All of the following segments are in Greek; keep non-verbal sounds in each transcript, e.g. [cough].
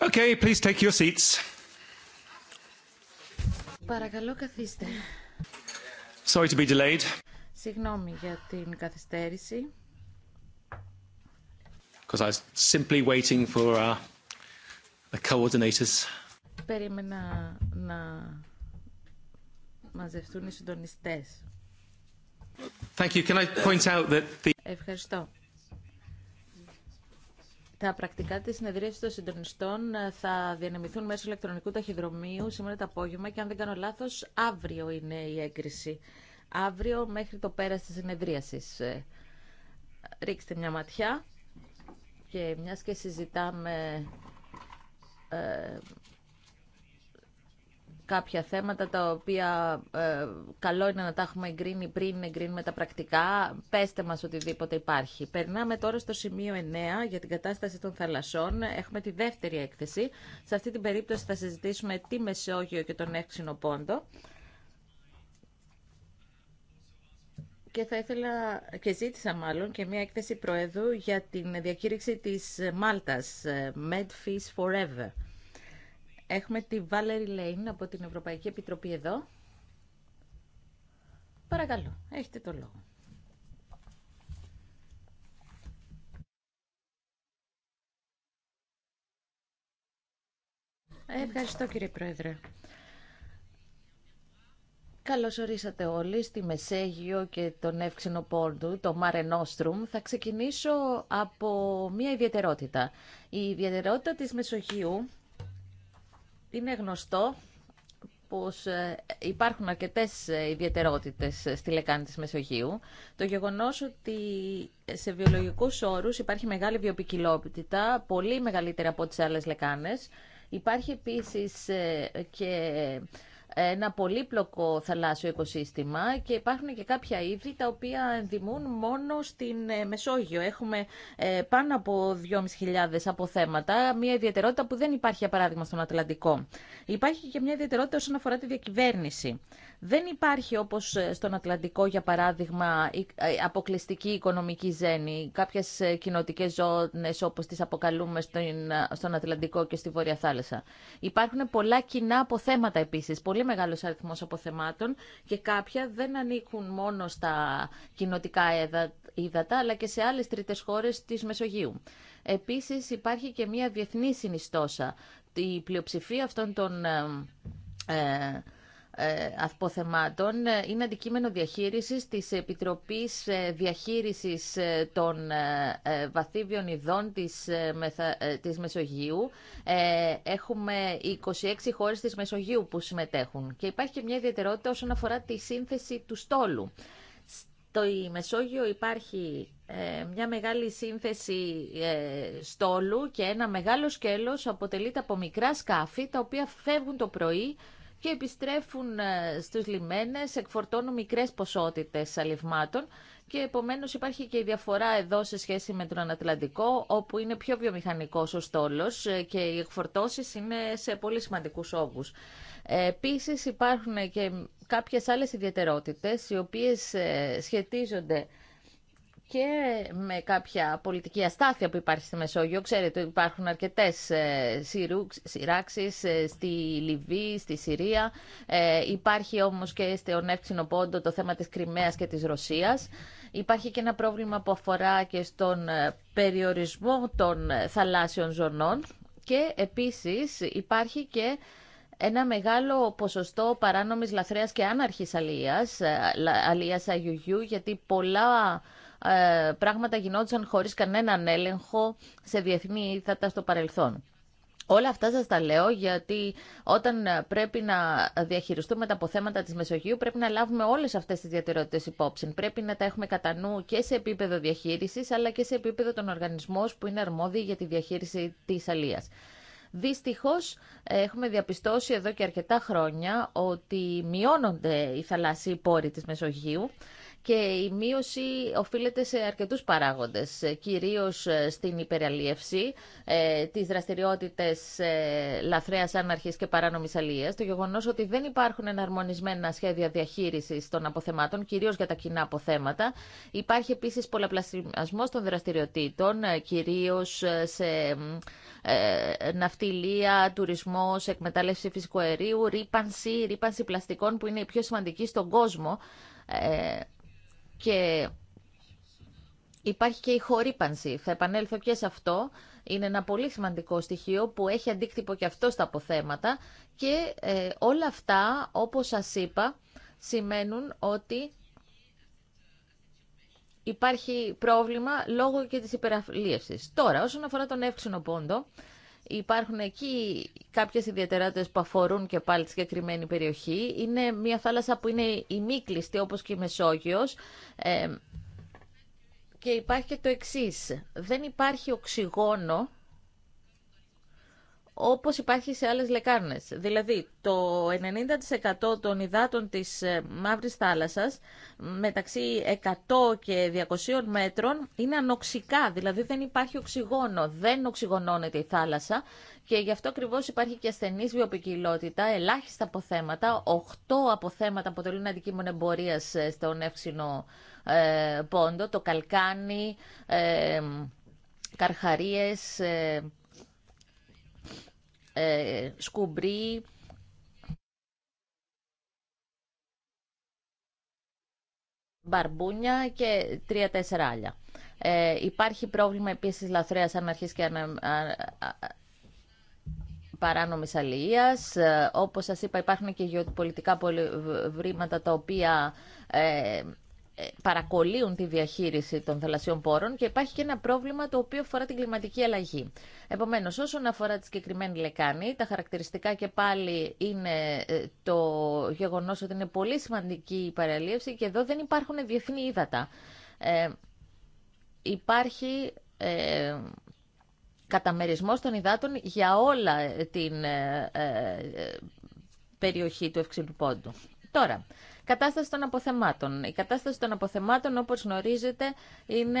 Okay, please take your seats. Παρακαλώ καθίστε. Sorry to be delayed. Συγγνώμη για την καθυστέρηση. Because I was simply waiting for uh, the coordinators. Περίμενα να μαζευτούν οι συντονιστές. Thank you. Can I point out that the... Ευχαριστώ. Τα πρακτικά τη συνεδρίαση των συντονιστών ε, θα διανεμηθούν μέσω ηλεκτρονικού ταχυδρομείου σήμερα το απόγευμα και αν δεν κάνω λάθο, αύριο είναι η έγκριση. Αύριο μέχρι το πέρα τη συνεδρίαση. Ε, ρίξτε μια ματιά και μια και συζητάμε ε, κάποια θέματα τα οποία ε, καλό είναι να τα έχουμε εγκρίνει πριν εγκρίνουμε τα πρακτικά. Πέστε μας οτιδήποτε υπάρχει. Περνάμε τώρα στο σημείο 9 για την κατάσταση των θαλασσών. Έχουμε τη δεύτερη έκθεση. Σε αυτή την περίπτωση θα συζητήσουμε τι Μεσόγειο και τον έξινο Πόντο. και θα ήθελα και ζήτησα μάλλον και μια έκθεση προέδρου για την διακήρυξη της Μάλτας ε, Medfish Forever. Έχουμε τη Βάλερη Λέιν από την Ευρωπαϊκή Επιτροπή εδώ. Παρακαλώ, έχετε το λόγο. Ευχαριστώ κύριε Πρόεδρε. Καλώς ορίσατε όλοι στη Μεσέγειο και τον Εύξηνο Πόρντου, το Mare Θα ξεκινήσω από μια ιδιαιτερότητα. Η ιδιαιτερότητα της Μεσογείου είναι γνωστό πως ε, υπάρχουν αρκετές ε, ιδιαιτερότητες ε, στη λεκάνη της Μεσογείου. Το γεγονός ότι σε βιολογικούς όρους υπάρχει μεγάλη βιοπικιλότητα, πολύ μεγαλύτερη από τις άλλες λεκάνες. Υπάρχει επίσης και ένα πολύπλοκο θαλάσσιο οικοσύστημα και υπάρχουν και κάποια είδη τα οποία ενδημούν μόνο στην ε, Μεσόγειο. Έχουμε ε, πάνω από 2.500 αποθέματα, μια ιδιαιτερότητα που δεν υπάρχει για παράδειγμα στον Ατλαντικό. Υπάρχει και μια ιδιαιτερότητα όσον αφορά τη διακυβέρνηση. Δεν υπάρχει όπως ε, στον Ατλαντικό για παράδειγμα αποκλειστική οικονομική ζένη, κάποιες κοινοτικέ ζώνες όπως τις αποκαλούμε στον Ατλαντικό και στη Βόρεια Θάλασσα. Υπάρχουν πολλά κοινά αποθέματα επίσης, πολύ μεγάλος αριθμός αποθεμάτων και κάποια δεν ανήκουν μόνο στα κοινοτικά ύδατα, αλλά και σε άλλες τρίτες χώρες της Μεσογείου. Επίση, υπάρχει και μια διεθνή συνιστόσα. Η πλειοψηφία αυτών των ε, ε ε, αποθεμάτων ε, είναι αντικείμενο διαχείρισης της Επιτροπής ε, Διαχείρισης των Βαθύβιων Ιδών της, της Μεσογείου. Έχουμε 26 χώρες της Μεσογείου που συμμετέχουν και υπάρχει και μια ιδιαιτερότητα όσον αφορά τη σύνθεση του στόλου. Στο Μεσόγειο υπάρχει μια μεγάλη σύνθεση στόλου και ένα μεγάλο σκέλος αποτελείται από μικρά σκάφη τα οποία φεύγουν το πρωί και επιστρέφουν ε, στους λιμένες, εκφορτώνουν μικρές ποσότητες αλευμάτων και επομένως υπάρχει και η διαφορά εδώ σε σχέση με τον Ανατλαντικό όπου είναι πιο βιομηχανικός ο στόλος ε, και οι εκφορτώσεις είναι σε πολύ σημαντικούς όγκους. Ε, επίσης υπάρχουν και κάποιες άλλες ιδιαιτερότητες οι οποίες σχετίζονται και με κάποια πολιτική αστάθεια που υπάρχει στη Μεσόγειο. Ξέρετε ότι υπάρχουν αρκετές ε, σειράξει ε, στη Λιβύη, στη Συρία. Ε, υπάρχει όμως και στο Εύξηνο Πόντο το θέμα της Κρυμαία και της Ρωσίας. Υπάρχει και ένα πρόβλημα που αφορά και στον ε, περιορισμό των θαλάσσιων ζωνών και επίσης υπάρχει και ένα μεγάλο ποσοστό παράνομης λαθρέας και άναρχης αλίας, αλίας αγιουγιού, γιατί πολλά ε, πράγματα γινόντουσαν χωρίς κανέναν έλεγχο σε διεθνή ήθατα στο παρελθόν. Όλα αυτά σας τα λέω γιατί όταν πρέπει να διαχειριστούμε τα αποθέματα της Μεσογείου πρέπει να λάβουμε όλες αυτές τις διατηρότητες υπόψη. Πρέπει να τα έχουμε κατά νου και σε επίπεδο διαχείρισης αλλά και σε επίπεδο των οργανισμών που είναι αρμόδιοι για τη διαχείριση της αλίας. Δυστυχώ, έχουμε διαπιστώσει εδώ και αρκετά χρόνια ότι μειώνονται οι θαλάσσιοι πόροι της Μεσογείου και η μείωση οφείλεται σε αρκετούς παράγοντες, ε, κυρίως ε, στην υπεραλίευση, ε, τις δραστηριότητες ε, λαθρέας άναρχης και παράνομης αλίας, το γεγονός ότι δεν υπάρχουν εναρμονισμένα σχέδια διαχείρισης των αποθεμάτων, κυρίως για τα κοινά αποθέματα. Υπάρχει επίσης πολλαπλασιασμός των δραστηριοτήτων, ε, κυρίως ε, σε ε, ναυτιλία, τουρισμός, εκμετάλλευση φυσικού αερίου, ρήπανση, ρήπανση πλαστικών που είναι η πιο σημαντική στον κόσμο, και υπάρχει και η χορύπανση. Θα επανέλθω και σε αυτό. Είναι ένα πολύ σημαντικό στοιχείο που έχει αντίκτυπο και αυτό στα αποθέματα. Και ε, όλα αυτά, όπως σας είπα, σημαίνουν ότι υπάρχει πρόβλημα λόγω και της υπεραλίευσης. Τώρα, όσον αφορά τον εύξηνο πόντο, Υπάρχουν εκεί κάποιες ιδιαιτερότητες που αφορούν και πάλι τη συγκεκριμένη περιοχή. Είναι μια θάλασσα που είναι ημίκλειστη όπως και η Μεσόγειος. Ε, και υπάρχει και το εξής. Δεν υπάρχει οξυγόνο όπως υπάρχει σε άλλες λεκάνες. Δηλαδή, το 90% των υδάτων της ε, Μαύρης Θάλασσας, μεταξύ 100 και 200 μέτρων, είναι ανοξικά, δηλαδή δεν υπάρχει οξυγόνο, δεν οξυγονώνεται η θάλασσα και γι' αυτό ακριβώς υπάρχει και ασθενή βιοποικιλότητα, ελάχιστα αποθέματα, 8 αποθέματα αποτελούν αντικείμενο εμπορία ε, στον εύξηνο ε, πόντο, το καλκάνι, ε, καρχαρίες ε, σκουμπρί, μπαρμπούνια και τρία-τέσσερα άλλα. υπάρχει πρόβλημα επίσης λαθρέας αναρχής και ανα... παράνομης αλληλείας. Ε, όπως σας είπα υπάρχουν και γεωπολιτικά βρήματα τα οποία ε, παρακολύουν τη διαχείριση των θαλασσιών πόρων και υπάρχει και ένα πρόβλημα το οποίο αφορά την κλιματική αλλαγή. Επομένως, όσον αφορά τη συγκεκριμένη λεκάνη, τα χαρακτηριστικά και πάλι είναι ε, το γεγονός ότι είναι πολύ σημαντική η παραλίευση και εδώ δεν υπάρχουν διεθνή ύδατα. Ε, υπάρχει ε, καταμερισμός των υδάτων για όλα την ε, περιοχή του Ευξηλουπόντου. Τώρα, Κατάσταση των αποθεμάτων. Η κατάσταση των αποθεμάτων, όπως γνωρίζετε, είναι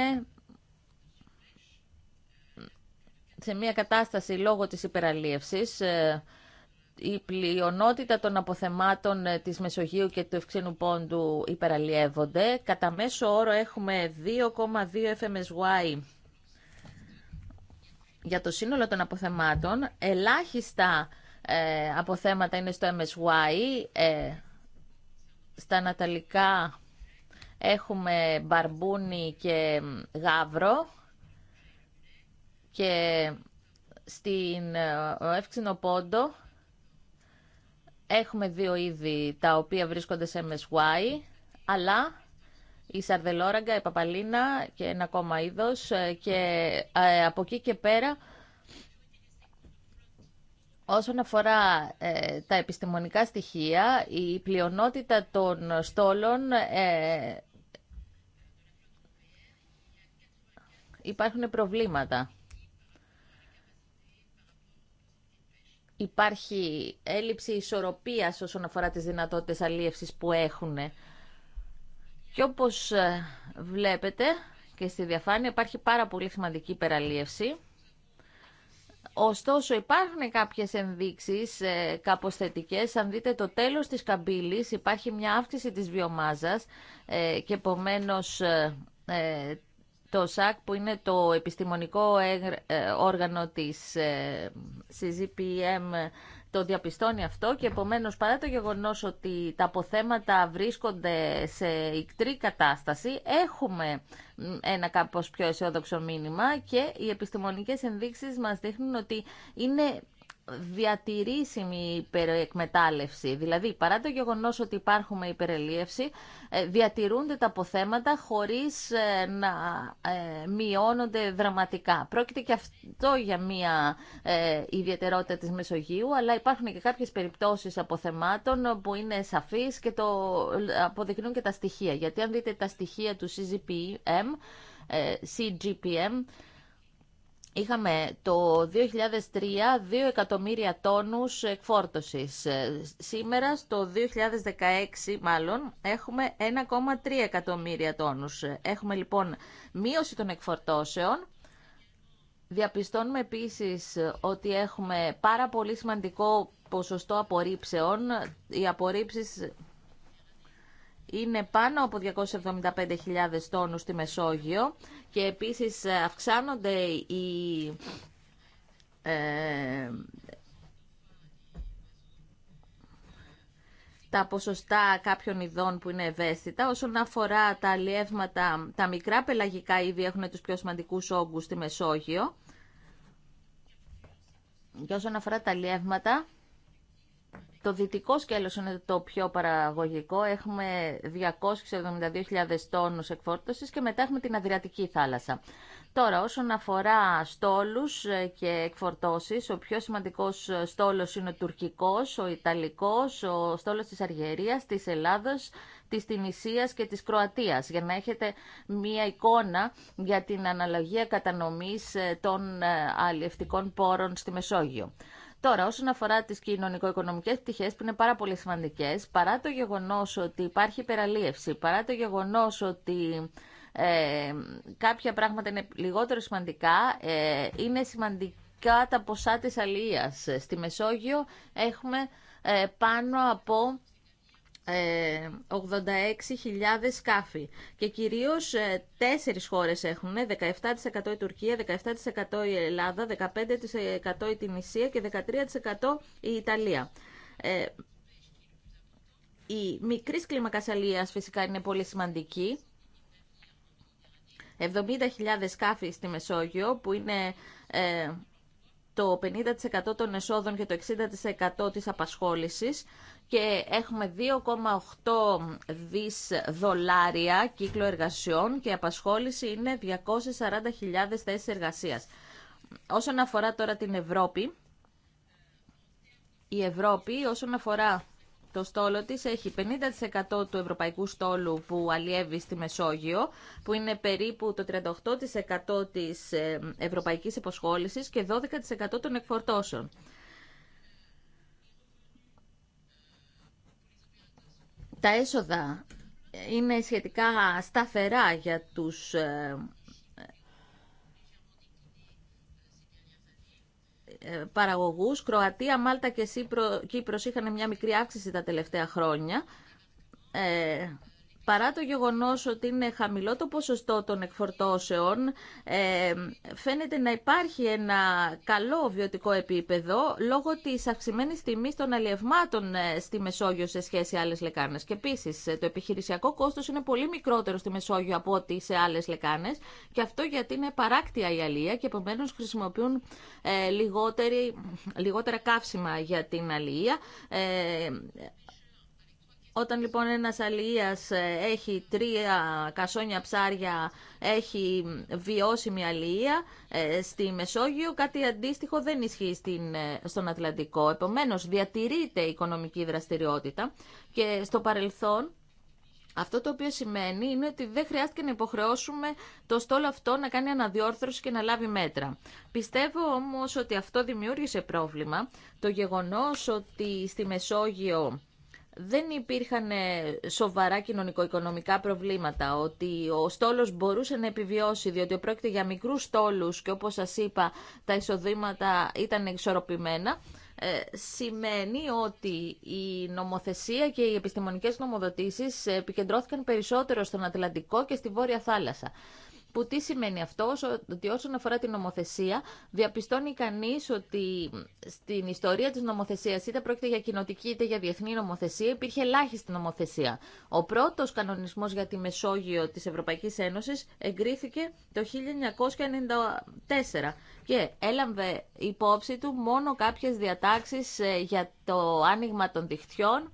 σε μια κατάσταση λόγω της υπεραλίευσης. Ε, η πλειονότητα των αποθεμάτων ε, της Μεσογείου και του Ευξήνου Πόντου υπεραλιεύονται. Κατά μέσο όρο έχουμε 2,2 FMSY για το σύνολο των αποθεμάτων. Ελάχιστα ε, αποθέματα είναι στο MSY, στα Αναταλικά έχουμε μπαρμπούνι και γάβρο και στην ε, Εύξηνο Πόντο έχουμε δύο είδη τα οποία βρίσκονται σε MSY, αλλά η σαρδελόραγκα, η παπαλίνα και ένα ακόμα είδος ε, και ε, από εκεί και πέρα Όσον αφορά ε, τα επιστημονικά στοιχεία, η πλειονότητα των στόλων ε, υπάρχουν προβλήματα. Υπάρχει έλλειψη ισορροπίας όσον αφορά τις δυνατότητες αλίευσης που έχουν. Και όπως ε, βλέπετε και στη διαφάνεια υπάρχει πάρα πολύ σημαντική υπεραλίευση. Ωστόσο υπάρχουν κάποιες ενδείξεις ε, κάπως θετικές. Αν δείτε το τέλος της καμπύλης υπάρχει μια αύξηση της βιομάζας ε, και επομένω. Ε, ε, το ΣΑΚ που είναι το επιστημονικό ε, όργανο της CGPM το διαπιστώνει αυτό και επομένως παρά το γεγονός ότι τα αποθέματα βρίσκονται σε ικτρή κατάσταση έχουμε ένα κάπως πιο αισιόδοξο μήνυμα και οι επιστημονικές ενδείξεις μας δείχνουν ότι είναι διατηρήσιμη υπερεκμετάλλευση. Δηλαδή, παρά το γεγονός ότι υπάρχουμε υπερελίευση, ε, διατηρούνται τα αποθέματα χωρίς ε, να ε, μειώνονται δραματικά. Πρόκειται και αυτό για μία ιδιαιτερότητα της Μεσογείου, αλλά υπάρχουν και κάποιες περιπτώσεις αποθεμάτων που είναι σαφείς και το αποδεικνύουν και τα στοιχεία. Γιατί αν δείτε τα στοιχεία του CGPM, CGPM Είχαμε το 2003 2 εκατομμύρια τόνους εκφόρτωσης. Σήμερα στο 2016 μάλλον έχουμε 1,3 εκατομμύρια τόνους. Έχουμε λοιπόν μείωση των εκφορτώσεων. Διαπιστώνουμε επίσης ότι έχουμε πάρα πολύ σημαντικό ποσοστό απορρίψεων. Οι απορρίψεις είναι πάνω από 275.000 τόνους στη Μεσόγειο και επίσης ε, αυξάνονται οι ε, τα ποσοστά κάποιων ειδών που είναι ευαίσθητα. Όσον αφορά τα αλλιεύματα, τα μικρά πελαγικά είδη έχουν τους πιο σημαντικούς όγκους στη Μεσόγειο. Και όσον αφορά τα αλλιεύματα, το δυτικό σκέλος είναι το πιο παραγωγικό. Έχουμε 272.000 τόνους εκφόρτωσης και μετά έχουμε την Αδριατική θάλασσα. Τώρα, όσον αφορά στόλους και εκφορτώσεις, ο πιο σημαντικός στόλος είναι ο τουρκικός, ο ιταλικός, ο στόλος της Αργερίας, της Ελλάδος, της Τινησίας και της Κροατίας, για να έχετε μία εικόνα για την αναλογία κατανομής των ε, αλλιευτικών πόρων στη Μεσόγειο. Τώρα, όσον αφορά τι κοινωνικο-οικονομικέ πτυχέ που είναι πάρα πολύ σημαντικέ, παρά το γεγονό ότι υπάρχει υπεραλίευση, παρά το γεγονό ότι ε, κάποια πράγματα είναι λιγότερο σημαντικά, ε, είναι σημαντικά τα ποσά της αλληλεία. Στη Μεσόγειο έχουμε ε, πάνω από 86.000 ε, σκάφη και κυρίως ε, τέσσερις χώρες έχουν 17% η Τουρκία, 17% η Ελλάδα, 15% η Τινησία και 13% η Ιταλία. Ε, η μικρή κλίμακα αλίας φυσικά είναι πολύ σημαντική. 70.000 σκάφη στη Μεσόγειο που είναι το 50% των εσόδων και το 60% της απασχόλησης και έχουμε 2,8 δις δολάρια κύκλο εργασιών και η απασχόληση είναι 240.000 θέσεις εργασίας. Όσον αφορά τώρα την Ευρώπη, η Ευρώπη όσον αφορά το στόλο της έχει 50% του ευρωπαϊκού στόλου που αλλιεύει στη Μεσόγειο, που είναι περίπου το 38% της ε, ευρωπαϊκής υποσχόλησης και 12% των εκφορτώσεων. Τα έσοδα είναι σχετικά σταθερά για τους ε, Ε, παραγωγούς. Κροατία, Μάλτα και Κύπρος είχαν μια μικρή αύξηση τα τελευταία χρόνια. Ε, παρά το γεγονός ότι είναι χαμηλό το ποσοστό των εκφορτώσεων, ε, φαίνεται να υπάρχει ένα καλό βιωτικό επίπεδο λόγω της αυξημένης τιμής των αλλιευμάτων ε, στη Μεσόγειο σε σχέση με άλλες λεκάνες. Και επίσης ε, το επιχειρησιακό κόστος είναι πολύ μικρότερο στη Μεσόγειο από ό,τι σε άλλες λεκάνες και αυτό γιατί είναι παράκτια η αλία και επομένω χρησιμοποιούν λιγότερη, λιγότερα καύσιμα για την αλία. Όταν λοιπόν ένα αλληλεία ε, έχει τρία κασόνια ψάρια, έχει βιώσιμη αλληλεία ε, στη Μεσόγειο, κάτι αντίστοιχο δεν ισχύει στην, ε, στον Ατλαντικό. Επομένως διατηρείται η οικονομική δραστηριότητα και στο παρελθόν αυτό το οποίο σημαίνει είναι ότι δεν χρειάστηκε να υποχρεώσουμε το στόλο αυτό να κάνει αναδιόρθρωση και να λάβει μέτρα. Πιστεύω όμως ότι αυτό δημιούργησε πρόβλημα. Το γεγονός ότι στη Μεσόγειο δεν υπήρχαν ε, σοβαρά κοινωνικο-οικονομικά προβλήματα, ότι ο στόλος μπορούσε να επιβιώσει, διότι πρόκειται για μικρούς στόλους και όπως σας είπα τα εισοδήματα ήταν εξορροπημένα, ε, σημαίνει ότι η νομοθεσία και οι επιστημονικές νομοδοτήσεις ε, επικεντρώθηκαν περισσότερο στον Ατλαντικό και στη Βόρεια Θάλασσα. Που τι σημαίνει αυτό, ότι όσον αφορά την νομοθεσία, διαπιστώνει κανεί ότι στην ιστορία τη νομοθεσία, είτε πρόκειται για κοινοτική είτε για διεθνή νομοθεσία, υπήρχε ελάχιστη νομοθεσία. Ο πρώτο κανονισμό για τη Μεσόγειο τη Ευρωπαϊκή Ένωση εγκρίθηκε το 1994 και έλαβε υπόψη του μόνο κάποιε διατάξει ε, για το άνοιγμα των δικτυών,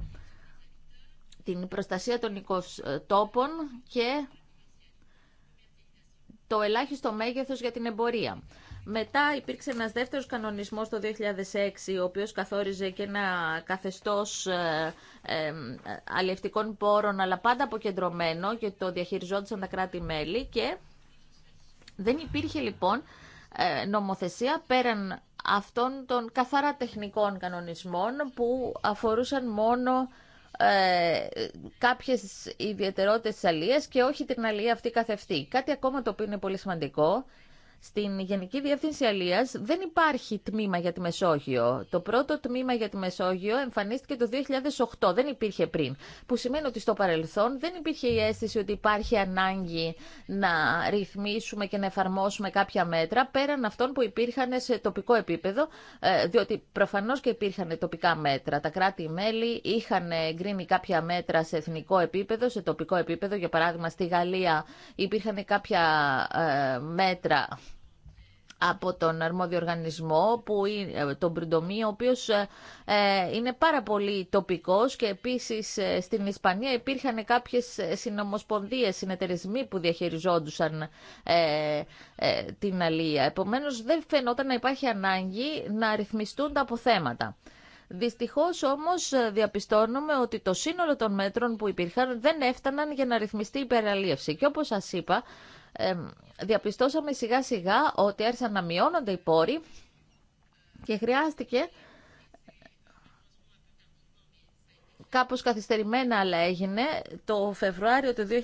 την προστασία των οικοτόπων ε, και το ελάχιστο μέγεθος για την εμπορία. Μετά υπήρξε ένας δεύτερος κανονισμός το 2006, ο οποίος καθόριζε και ένα καθεστώς ε, ε, αλλιευτικών πόρων, αλλά πάντα αποκεντρωμένο και το διαχειριζόντουσαν τα κράτη-μέλη και δεν υπήρχε λοιπόν ε, νομοθεσία πέραν αυτών των καθαρά τεχνικών κανονισμών που αφορούσαν μόνο ε, κάποιες ιδιαιτερότητες της και όχι την αλία αυτή καθευτή. Κάτι ακόμα το οποίο είναι πολύ σημαντικό στην Γενική Διεύθυνση δεν υπάρχει τμήμα για τη Μεσόγειο. Το πρώτο τμήμα για τη Μεσόγειο εμφανίστηκε το 2008, δεν υπήρχε πριν. Που σημαίνει ότι στο παρελθόν δεν υπήρχε η αίσθηση ότι υπάρχει ανάγκη να ρυθμίσουμε και να εφαρμόσουμε κάποια μέτρα πέραν αυτών που υπήρχαν σε τοπικό επίπεδο, ε, διότι προφανώ και υπήρχαν τοπικά μέτρα. Τα κράτη-μέλη είχαν εγκρίνει κάποια μέτρα σε εθνικό επίπεδο, σε τοπικό επίπεδο. Για παράδειγμα, στη Γαλλία υπήρχαν κάποια ε, μέτρα από τον αρμόδιο οργανισμό, που ε, τον Πριντομή, ο οποίος ε, ε, είναι πάρα πολύ τοπικός και επίσης στην Ισπανία υπήρχαν κάποιες συνομοσπονδίες, συνεταιρισμοί που διαχειριζόντουσαν την αλία. Επομένως δεν φαινόταν να υπάρχει ανάγκη να ρυθμιστούν τα αποθέματα. Δυστυχώς όμως διαπιστώνουμε ότι το σύνολο των μέτρων που υπήρχαν δεν έφταναν για να ρυθμιστεί η υπεραλίευση. Και όπως σας είπα, διαπιστώσαμε σιγά σιγά ότι άρχισαν να μειώνονται οι πόροι και χρειάστηκε κάπως καθυστερημένα αλλά έγινε, το Φεβρουάριο του 2016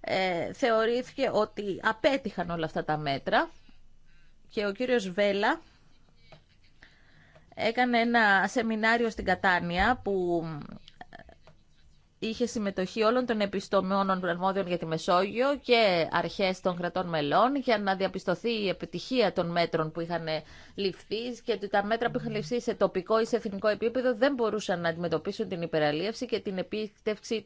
ε, θεωρήθηκε ότι απέτυχαν όλα αυτά τα μέτρα και ο κύριος Βέλα έκανε ένα σεμινάριο στην Κατάνια που είχε συμμετοχή όλων των επιστομιών αρμόδιων για τη Μεσόγειο και αρχέ των κρατών μελών για να διαπιστωθεί η επιτυχία των μέτρων που είχαν ληφθεί και ότι τα μέτρα που είχαν ληφθεί σε τοπικό ή σε εθνικό επίπεδο δεν μπορούσαν να αντιμετωπίσουν την υπεραλίευση και την επίτευξη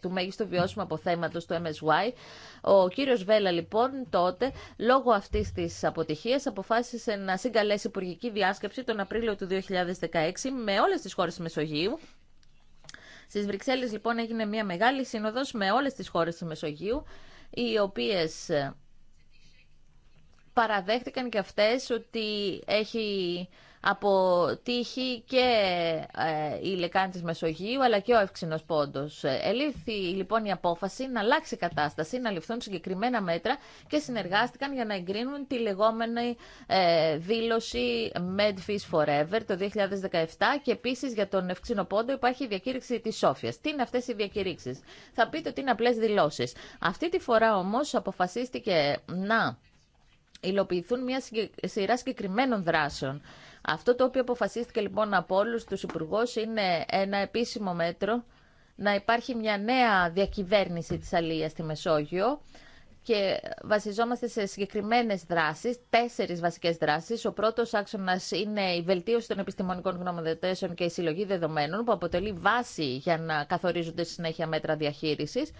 του μέγιστου βιώσιμου αποθέματο του MSY. Ο κύριο Βέλα λοιπόν τότε λόγω αυτή τη αποτυχία αποφάσισε να συγκαλέσει υπουργική διάσκεψη τον Απρίλιο του 2016 με όλε τι χώρε τη Μεσογείου Στι Βρυξέλλε, λοιπόν έγινε μια μεγάλη σύνοδος με όλες τις χώρες τη Μεσογείου, οι οποίες ε, παραδέχτηκαν και αυτές ότι έχει από τύχη και η ε, λεκάνη της Μεσογείου αλλά και ο Ευξηνός Πόντος. Ε, ελήφθη λοιπόν η απόφαση να αλλάξει η κατάσταση, να ληφθούν συγκεκριμένα μέτρα και συνεργάστηκαν για να εγκρίνουν τη λεγόμενη ε, δήλωση Medfish Forever το 2017 και επίσης για τον Ευξηνό Πόντο υπάρχει η διακήρυξη της Σόφιας. Τι είναι αυτές οι διακήρυξεις. Θα πείτε ότι είναι απλές δηλώσεις. Αυτή τη φορά όμως αποφασίστηκε να υλοποιηθούν μια σειρά συγκεκριμένων δράσεων αυτό το οποίο αποφασίστηκε λοιπόν από όλου του υπουργού είναι ένα επίσημο μέτρο να υπάρχει μια νέα διακυβέρνηση της Αλίας στη Μεσόγειο και βασιζόμαστε σε συγκεκριμένες δράσεις, τέσσερις βασικές δράσεις. Ο πρώτος άξονας είναι η βελτίωση των επιστημονικών γνωμοδοτήσεων και η συλλογή δεδομένων που αποτελεί βάση για να καθορίζονται συνέχεια μέτρα διαχείρισης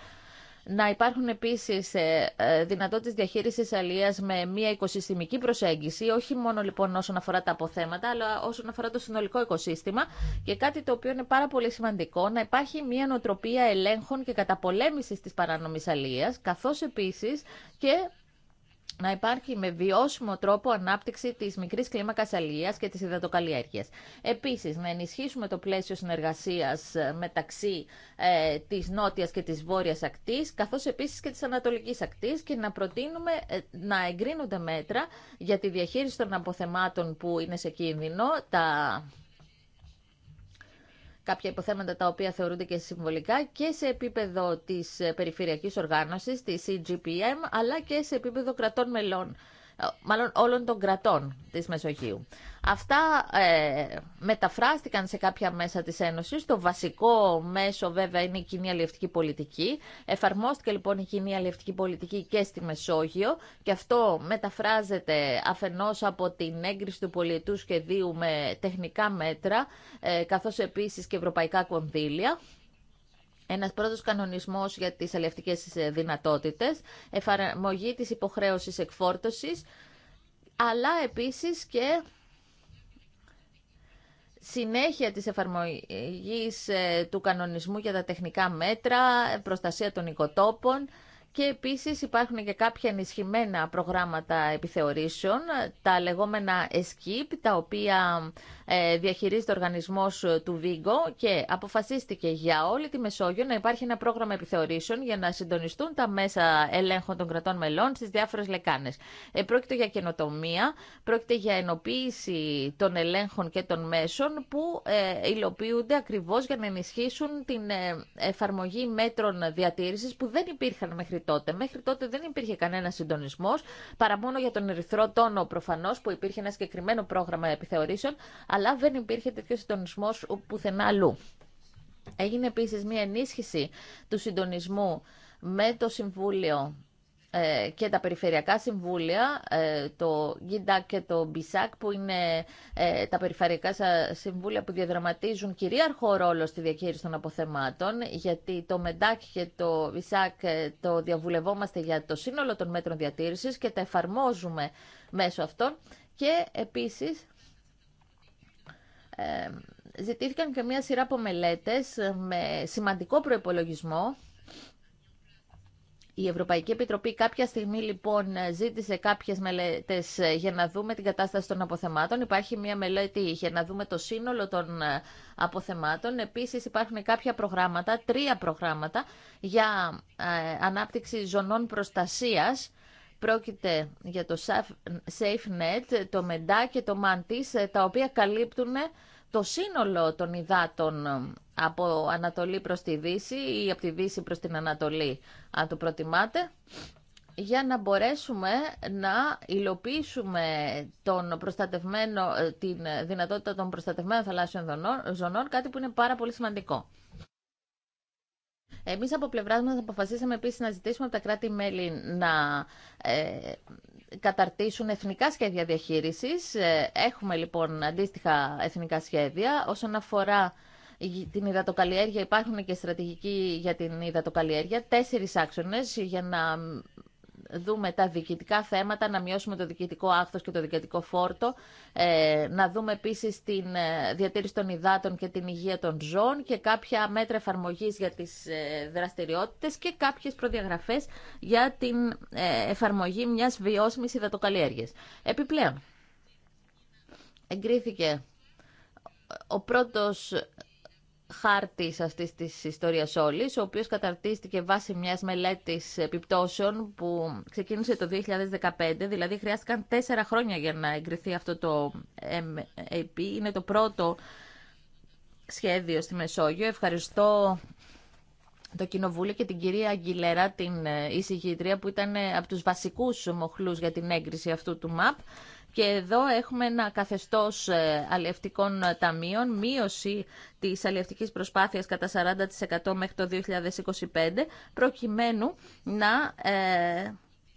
να υπάρχουν επίσης ε, ε, δυνατότητες διαχείρισης αλίας με μια οικοσυστημική προσέγγιση, όχι μόνο λοιπόν όσον αφορά τα αποθέματα, αλλά όσον αφορά το συνολικό οικοσύστημα και κάτι το οποίο είναι πάρα πολύ σημαντικό, να υπάρχει μια νοοτροπία ελέγχων και καταπολέμησης της παράνομης αλίας, καθώς επίσης και να υπάρχει με βιώσιμο τρόπο ανάπτυξη τη μικρή κλίμακα αλληλεία και τη υδατοκαλλιέργεια. Επίση, να ενισχύσουμε το πλαίσιο συνεργασία ε, μεταξύ ε, της τη νότια και τη βόρεια ακτή, καθώ επίση και τη ανατολική ακτή και να προτείνουμε ε, να εγκρίνονται μέτρα για τη διαχείριση των αποθεμάτων που είναι σε κίνδυνο, τα κάποια υποθέματα τα οποία θεωρούνται και συμβολικά και σε επίπεδο της ε, περιφερειακής οργάνωσης, της EGPM, αλλά και σε επίπεδο κρατών μελών μάλλον όλων των κρατών της Μεσογείου. Αυτά ε, μεταφράστηκαν σε κάποια μέσα της Ένωσης. Το βασικό μέσο βέβαια είναι η κοινή αλληλευτική πολιτική. Εφαρμόστηκε λοιπόν η κοινή αλληλευτική πολιτική και στη Μεσόγειο και αυτό μεταφράζεται αφενός από την έγκριση του πολιετού σχεδίου με τεχνικά μέτρα, ε, καθώς επίσης και ευρωπαϊκά κονδύλια ένας πρώτος κανονισμός για τις αλληλευτικές ε, δυνατότητες, εφαρμογή της υποχρέωσης εκφόρτωσης, αλλά επίσης και συνέχεια της εφαρμογής ε, του κανονισμού για τα τεχνικά μέτρα, προστασία των οικοτόπων και επίσης υπάρχουν και κάποια ενισχυμένα προγράμματα επιθεωρήσεων, τα λεγόμενα ESCIP, τα οποία ε, διαχειρίζεται ο οργανισμό ε, του Βίγκο και αποφασίστηκε για όλη τη Μεσόγειο να υπάρχει ένα πρόγραμμα επιθεωρήσεων για να συντονιστούν τα μέσα ελέγχων των κρατών μελών στι διάφορε λεκάνε. Ε, πρόκειται για καινοτομία, πρόκειται για ενοποίηση των ελέγχων και των μέσων που ε, υλοποιούνται ακριβώ για να ενισχύσουν την εφαρμογή μέτρων διατήρηση που δεν υπήρχαν μέχρι τότε. Μέχρι τότε δεν υπήρχε κανένα συντονισμό, παρά μόνο για τον ερυθρό τόνο προφανώ που υπήρχε ένα συγκεκριμένο πρόγραμμα επιθεωρήσεων, αλλά δεν υπήρχε τέτοιο συντονισμό πουθενά αλλού. Έγινε επίσης μια ενίσχυση του συντονισμού με το Συμβούλιο ε, και τα περιφερειακά συμβούλια, ε, το ΓΙΝΤΑΚ και το ΜΠΙΣΑΚ, που είναι ε, τα περιφερειακά συμβούλια που διαδραματίζουν κυρίαρχο ρόλο στη διαχείριση των αποθεμάτων, γιατί το ΜΕΝΤΑΚ και το ΒΙΣΑΚ το διαβουλευόμαστε για το σύνολο των μέτρων διατήρησης και τα εφαρμόζουμε μέσω αυτών. Και επίσης ζητήθηκαν και μία σειρά από μελέτες ε, με σημαντικό προϋπολογισμό. Η Ευρωπαϊκή Επιτροπή κάποια στιγμή λοιπόν ε, ζήτησε κάποιες μελέτες ε, για να δούμε την κατάσταση των αποθεμάτων. Υπάρχει μια μελέτη για να δούμε το σύνολο των αποθεμάτων. Επίσης υπάρχουν κάποια προγράμματα, τρία προγράμματα για ανάπτυξη ζωνών προστασίας Πρόκειται για το SafeNet, το MEDA και το MANTIS, ε, τα οποία καλύπτουν ε, το σύνολο των υδάτων ε, από Ανατολή προς τη Δύση ή από τη Δύση προς την Ανατολή, αν το προτιμάτε, για να μπορέσουμε να υλοποιήσουμε τον προστατευμένο, την δυνατότητα των προστατευμένων θαλάσσιων ζωνών, κάτι που είναι πάρα πολύ σημαντικό. Εμείς από πλευρά μας αποφασίσαμε επίσης να ζητήσουμε από τα κράτη-μέλη να ε, καταρτήσουν εθνικά σχέδια διαχείρισης. Ε, έχουμε λοιπόν αντίστοιχα εθνικά σχέδια. Όσον αφορά την υδατοκαλλιέργεια υπάρχουν και στρατηγικοί για την υδατοκαλλιέργεια. Τέσσερις άξονες για να δούμε τα διοικητικά θέματα, να μειώσουμε το διοικητικό άκθος και το διοικητικό φόρτο, ε, να δούμε επίσης την ε, διατήρηση των υδάτων και την υγεία των ζώων και κάποια μέτρα εφαρμογή για τις ε, δραστηριότητες και κάποιες προδιαγραφές για την εφαρμογή μιας βιώσιμης υδατοκαλλιέργειας. Επιπλέον, εγκρίθηκε ο πρώτος χάρτη αυτής της ιστορίας όλης, ο οποίο καταρτίστηκε βάσει μιας μελέτης επιπτώσεων που ξεκίνησε το 2015, δηλαδή χρειάστηκαν τέσσερα χρόνια για να εγκριθεί αυτό το MAP. Είναι το πρώτο σχέδιο στη Μεσόγειο. Ευχαριστώ το Κοινοβούλιο και την κυρία Αγγιλέρα, την εισηγήτρια, που ήταν από τους βασικούς μοχλού για την έγκριση αυτού του MAP. Και εδώ έχουμε ένα καθεστώς ε, αλλιευτικών ε, ταμείων, μείωση της αλλιευτικής προσπάθειας κατά 40% μέχρι το 2025, προκειμένου να ε,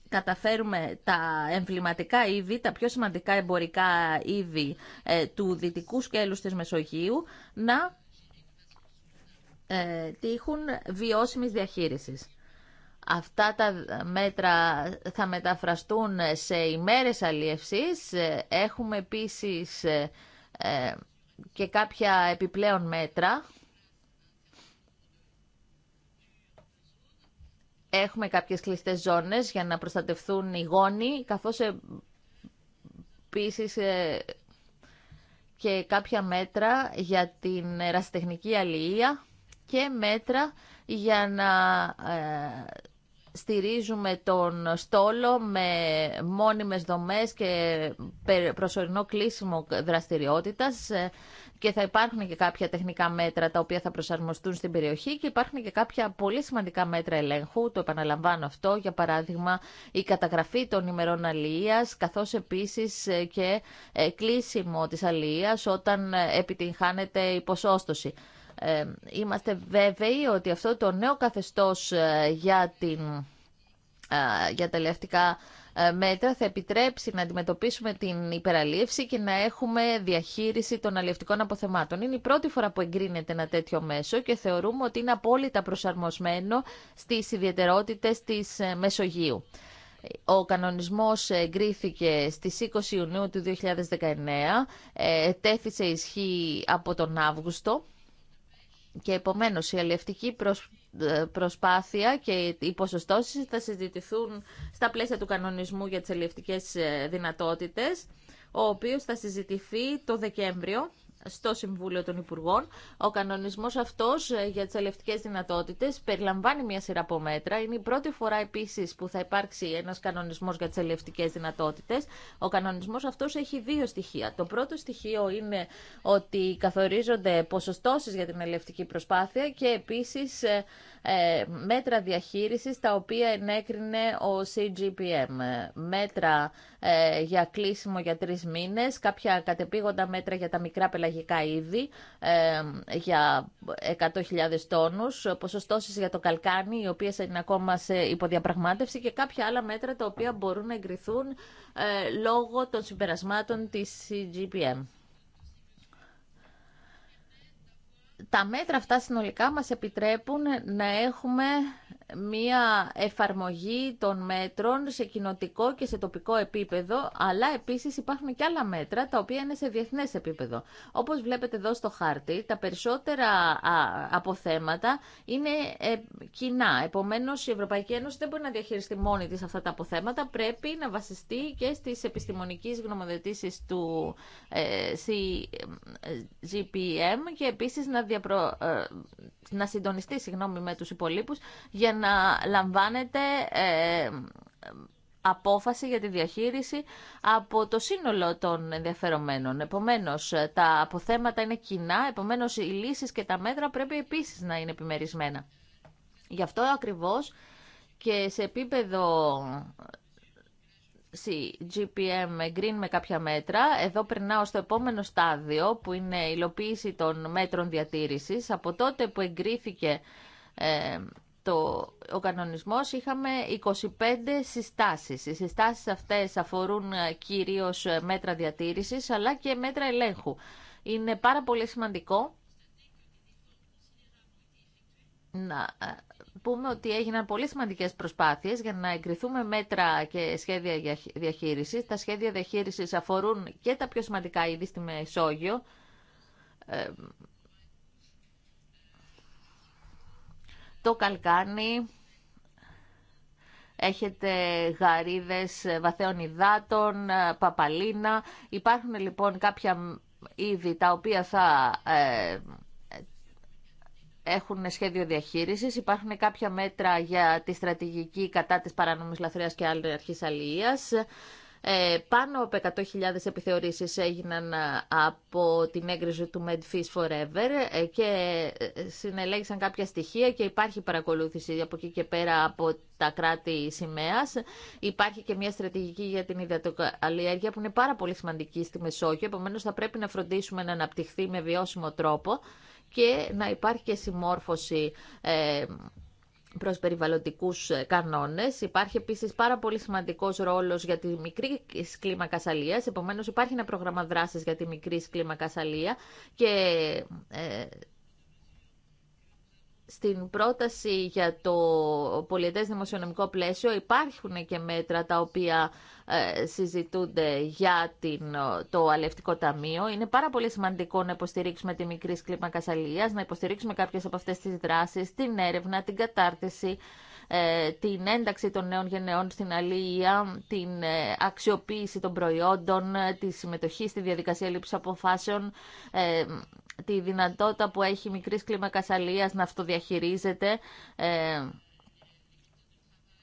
καταφέρουμε τα εμβληματικά είδη, τα πιο σημαντικά εμπορικά είδη του δυτικού σκέλους της Μεσογείου, να ε, τύχουν βιώσιμης διαχείρισης. Αυτά τα μέτρα θα μεταφραστούν σε ημέρες αλλιευσής. Έχουμε επίσης ε, ε, και κάποια επιπλέον μέτρα. Έχουμε κάποιες κλειστές ζώνες για να προστατευθούν οι γόνοι, καθώς επίσης ε, και κάποια μέτρα για την ερασιτεχνική αλληλεία και μέτρα για να στηρίζουμε τον στόλο με μόνιμες δομές και προσωρινό κλείσιμο δραστηριότητας ε, και θα υπάρχουν και κάποια τεχνικά μέτρα τα οποία θα προσαρμοστούν στην περιοχή και υπάρχουν και κάποια πολύ σημαντικά μέτρα ελέγχου, το επαναλαμβάνω αυτό, για παράδειγμα η καταγραφή των ημερών αλληλείας καθώς επίσης ε, και ε, κλείσιμο της αλληλείας όταν επιτυγχάνεται η ποσόστοση. Είμαστε βέβαιοι ότι αυτό το νέο καθεστώς ε, για, την, ε, για τα ελευτικά ε, μέτρα θα επιτρέψει να αντιμετωπίσουμε την υπεραλίευση και να έχουμε διαχείριση των αλλιευτικών αποθεμάτων. Είναι η πρώτη φορά που εγκρίνεται ένα τέτοιο μέσο και θεωρούμε ότι είναι απόλυτα προσαρμοσμένο στις ιδιαιτερότητες της Μεσογείου. Ο κανονισμός εγκρίθηκε στις 20 Ιουνίου του 2019, τέθησε ισχύ από τον Αύγουστο και επομένως η αλληλευτική ε, προσπάθεια και οι ποσοστώσεις θα συζητηθούν στα πλαίσια του κανονισμού για τις αλληλευτικές ε, δυνατότητες, ο οποίος θα συζητηθεί το Δεκέμβριο στο Συμβούλιο των Υπουργών. Ο κανονισμό αυτό ε, για τι ελευτικέ δυνατότητε, περιλαμβάνει μια σειρά από μέτρα. Είναι η πρώτη φορά επίση που θα υπάρξει ένα κανονισμό για τι ελευτικέ δυνατότητε. Ο κανονισμό αυτό έχει δύο στοιχεία. Το πρώτο στοιχείο είναι ότι καθορίζονται ποσοστώσεις για την ελευτική προσπάθεια και επίσης ε, ε, μέτρα διαχείρισης τα οποία ενέκρινε ο CGPM. Μέτρα για κλείσιμο για τρει μήνες, κάποια κατεπήγοντα μέτρα για τα μικρά πελαγικά τραγικά είδη για 100.000 τόνους, ποσοστώσεις για το καλκάνι, οι οποίες είναι ακόμα σε υποδιαπραγμάτευση και κάποια άλλα μέτρα τα οποία μπορούν να εγκριθούν ε, λόγω των συμπερασμάτων της CGPM. Τα μέτρα αυτά συνολικά μας επιτρέπουν να έχουμε μία εφαρμογή των μέτρων σε κοινοτικό και σε τοπικό επίπεδο, αλλά επίσης υπάρχουν και άλλα μέτρα τα οποία είναι σε διεθνές επίπεδο. Όπως βλέπετε εδώ στο χάρτη, τα περισσότερα αποθέματα είναι ε, κοινά. Επομένως, η Ευρωπαϊκή Ένωση δεν μπορεί να διαχειριστεί μόνη της αυτά τα αποθέματα, πρέπει να βασιστεί και στις επιστημονικές γνωμοδοτήσεις του ε, GPM και επίσης να, ε, να συντονιστεί με τους υπολείπους για να λαμβάνεται ε, απόφαση για τη διαχείριση από το σύνολο των ενδιαφερομένων. Επομένως, ε, τα αποθέματα είναι κοινά, επομένως οι λύσεις και τα μέτρα πρέπει επίσης να είναι επιμερισμένα. Γι' αυτό ακριβώς και σε επίπεδο GPM Green με κάποια μέτρα. Εδώ περνάω στο επόμενο στάδιο που είναι η υλοποίηση των μέτρων διατήρησης. Από τότε που εγκρίθηκε ε, το, ο κανονισμός είχαμε 25 συστάσεις. Οι συστάσεις αυτές αφορούν ε, κυρίως ε, μέτρα διατήρησης αλλά και μέτρα ελέγχου. Είναι πάρα πολύ σημαντικό να ε, πούμε ότι έγιναν πολύ σημαντικές προσπάθειες για να εγκριθούμε μέτρα και σχέδια διαχείρισης. Τα σχέδια διαχείρισης αφορούν και τα πιο σημαντικά είδη στη Μεσόγειο, το καλκάνι, έχετε γαρίδες βαθέων υδάτων, παπαλίνα. Υπάρχουν λοιπόν κάποια είδη τα οποία θα ε, έχουν σχέδιο διαχείρισης. Υπάρχουν κάποια μέτρα για τη στρατηγική κατά της παρανομής λαθρείας και άλλη αρχής ε, πάνω από 100.000 επιθεωρήσεις έγιναν ε, από την έγκριση του Medfish Forever ε, και ε, συνελέγησαν κάποια στοιχεία και υπάρχει παρακολούθηση από εκεί και πέρα από τα κράτη σημαία. Υπάρχει και μια στρατηγική για την υδατοκαλλιέργεια που είναι πάρα πολύ σημαντική στη Μεσόγειο. Επομένω, θα πρέπει να φροντίσουμε να αναπτυχθεί με βιώσιμο τρόπο και να υπάρχει και συμμόρφωση προς περιβαλλοντικούς ε, κανόνες. Υπάρχει επίσης πάρα πολύ σημαντικός ρόλος για τη μικρή κλίμακα αλίας, επομένως υπάρχει ένα πρόγραμμα δράσης για τη μικρή κλίμακα αλία και ε, στην πρόταση για το πολιετές δημοσιονομικό πλαίσιο υπάρχουν και μέτρα τα οποία ε, συζητούνται για την, ε, το αλευτικό ταμείο. Είναι πάρα πολύ σημαντικό να υποστηρίξουμε τη μικρή κλίμακα αλίας, να υποστηρίξουμε κάποιες από αυτές τις δράσεις, την έρευνα, την κατάρτιση, ε, την ένταξη των νέων γενεών στην αλληλεία, την αξιοποίηση των προϊόντων, τη συμμετοχή στη διαδικασία λήψης αποφάσεων, τη δυνατότητα που έχει μικρή κλίμακα αλίας να αυτοδιαχειρίζεται ε,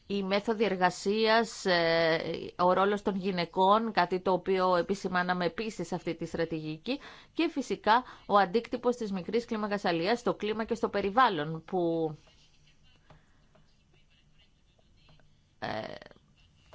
η μέθοδη εργασίας, ε, ο ρόλος των γυναικών, κάτι το οποίο επισημάναμε επίσης αυτή τη στρατηγική και φυσικά ο αντίκτυπος της μικρής κλίμακας αλίας στο κλίμα και στο περιβάλλον που ε,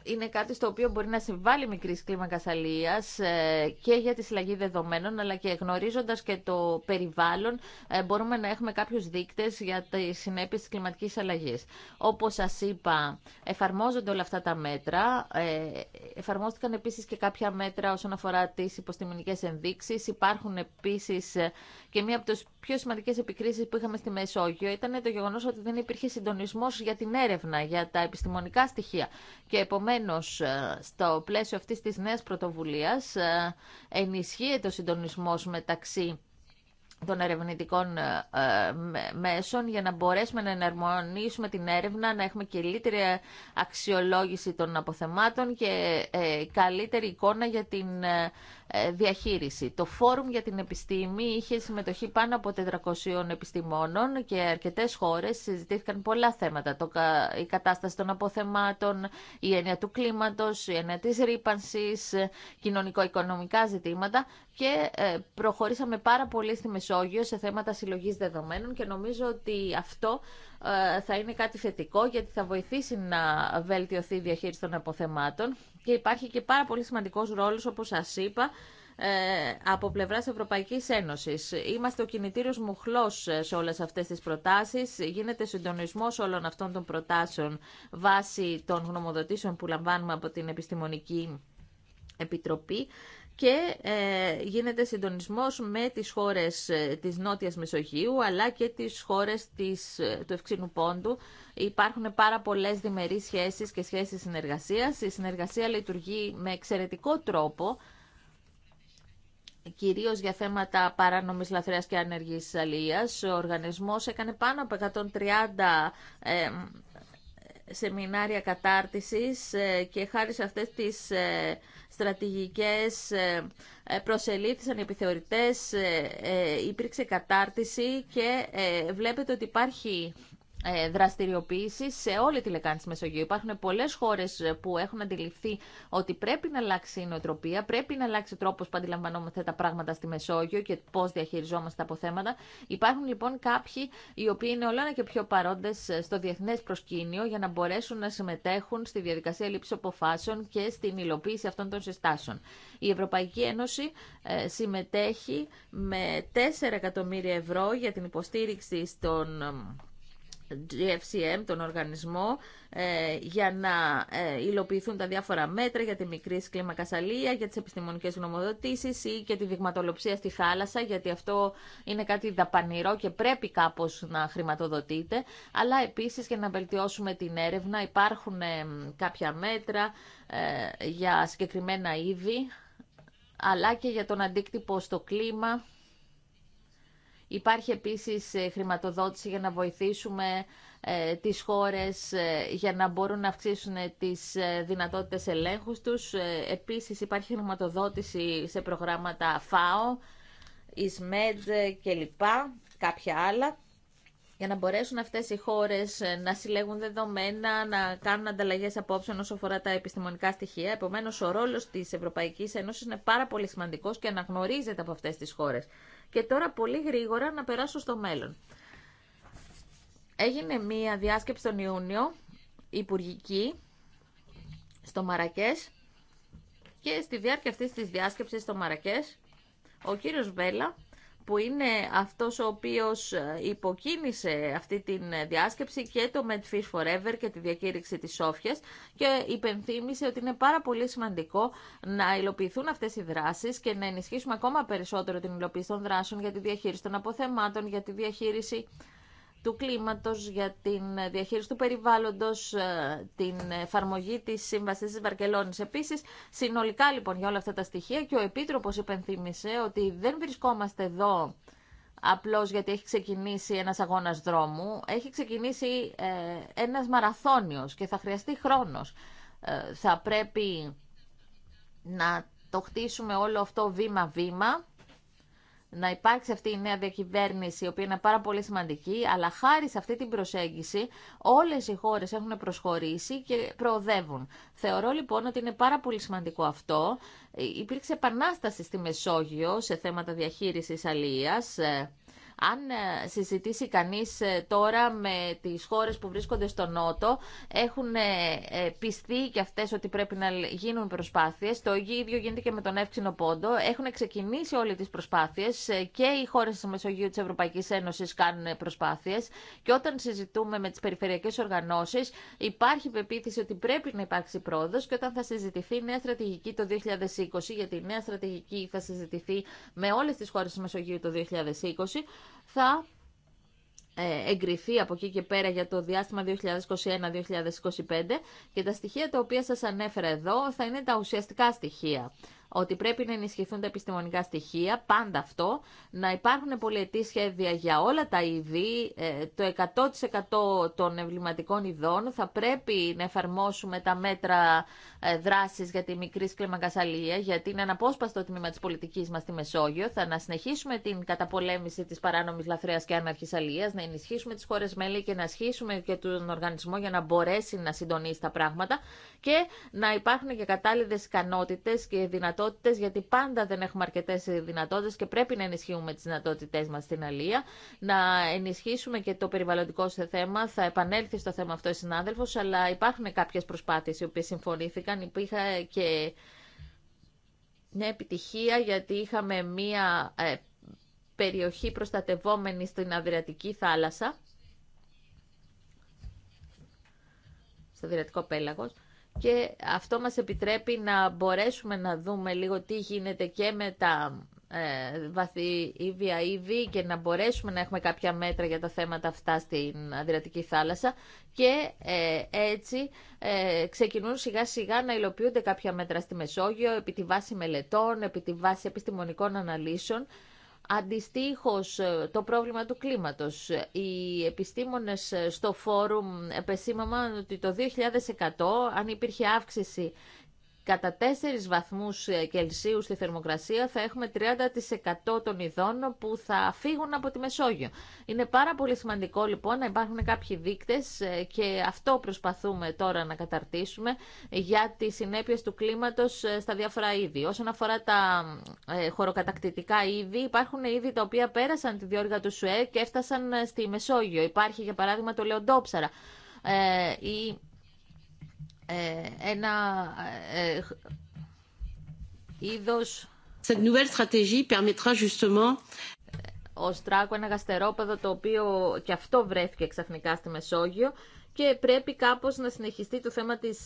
είναι κάτι στο οποίο μπορεί να συμβάλλει μικρή κλίμακα αλληλεία ε, και για τη συλλαγή δεδομένων, αλλά και γνωρίζοντα και το περιβάλλον, ε, μπορούμε να έχουμε κάποιου δείκτε για τι συνέπειε τη κλιματική αλλαγή. Όπω σα είπα, εφαρμόζονται όλα αυτά τα μέτρα. Ε, εφαρμόστηκαν επίση και κάποια μέτρα όσον αφορά τι υποστημονικέ ενδείξει. Υπάρχουν επίση και μία από τι πιο σημαντικέ επικρίσει που είχαμε στη Μεσόγειο ήταν το γεγονό ότι δεν υπήρχε συντονισμό για την έρευνα, για τα επιστημονικά στοιχεία. Και Επομένως, ε, στο πλαίσιο αυτής της νέας πρωτοβουλίας ε, ενισχύεται ο συντονισμός μεταξύ των ερευνητικών ε, μέσων για να μπορέσουμε να εναρμονίσουμε την έρευνα, να έχουμε καλύτερη αξιολόγηση των αποθεμάτων και καλύτερη εικόνα για την ε, διαχείριση. Το Φόρουμ για την Επιστήμη είχε συμμετοχή πάνω από 400 επιστημόνων και αρκετές χώρες συζητήθηκαν πολλά θέματα. Το, η κατάσταση των αποθεμάτων, η έννοια του κλίματος, η έννοια της ρήπανσης, κοινωνικο-οικονομικά ζητήματα και ε, προχωρήσαμε πάρα πολύ στη Μεσόγειο σε θέματα συλλογής δεδομένων και νομίζω ότι αυτό ε, θα είναι κάτι θετικό γιατί θα βοηθήσει να βελτιωθεί η διαχείριση των αποθεμάτων και υπάρχει και πάρα πολύ σημαντικός ρόλος όπως σας είπα ε, από πλευράς Ευρωπαϊκής Ένωσης. Είμαστε ο κινητήριος μουχλός σε όλες αυτές τις προτάσεις. Γίνεται συντονισμός όλων αυτών των προτάσεων βάσει των γνωμοδοτήσεων που λαμβάνουμε από την Επιστημονική Επιτροπή και ε, γίνεται συντονισμός με τις χώρες ε, της Νότιας Μεσογείου αλλά και τις χώρες της, ε, του Ευξήνου Πόντου. Υπάρχουν πάρα πολλές διμερείς σχέσεις και σχέσεις συνεργασίας. Η συνεργασία λειτουργεί με εξαιρετικό τρόπο κυρίως για θέματα παράνομης λαθρέας και ανεργής αλληλείας. Ο οργανισμός έκανε πάνω από 130 σεμινάρια κατάρτισης ε, και χάρη σε αυτές τις ε, στρατηγικές ε, προσελήφθησαν οι επιθεωρητές, υπήρξε κατάρτιση και βλέπετε ότι υπάρχει ε, δραστηριοποίηση σε όλη τη λεκάνη τη Μεσογείου. Υπάρχουν πολλέ χώρε που έχουν αντιληφθεί ότι πρέπει να αλλάξει η νοοτροπία, πρέπει να αλλάξει ο τρόπο που αντιλαμβανόμαστε τα πράγματα στη Μεσόγειο και πώ διαχειριζόμαστε τα αποθέματα. Υπάρχουν λοιπόν κάποιοι οι οποίοι είναι όλο και πιο παρόντε στο διεθνέ προσκήνιο για να μπορέσουν να συμμετέχουν στη διαδικασία λήψη αποφάσεων και στην υλοποίηση αυτών των συστάσεων. Η Ευρωπαϊκή Ένωση ε, συμμετέχει με 4 εκατομμύρια ευρώ για την υποστήριξη των GFCM, τον οργανισμό, ε, για να ε, υλοποιηθούν τα διάφορα μέτρα για τη μικρή κλίμακα για τις επιστημονικές γνωμοδοτήσεις ή και τη δειγματολοψία στη θάλασσα, γιατί αυτό είναι κάτι δαπανηρό και πρέπει κάπως να χρηματοδοτείται, αλλά επίσης για να βελτιώσουμε την έρευνα υπάρχουν ε, κάποια μέτρα για συγκεκριμένα είδη, αλλά και για τον αντίκτυπο στο κλίμα Υπάρχει επίσης ε, χρηματοδότηση για να βοηθήσουμε ε, τις χώρες ε, για να μπορούν να αυξήσουν τις δυνατότητες ελέγχους τους. Επίσης υπάρχει χρηματοδότηση σε προγράμματα ΦΑΟ, ΙΣΜΕΔ κλπ. Κάποια άλλα για να μπορέσουν αυτές οι χώρες να συλλέγουν δεδομένα, να κάνουν ανταλλαγές απόψεων όσο αφορά τα επιστημονικά στοιχεία. Επομένως, ο ρόλος της Ευρωπαϊκής Ένωσης είναι πάρα πολύ σημαντικός και αναγνωρίζεται από αυτές τις χώρες και τώρα πολύ γρήγορα να περάσω στο μέλλον. Έγινε μία διάσκεψη τον Ιούνιο, υπουργική, στο Μαρακές και στη διάρκεια αυτής της διάσκεψης στο Μαρακές ο κύριος Βέλα που είναι αυτός ο οποίος ε, υποκίνησε αυτή τη ε, διάσκεψη και το Medfish Forever και τη διακήρυξη της Σόφιας και υπενθύμησε ότι είναι πάρα πολύ σημαντικό να υλοποιηθούν αυτές οι δράσεις και να ενισχύσουμε ακόμα περισσότερο την υλοποίηση των δράσεων για τη διαχείριση των αποθεμάτων, για τη διαχείριση του κλίματος, για την διαχείριση του περιβάλλοντος, ε, την εφαρμογή της Σύμβασης της Βαρκελόνης. Επίσης, συνολικά λοιπόν για όλα αυτά τα στοιχεία και ο Επίτροπος υπενθύμησε ότι δεν βρισκόμαστε εδώ απλώς γιατί έχει ξεκινήσει ένας αγώνας δρόμου, έχει ξεκινήσει ε, ένας μαραθώνιος και θα χρειαστεί χρόνος. Ε, θα πρέπει να το χτίσουμε όλο αυτό βήμα-βήμα να υπάρξει αυτή η νέα διακυβέρνηση, η οποία είναι πάρα πολύ σημαντική, αλλά χάρη σε αυτή την προσέγγιση όλες οι χώρες έχουν προσχωρήσει και προοδεύουν. Θεωρώ λοιπόν ότι είναι πάρα πολύ σημαντικό αυτό. Ε, υπήρξε επανάσταση στη Μεσόγειο σε θέματα διαχείρισης αλίας, ε, αν ε, συζητήσει κανείς ε, τώρα με τις χώρες που βρίσκονται στο Νότο, έχουν ε, πιστεί και αυτές ότι πρέπει να γίνουν προσπάθειες. Το ίδιο γίνεται και με τον Εύξηνο Πόντο. Έχουν ξεκινήσει όλες τις προσπάθειες και οι χώρες της Μεσογείου της Ευρωπαϊκής Ένωσης κάνουν προσπάθειες και όταν συζητούμε με τις περιφερειακές οργανώσεις υπάρχει πεποίθηση ότι πρέπει να υπάρξει πρόοδος και όταν θα συζητηθεί η νέα στρατηγική το 2020, γιατί η νέα στρατηγική θα συζητηθεί με όλες τις χώρες της Μεσογείου το 2020, θα ε, εγκριθεί από εκεί και πέρα για το διάστημα 2021-2025 και τα στοιχεία τα οποία σας ανέφερα εδώ θα είναι τα ουσιαστικά στοιχεία ότι πρέπει να ενισχυθούν τα επιστημονικά στοιχεία, πάντα αυτό, να υπάρχουν πολυετή σχέδια για όλα τα είδη, ε, το 100% των εμβληματικών ειδών, θα πρέπει να εφαρμόσουμε τα μέτρα ε, δράσης για τη μικρή κλιμακασαλία, γιατί είναι αναπόσπαστο τμήμα της πολιτικής μας στη Μεσόγειο, θα να συνεχίσουμε την καταπολέμηση της παράνομης λαθρέας και άναρχης αλίας, να ενισχύσουμε τις χώρες μέλη και να ασχίσουμε και τον οργανισμό για να μπορέσει να συντονίσει τα πράγματα και να υπάρχουν και κατάλληλες ικανότητες και δυνατότητες γιατί πάντα δεν έχουμε αρκετέ δυνατότητε και πρέπει να ενισχύουμε τις δυνατότητέ μας στην Αλία, να ενισχύσουμε και το περιβαλλοντικό σε θέμα. Θα επανέλθει στο θέμα αυτό η συνάδελφο, αλλά υπάρχουν κάποιες προσπάθειες οι οποίες συμφωνήθηκαν. Υπήρχε και μια επιτυχία γιατί είχαμε μια ε, περιοχή προστατευόμενη στην Αδριατική θάλασσα, στο Αδριατικό πέλαγος, και αυτό μας επιτρέπει να μπορέσουμε να δούμε λίγο τι γίνεται και με τα ε, βαθύ ήβια ήδη και να μπορέσουμε να έχουμε κάποια μέτρα για τα θέματα αυτά στην Αδριατική θάλασσα και ε, έτσι ε, ξεκινούν σιγά σιγά να υλοποιούνται κάποια μέτρα στη Μεσόγειο επί τη βάση μελετών, επί τη βάση επιστημονικών αναλύσεων Αντιστοίχως ε, το πρόβλημα του κλίματος. Οι επιστήμονες ε, στο φόρουμ επεσήμαμαν ότι το 2100 αν υπήρχε αύξηση Κατά 4 βαθμούς ε, Κελσίου στη θερμοκρασία θα έχουμε 30% των ειδών που θα φύγουν από τη Μεσόγειο. Είναι πάρα πολύ σημαντικό λοιπόν να υπάρχουν κάποιοι δείκτες ε, και αυτό προσπαθούμε τώρα να καταρτήσουμε για τις συνέπειες του κλίματος ε, στα διάφορα είδη. Όσον αφορά τα χωροκατακτητικά είδη, υπάρχουν είδη τα οποία πέρασαν τη διόργα του ΣΟΕ και έφτασαν στη Μεσόγειο. Υπάρχει για παράδειγμα το λεοντόψαρα. Ε, η ε, ένα ε, ε, είδος... Cette nouvelle stratégie permettra justement ο Στράκο, ένα γαστερόπεδο το οποίο και αυτό βρέθηκε ξαφνικά στη Μεσόγειο και πρέπει κάπως να συνεχιστεί το θέμα της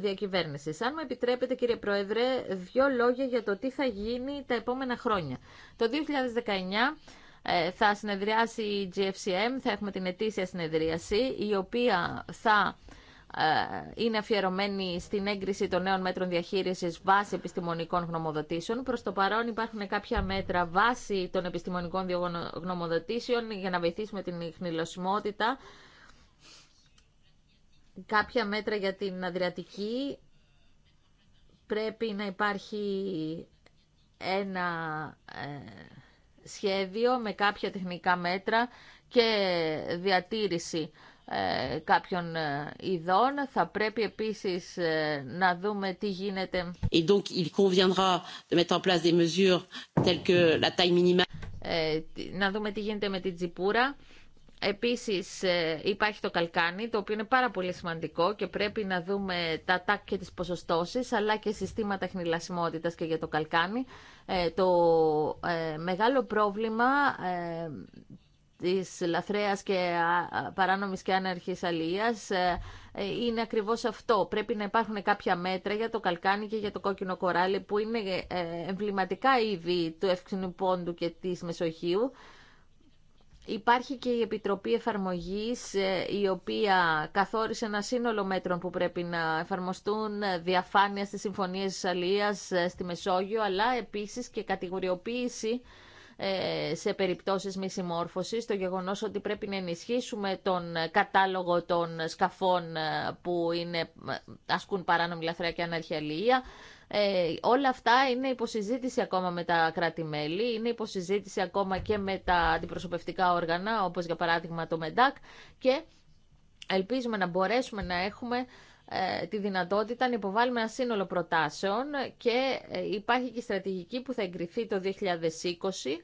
διακυβέρνησης. Αν μου επιτρέπετε κύριε Πρόεδρε, δύο λόγια για το τι θα γίνει τα επόμενα χρόνια. Το 2019 θα συνεδριάσει η GFCM, θα έχουμε την ετήσια συνεδρίαση, η οποία θα ε, είναι αφιερωμένη στην έγκριση των νέων μέτρων διαχείρισης βάσει επιστημονικών γνωμοδοτήσεων. Προς το παρόν υπάρχουν κάποια μέτρα βάσει των επιστημονικών γνωμοδοτήσεων για να βοηθήσουμε την χνηλωσιμότητα, κάποια μέτρα για την Αδριατική. Πρέπει να υπάρχει ένα ε, σχέδιο με κάποια τεχνικά μέτρα και διατήρηση ε, κάποιων ε, ειδών. Θα πρέπει επίσης ε, να δούμε τι γίνεται. donc, il conviendra de mettre en place des mesures telles que la να δούμε τι γίνεται με την τσιπούρα. Επίσης υπάρχει το καλκάνι, το οποίο είναι πάρα πολύ σημαντικό και πρέπει να δούμε τα τάκ και τις ποσοστώσεις, αλλά και συστήματα χνηλασιμότητας και για το καλκάνι. το μεγάλο πρόβλημα της λαθρέας και παράνομης και άναρχης αλίας ε, είναι ακριβώς αυτό. Πρέπει να υπάρχουν κάποια μέτρα για το καλκάνι και για το κόκκινο κοράλι που είναι ε, εμβληματικά είδη του ευξηνού πόντου και της Μεσοχείου. Υπάρχει και η Επιτροπή Εφαρμογής ε, η οποία καθόρισε ένα σύνολο μέτρων που πρέπει να εφαρμοστούν διαφάνεια στις συμφωνίες της Αλίας στη Μεσόγειο αλλά επίσης και κατηγοριοποίηση ε, σε περιπτώσεις μη συμμόρφωσης, το γεγονός ότι πρέπει να ενισχύσουμε τον κατάλογο των σκαφών ε, που είναι, ε, ασκούν παράνομη λαθρέα και αναρχιαλία, ε, όλα αυτά είναι υποσυζήτηση ακόμα με τα κράτη-μέλη, είναι υποσυζήτηση ακόμα και με τα αντιπροσωπευτικά όργανα, όπως για παράδειγμα το ΜΕΝΤΑΚ και ελπίζουμε να μπορέσουμε να έχουμε τη δυνατότητα να υποβάλουμε ένα σύνολο προτάσεων και υπάρχει και η στρατηγική που θα εγκριθεί το 2020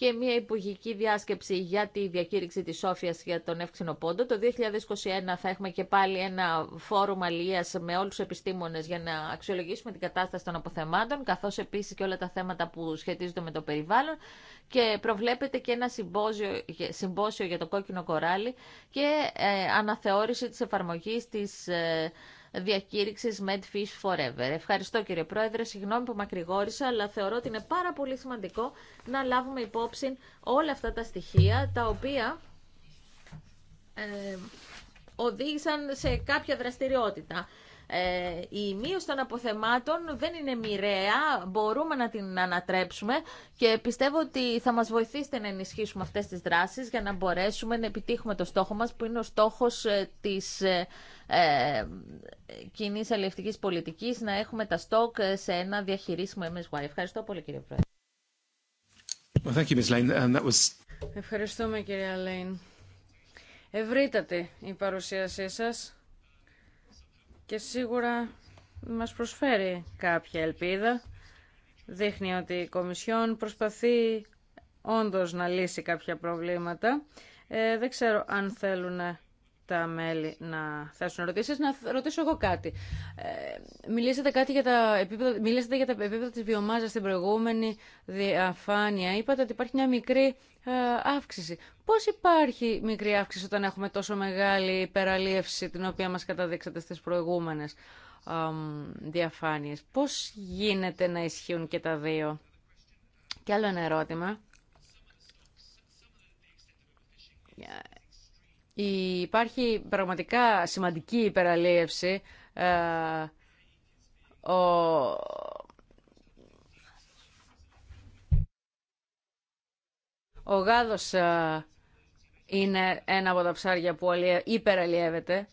και μια υπουργική διάσκεψη για τη διακήρυξη της Σόφιας για τον Εύξηνο Πόντο. Το 2021 θα έχουμε και πάλι ένα φόρουμ αλληλείας με όλους τους επιστήμονες για να αξιολογήσουμε την κατάσταση των αποθεμάτων, καθώς επίσης και όλα τα θέματα που σχετίζονται με το περιβάλλον και προβλέπεται και ένα συμπόσιο, συμπόσιο για το κόκκινο κοράλι και ε, αναθεώρηση της εφαρμογής της ε, διακήρυξης Medfish Forever. Ευχαριστώ κύριε Πρόεδρε, συγγνώμη που μακρηγόρησα, αλλά θεωρώ ότι είναι πάρα πολύ σημαντικό να λάβουμε υπόψη όλα αυτά τα στοιχεία, τα οποία ε, οδήγησαν σε κάποια δραστηριότητα. Ε, η μείωση των αποθεμάτων δεν είναι μοιραία, μπορούμε να την ανατρέψουμε και πιστεύω ότι θα μας βοηθήσετε να ενισχύσουμε αυτές τις δράσεις για να μπορέσουμε να επιτύχουμε το στόχο μας που είναι ο στόχος ε, της ε, ε κοινή αλληλευτικής πολιτικής να έχουμε τα στόκ σε ένα διαχειρίσιμο MSY. Ευχαριστώ πολύ κύριε Πρόεδρε. thank you, Lane. that was... Ευχαριστούμε κυρία Λέιν. Ευρύτατη η παρουσίασή σας και σίγουρα μας προσφέρει κάποια ελπίδα. Δείχνει ότι η Κομισιόν προσπαθεί όντως να λύσει κάποια προβλήματα. Ε, δεν ξέρω αν θέλουν τα μέλη να θέσουν ερωτήσει. Να ρωτήσω εγώ κάτι. Ε, μιλήσατε, κάτι για τα επίπεδα, μιλήσατε για τα επίπεδα της βιομάζας στην προηγούμενη διαφάνεια. Είπατε ότι υπάρχει μια μικρή ε, αύξηση. Πώς υπάρχει μικρή αύξηση όταν έχουμε τόσο μεγάλη υπεραλίευση την οποία μας καταδείξατε στις προηγούμενες ε, Πώ γίνεται να ισχύουν και τα δύο. Και άλλο ένα ερώτημα. Υπάρχει πραγματικά σημαντική υπεραλίευση. Ε, ο... Ο γάδος ε, είναι ένα από τα ψάρια που υπεραλίευεται.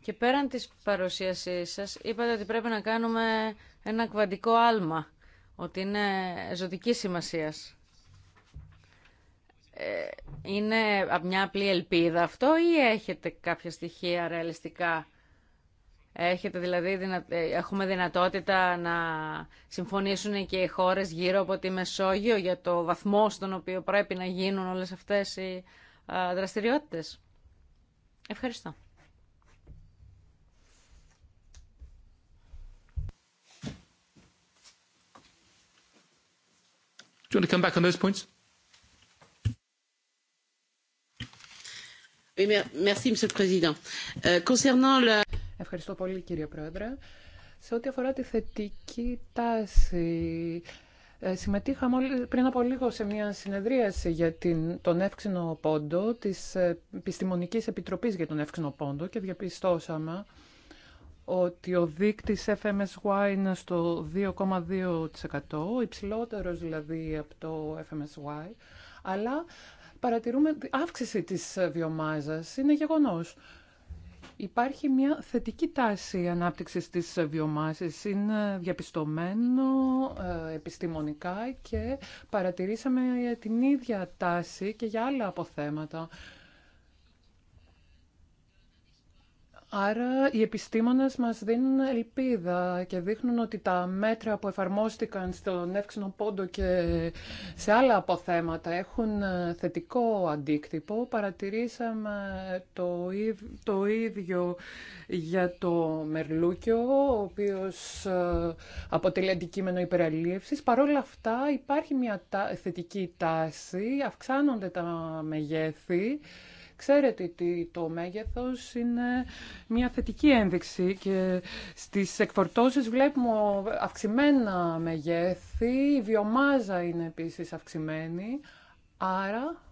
Και πέραν της παρουσίασής σας, είπατε ότι πρέπει να κάνουμε ένα κβαντικό άλμα ότι είναι ζωτική σημασία. Ε, είναι μια απλή ελπίδα αυτό ή έχετε κάποια στοιχεία ρεαλιστικά. Έχετε δηλαδή, ε, έχουμε δυνατότητα να συμφωνήσουν και οι χώρες γύρω από τη Μεσόγειο για το βαθμό στον οποίο πρέπει να γίνουν όλες αυτές οι δραστηριότητες. Ευχαριστώ. Ευχαριστώ πολύ κύριε Πρόεδρε. Σε ό,τι αφορά τη θετική τάση, ε, συμμετείχαμε πριν από λίγο σε μια συνεδρίαση για τον εύξηνο πόντο της ε, Επιστημονικής Επιτροπής για τον εύξηνο πόντο και διαπιστώσαμε ότι ο δείκτης FMSY είναι στο 2,2%, υψηλότερος δηλαδή από το FMSY, αλλά παρατηρούμε αύξηση της βιομάζας, είναι γεγονός. Υπάρχει μια θετική τάση ανάπτυξης της βιομάζας, είναι διαπιστωμένο ε, επιστημονικά και παρατηρήσαμε την ίδια τάση και για άλλα αποθέματα. Άρα οι επιστήμονες μας δίνουν ελπίδα και δείχνουν ότι τα μέτρα που εφαρμόστηκαν στον εύξηνο πόντο και σε άλλα αποθέματα έχουν ε, θετικό αντίκτυπο. Παρατηρήσαμε το, ίδιο για το Μερλούκιο, ο οποίος ε, αποτελεί αντικείμενο υπεραλίευσης. Παρ' όλα αυτά υπάρχει μια θετική τάση, αυξάνονται τα μεγέθη. Ξέρετε ότι το μέγεθος είναι μια θετική ένδειξη και στις εκφορτώσεις βλέπουμε αυξημένα μεγέθη, η βιομάζα είναι επίσης αυξημένη, άρα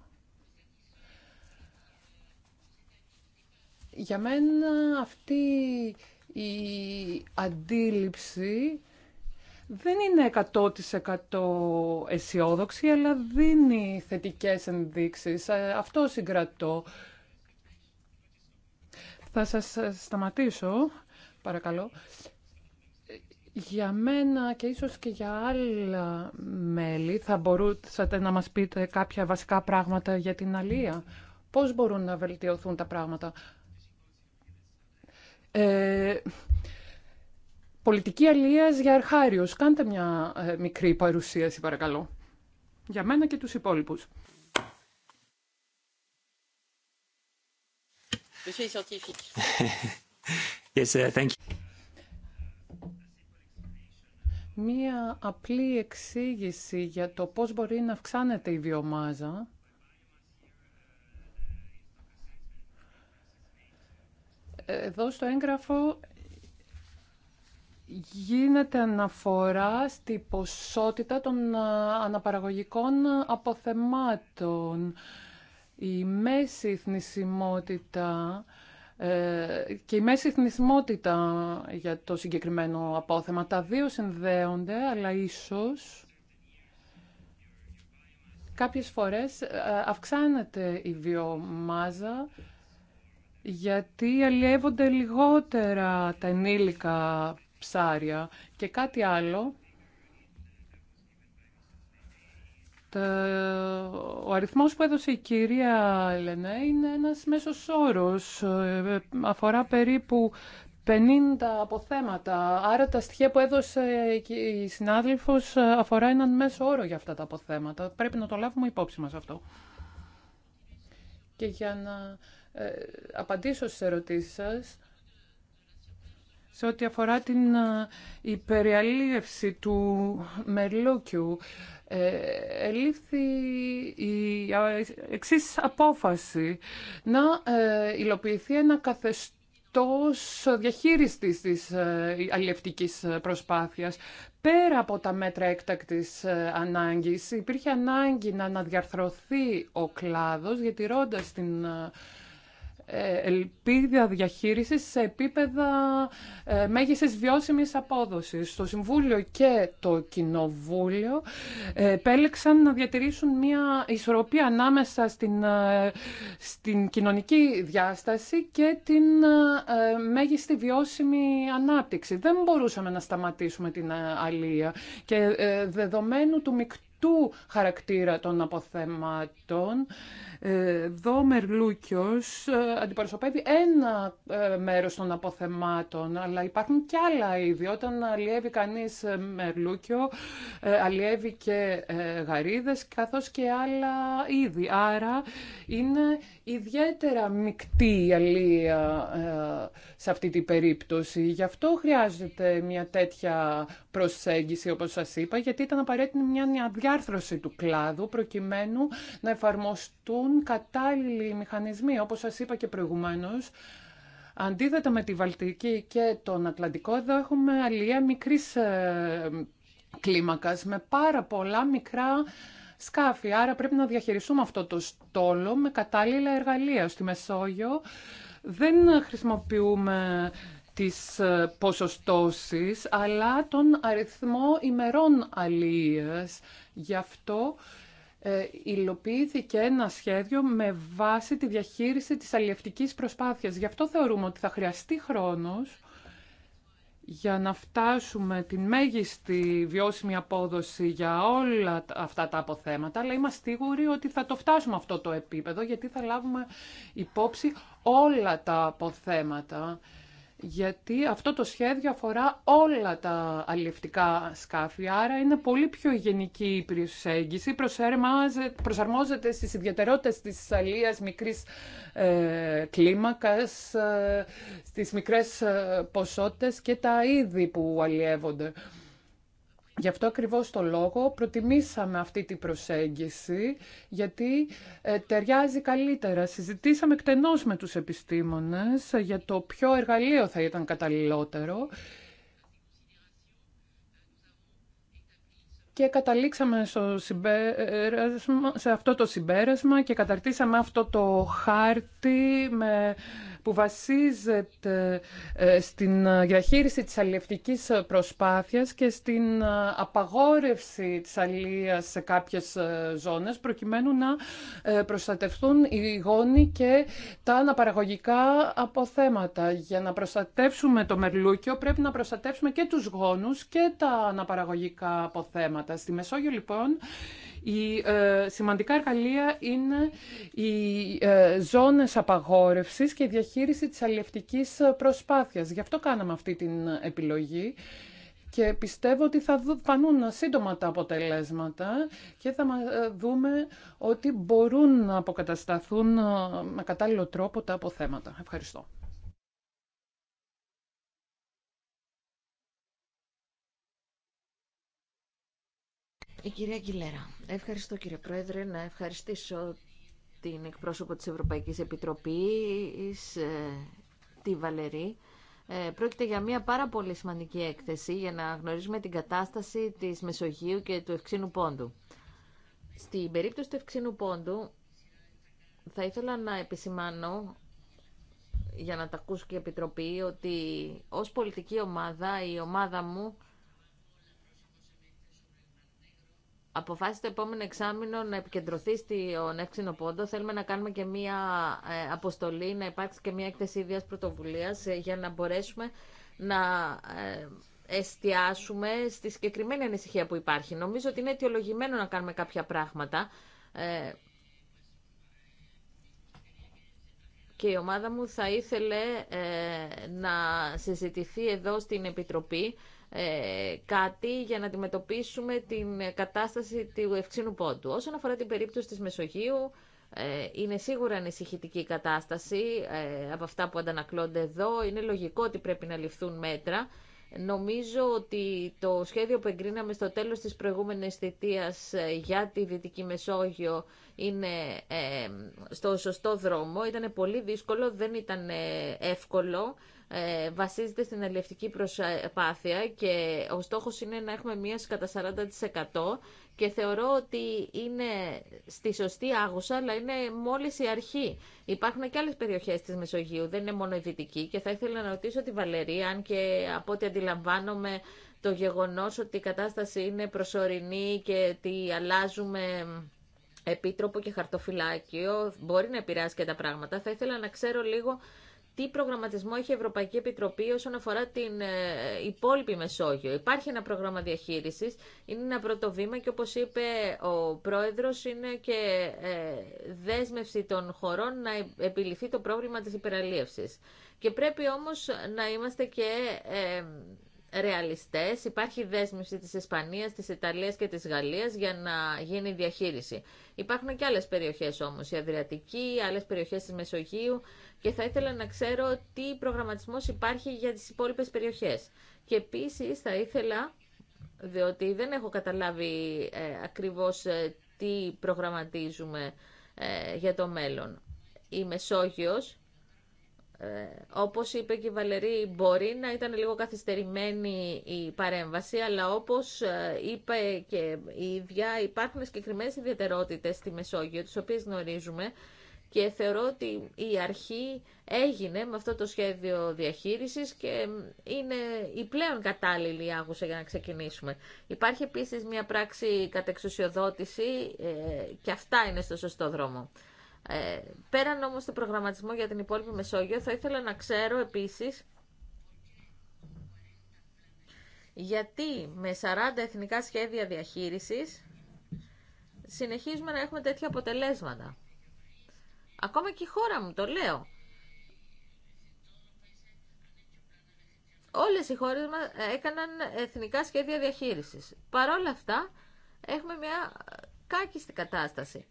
για μένα αυτή η αντίληψη δεν είναι 100% αισιόδοξη, αλλά δίνει θετικές ενδείξεις. Ε, αυτό συγκρατώ. Θα σας ε, σταματήσω, παρακαλώ. Για μένα και ίσως και για άλλα μέλη θα μπορούσατε να μας πείτε κάποια βασικά πράγματα για την αλία. Πώς μπορούν να βελτιωθούν τα πράγματα. Ε, Πολιτική αλίας για αρχάριους. Κάντε μια ε, μικρή παρουσίαση παρακαλώ. Για μένα και τους υπόλοιπους. [laughs] Μία απλή εξήγηση για το πώς μπορεί να αυξάνεται η βιομάζα. Ε, εδώ στο έγγραφο γίνεται αναφορά στη ποσότητα των ε, αναπαραγωγικών αποθεμάτων. Η μέση θνησιμότητα ε, και η μέση θνησιμότητα για το συγκεκριμένο απόθεμα. Τα δύο συνδέονται, αλλά ίσως κάποιες φορές ε, αυξάνεται η βιομάζα γιατί αλλιεύονται λιγότερα τα ενήλικα ψάρια. Και κάτι άλλο, ο αριθμός που έδωσε η κυρία Ελενέ είναι ένας μέσος όρος. Ε, αφορά περίπου 50 αποθέματα. Άρα τα στοιχεία που έδωσε η συνάδελφος αφορά έναν μέσο όρο για αυτά τα αποθέματα. Πρέπει να το λάβουμε υπόψη μας αυτό. Και για να ε, απαντήσω στις ερωτήσεις σας, σε ό,τι αφορά την ε, υπεριαλίευση του μερλούκιου. Ε, ελήφθη η εξής απόφαση να ε, υλοποιηθεί ένα καθεστώς διαχείρισης της αλληλευτικής προσπάθειας. Πέρα από τα μέτρα έκτακτης ανάγκης, υπήρχε ανάγκη να αναδιαρθρωθεί ο κλάδος, ρώντας την ε, ελπίδια διαχείρισης σε επίπεδα ε, μέγιστης βιώσιμης απόδοσης. Το Συμβούλιο και το Κοινοβούλιο ε, επέλεξαν να διατηρήσουν μια ισορροπία ανάμεσα στην, κοινωνική διάσταση και την μέγιστη βιώσιμη ανάπτυξη. Δεν μπορούσαμε να σταματήσουμε την αλία και δεδομένου του μεικτού του χαρακτήρα των αποθεμάτων. Εδώ Μερλούκιος ε, αντιπροσωπεύει ένα ε, μέρος των αποθεμάτων, αλλά υπάρχουν και άλλα είδη. Όταν αλλιεύει κανείς ε, Μερλούκιο, αλλιεύει και γαρίδες, καθώς και άλλα είδη. Άρα είναι ιδιαίτερα μεικτή η αλλία σε αυτή την περίπτωση. Γι' αυτό χρειάζεται μια τέτοια προσέγγιση, όπως σας είπα, γιατί ήταν απαραίτητη μια του κλάδου προκειμένου να εφαρμοστούν κατάλληλοι μηχανισμοί. Όπως σας είπα και προηγουμένως, αντίθετα με τη Βαλτική και τον Ατλαντικό, εδώ έχουμε αλληλεία μικρής ε, κλίμακας με πάρα πολλά μικρά σκάφη. Άρα πρέπει να διαχειριστούμε αυτό το στόλο με κατάλληλα εργαλεία. Στη Μεσόγειο δεν χρησιμοποιούμε τις ε, ποσοστώσεις, αλλά τον αριθμό ημερών αλίας. Γι' αυτό ε, υλοποιήθηκε ένα σχέδιο με βάση τη διαχείριση της αλλιευτικής προσπάθειας. Γι' αυτό θεωρούμε ότι θα χρειαστεί χρόνος για να φτάσουμε την μέγιστη βιώσιμη απόδοση για όλα αυτά τα αποθέματα, αλλά είμαστε σίγουροι ότι θα το φτάσουμε αυτό το επίπεδο, γιατί θα λάβουμε υπόψη όλα τα αποθέματα γιατί αυτό το σχέδιο αφορά όλα τα αλληλευτικά σκάφη, άρα είναι πολύ πιο γενική η προσέγγιση, προσαρμόζεται στις ιδιαιτερότητες της αλίας μικρής ε, κλίμακας, ε, στις μικρές ε, ποσότητες και τα είδη που αλλιεύονται. Γι' αυτό ακριβώς το λόγο προτιμήσαμε αυτή την προσέγγιση, γιατί ε, ταιριάζει καλύτερα. Συζητήσαμε εκτενώς με τους επιστήμονες για το ποιο εργαλείο θα ήταν καταλληλότερο και καταλήξαμε στο σε αυτό το συμπέρασμα και καταρτήσαμε αυτό το χάρτη με που βασίζεται ε, στην διαχείριση της αλληλευτικής προσπάθειας και στην ε, απαγόρευση της αλληλείας σε κάποιες ε, ζώνες προκειμένου να προστατευτούν οι γόνοι και τα αναπαραγωγικά αποθέματα. Για να προστατεύσουμε το μερλούκιο πρέπει να προστατεύσουμε και τους γόνους και τα αναπαραγωγικά αποθέματα. Στη Μεσόγειο λοιπόν η ε, σημαντικά εργαλεία είναι οι ε, ζώνες απαγόρευσης και η διαχείριση της αλληλευτικής προσπάθειας. Γι' αυτό κάναμε αυτή την επιλογή και πιστεύω ότι θα φανούν σύντομα τα αποτελέσματα και θα ε, δούμε ότι μπορούν να αποκατασταθούν με κατάλληλο τρόπο τα αποθέματα. Ευχαριστώ. Η κυρία Γκιλέρα. Ευχαριστώ κύριε Πρόεδρε. Να ευχαριστήσω την εκπρόσωπο της Ευρωπαϊκής Επιτροπής, ε, τη Βαλερή. Ε, πρόκειται για μια πάρα πολύ σημαντική έκθεση για να γνωρίζουμε την κατάσταση της Μεσογείου και του Ευξήνου Πόντου. Στην περίπτωση του Ευξήνου Πόντου θα ήθελα να επισημάνω για να τα ακούσω και η Επιτροπή ότι ως πολιτική ομάδα η ομάδα μου αποφάσισε το επόμενο εξάμεινο να επικεντρωθεί στον εύξηνο πόντο. Θέλουμε να κάνουμε και μία ε, αποστολή, να υπάρξει και μία έκθεση ίδιας πρωτοβουλίας ε, για να μπορέσουμε να ε, εστιάσουμε στη συγκεκριμένη ανησυχία που υπάρχει. Νομίζω ότι είναι αιτιολογημένο να κάνουμε κάποια πράγματα. Και η ομάδα μου θα ήθελε να συζητηθεί εδώ στην Επιτροπή ε, κάτι για να αντιμετωπίσουμε την κατάσταση του ευξήνου πόντου. Όσον αφορά την περίπτωση της Μεσογείου, ε, είναι σίγουρα ανησυχητική η κατάσταση ε, από αυτά που αντανακλώνται εδώ. Είναι λογικό ότι πρέπει να ληφθούν μέτρα. Νομίζω ότι το σχέδιο που εγκρίναμε στο τέλος της προηγούμενης θητείας για τη Δυτική Μεσόγειο είναι στο σωστό δρόμο. Ήταν πολύ δύσκολο, δεν ήταν εύκολο. Ε, βασίζεται στην αλληλευτική προσπάθεια και ο στόχος είναι να έχουμε μία κατά 40% και θεωρώ ότι είναι στη σωστή άγουσα, αλλά είναι μόλις η αρχή. Υπάρχουν και άλλες περιοχές της Μεσογείου, δεν είναι μόνο η Δυτική και θα ήθελα να ρωτήσω τη Βαλερή αν και από ό,τι αντιλαμβάνομαι το γεγονός ότι η κατάσταση είναι προσωρινή και ότι αλλάζουμε επίτροπο και χαρτοφυλάκιο μπορεί να επηρεάσει και τα πράγματα. Θα ήθελα να ξέρω λίγο τι προγραμματισμό έχει η Ευρωπαϊκή Επιτροπή όσον αφορά την ε, υπόλοιπη Μεσόγειο. Υπάρχει ένα πρόγραμμα διαχείρισης, είναι ένα πρώτο βήμα και όπως είπε ο Πρόεδρος είναι και ε, δέσμευση των χωρών να ε, επιληθεί το πρόβλημα της υπεραλίευση. Και πρέπει όμως να είμαστε και Υπάρχει δέσμευση τη Ισπανίας, τη Ιταλία και τη Γαλλία για να γίνει διαχείριση. Υπάρχουν και άλλες περιοχές όμως, η Αδριατική, άλλες περιοχές της Μεσογείου και θα ήθελα να ξέρω τι προγραμματισμός υπάρχει για τις υπόλοιπε περιοχές. Και επίσης θα ήθελα, διότι δεν έχω καταλάβει ε, ακριβώς ε, τι προγραμματίζουμε ε, για το μέλλον. Η Μεσόγειος ε, όπως είπε και η Βαλερή, μπορεί να ήταν λίγο καθυστερημένη η παρέμβαση, αλλά όπως ε, είπε και η ίδια, υπάρχουν συγκεκριμένες ιδιαιτερότητες στη Μεσόγειο, τις οποίες γνωρίζουμε και θεωρώ ότι η αρχή έγινε με αυτό το σχέδιο διαχείρισης και είναι η πλέον κατάλληλη άγουσα για να ξεκινήσουμε. Υπάρχει επίσης μια πράξη κατεξουσιοδότηση ε, και αυτά είναι στο σωστό δρόμο. Ε, πέραν όμως το προγραμματισμό για την υπόλοιπη Μεσόγειο, θα ήθελα να ξέρω επίσης γιατί με 40 εθνικά σχέδια διαχείρισης συνεχίζουμε να έχουμε τέτοια αποτελέσματα. Ακόμα και η χώρα μου, το λέω. Όλες οι χώρες μας έκαναν εθνικά σχέδια διαχείρισης. Παρ' όλα αυτά, έχουμε μια κάκιστη κατάσταση.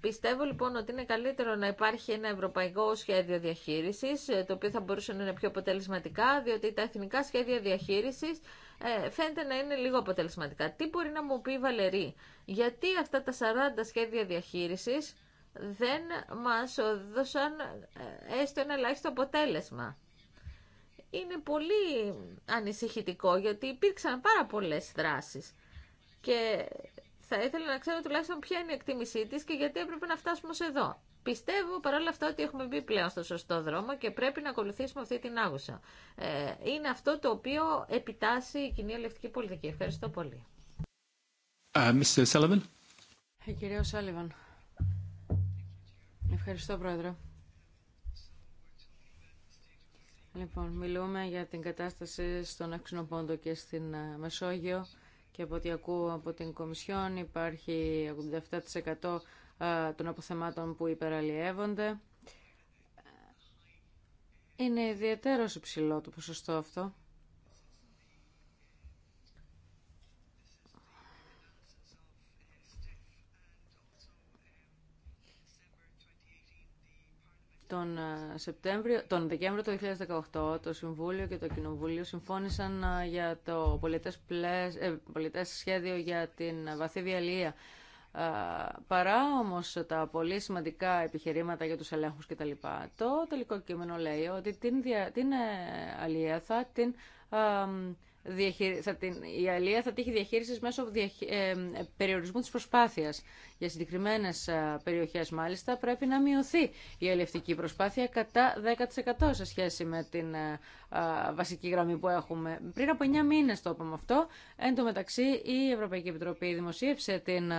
Πιστεύω λοιπόν ότι είναι καλύτερο να υπάρχει ένα ευρωπαϊκό σχέδιο διαχείριση, ε, το οποίο θα μπορούσε να είναι πιο αποτελεσματικά, διότι τα εθνικά σχέδια διαχείριση ε, φαίνεται να είναι λίγο αποτελεσματικά. Τι μπορεί να μου πει η Βαλερή, γιατί αυτά τα 40 σχέδια διαχείριση δεν μας δώσαν ε, έστω ένα ελάχιστο αποτέλεσμα. Είναι πολύ ανησυχητικό γιατί υπήρξαν πάρα πολλές δράσεις και θα ήθελα να ξέρω τουλάχιστον ποια είναι η εκτίμησή τη και γιατί έπρεπε να φτάσουμε σε εδώ. Πιστεύω παρόλα αυτά ότι έχουμε μπει πλέον στο σωστό δρόμο και πρέπει να ακολουθήσουμε αυτή την άγουσα. Ε, είναι αυτό το οποίο επιτάσσει η κοινή ελευτική πολιτική. Ευχαριστώ πολύ. Ε, Mr. Sullivan. Σάλιβαν. Ε, Ευχαριστώ, Πρόεδρε. Λοιπόν, μιλούμε για την κατάσταση στον Αξινοπόντο και στην ε, Μεσόγειο και από ό,τι ακούω από την Κομισιόν υπάρχει 87% των αποθεμάτων που υπεραλλιεύονται. Ε, είναι ιδιαίτερο υψηλό το ποσοστό αυτό. Τον, ε, Σεπτέμβριο, τον Δεκέμβριο του 2018 το Συμβούλιο και το Κοινοβούλιο συμφώνησαν ε, για το ε, πολιτές, σχέδιο για την βαθύ διαλύεια. Παρά όμως τα πολύ σημαντικά επιχειρήματα για τους ελέγχους κτλ. Το τελικό κείμενο λέει ότι την, την θα την θα την... η αλία θα τύχει διαχείριση μέσω ε, περιορισμού της προσπάθειας. Για συγκεκριμένε ε, περιοχές μάλιστα πρέπει να μειωθεί η αλληλευτική προσπάθεια κατά 10% σε σχέση με την ε, βασική γραμμή που έχουμε. Πριν από 9 μήνε το είπαμε αυτό. Εν τω μεταξύ η Ευρωπαϊκή Επιτροπή δημοσίευσε την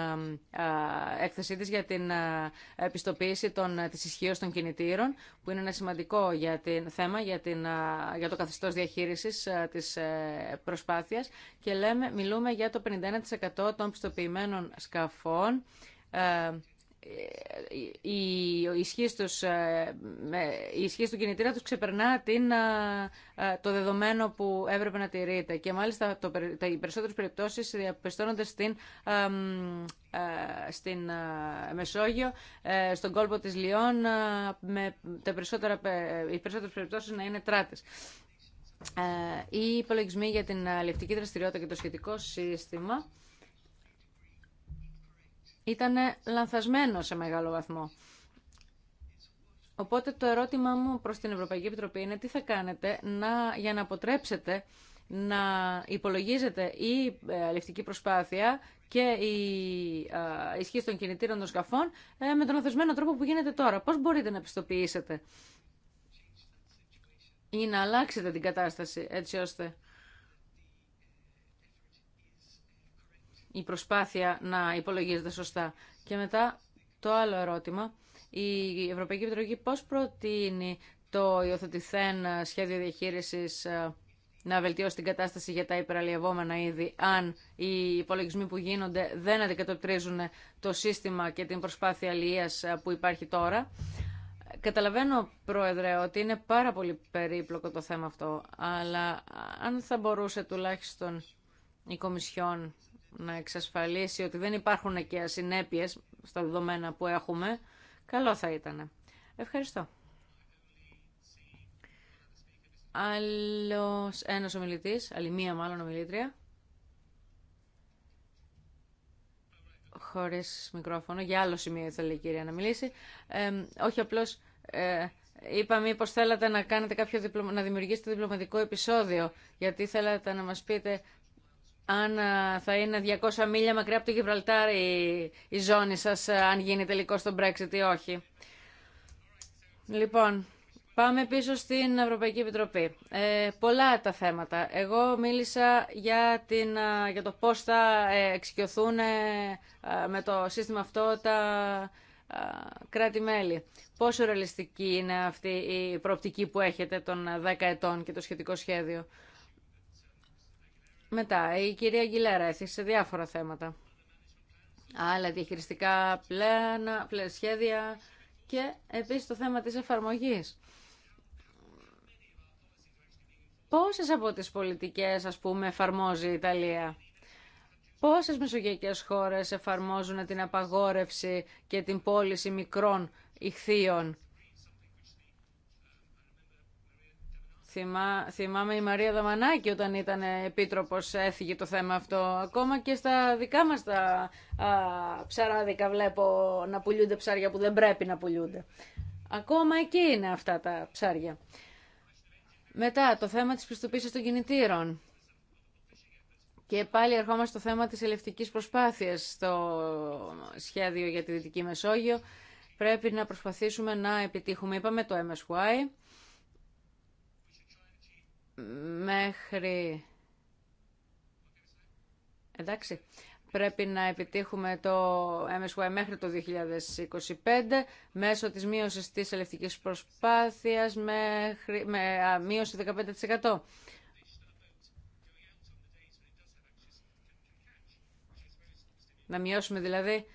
έκθεσή τη για την επιστοποίηση των, ισχύω των κινητήρων που είναι ένα σημαντικό για την, θέμα για, την, για το καθεστώ διαχείριση τη ε, προσπάθεια. και λέμε, μιλούμε για το 51% των πιστοποιημένων σκαφών ε, ε, η ισχύς, τους, η του κινητήρα τους ξεπερνά την, ε, ε, το δεδομένο που έπρεπε να τηρείται. Και μάλιστα το, τα, οι περισσότερες περιπτώσεις διαπιστώνονται στην, στην Μεσόγειο, στον κόλπο της Λιών, με τα περισσότερα, οι περισσότερες περιπτώσεις να είναι τράτες. Οι υπολογισμοί για την αλληλευτική δραστηριότητα και το σχετικό σύστημα ήταν λανθασμένο σε μεγάλο βαθμό. Οπότε το ερώτημά μου προς την Ευρωπαϊκή Επιτροπή είναι τι θα κάνετε να, για να αποτρέψετε να υπολογίζετε η ε, αληφτική προσπάθεια και η ισχύ των κινητήρων των σκαφών ε, με τον λανθασμένο τρόπο που γίνεται τώρα. Πώς μπορείτε να επιστοποιήσετε ή να αλλάξετε την κατάσταση έτσι ώστε η προσπάθεια να υπολογίζεται σωστά. Και μετά το άλλο ερώτημα. Η Ευρωπαϊκή Επιτροπή πώς προτείνει το υιοθετηθέν σχέδιο διαχείρισης ε, να βελτιώσει την κατάσταση για τα υπεραλλιευόμενα είδη, αν οι υπολογισμοί που γίνονται δεν αντικατοπτρίζουν το σύστημα και την προσπάθεια αλληλείας ε, που υπάρχει τώρα. Καταλαβαίνω, Πρόεδρε, ότι είναι πάρα πολύ περίπλοκο το θέμα αυτό, αλλά ε, αν θα μπορούσε τουλάχιστον η Κομισιόν να εξασφαλίσει ότι δεν υπάρχουν και ασυνέπειες στα δεδομένα που έχουμε, καλό θα ήταν. Ευχαριστώ. Άλλος ένας ομιλητής, άλλη μία μάλλον ομιλήτρια. Χωρίς μικρόφωνο, για άλλο σημείο ήθελε η κυρία να μιλήσει. όχι απλώς... Ε, Είπα μήπω θέλατε να κάνετε κάποιο να δημιουργήσετε διπλωματικό επεισόδιο, γιατί θέλατε να μας πείτε αν ε, θα είναι 200 μίλια μακριά από το Γιβραλτάρ η, η ζώνη σας, ε, αν γίνει τελικό στο Brexit ή όχι. Λοιπόν, πάμε πίσω στην Ευρωπαϊκή Επιτροπή. Ε, πολλά τα θέματα. Εγώ μίλησα για, την, ε, για το πώς θα εξοικειωθούν με το σύστημα αυτό τα κράτη-μέλη. Πόσο ρεαλιστική είναι αυτή η προοπτική που έχετε των 10 ετών και το σχετικό σχέδιο. Μετά, η κυρία Γκιλέρα έθιξε σε διάφορα θέματα. Άλλα διαχειριστικά πλένα, πλένα σχέδια και επίσης το θέμα της εφαρμογής. Πόσες από τις πολιτικές, ας πούμε, εφαρμόζει η Ιταλία. Πόσες μεσογειακές χώρες εφαρμόζουν την απαγόρευση και την πώληση μικρών ηχθείων Θυμά, θυμάμαι η Μαρία Δαμανάκη όταν ήταν επίτροπος έφυγε το θέμα αυτό. Ακόμα και στα δικά μας τα ψαράδικα βλέπω να πουλούνται ψάρια που δεν πρέπει να πουλούνται. Ακόμα εκεί είναι αυτά τα ψάρια. Μετά το θέμα της πιστοποίησης των κινητήρων. Και πάλι ερχόμαστε στο θέμα της ελευτικής προσπάθειας στο σχέδιο για τη Δυτική Μεσόγειο. Πρέπει να προσπαθήσουμε να επιτύχουμε, είπαμε, το MSY μέχρι... Εντάξει, πρέπει να επιτύχουμε το MSY μέχρι το 2025 μέσω της μείωσης της ελευτικής προσπάθειας μέχρι, με μείωση 15%. Να μειώσουμε δηλαδή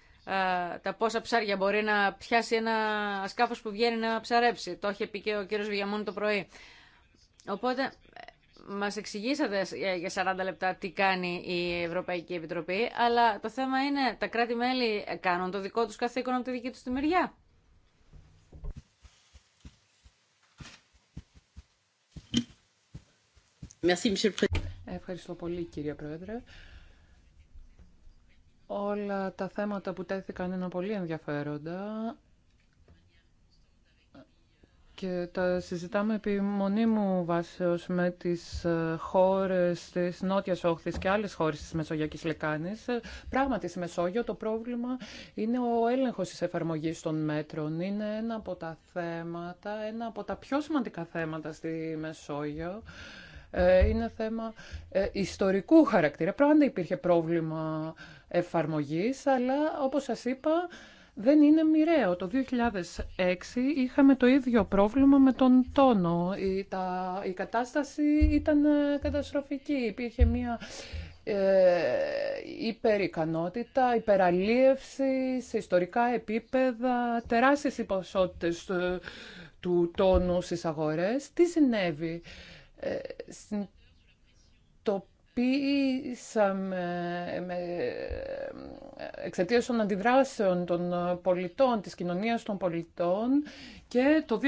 τα πόσα ψάρια μπορεί να πιάσει ένα σκάφος που βγαίνει να ψαρέψει. Το είχε πει και ο κύριος Βιαμών το πρωί. Οπότε μας εξηγήσατε για 40 λεπτά τι κάνει η Ευρωπαϊκή Επιτροπή, αλλά το θέμα είναι τα κράτη-μέλη κάνουν το δικό τους καθήκον από τη δική τους τη μεριά. Ευχαριστώ πολύ κύριε Πρόεδρε. Όλα τα θέματα που τέθηκαν είναι πολύ ενδιαφέροντα και τα συζητάμε επί μονίμου βάσεως με τις ε, χώρες της Νότιας Όχθης και άλλες χώρες της Μεσογειακής Λεκάνης. Ε, πράγματι, στη Μεσόγειο το πρόβλημα είναι ο έλεγχος της εφαρμογής των μέτρων. Είναι ένα από τα θέματα, ένα από τα πιο σημαντικά θέματα στη Μεσόγειο. Ε, είναι θέμα ιστορικού χαρακτήρα. Πράγματι υπήρχε πρόβλημα εφαρμογής, αλλά όπως σας είπα δεν είναι μοιραίο. Το 2006 είχαμε το ίδιο πρόβλημα με τον τόνο. Η, η κατάσταση ήταν ε, καταστροφική. Υπήρχε μια ε, υπερικανότητα, υπεραλίευση σε ιστορικά επίπεδα, τεράστιες υποσότητες του, τόνου στις αγορές. Τι συνέβη. Ε, Πιστοποιήσαμε με, εξαιτίας των αντιδράσεων των πολιτών, της κοινωνίας των πολιτών και το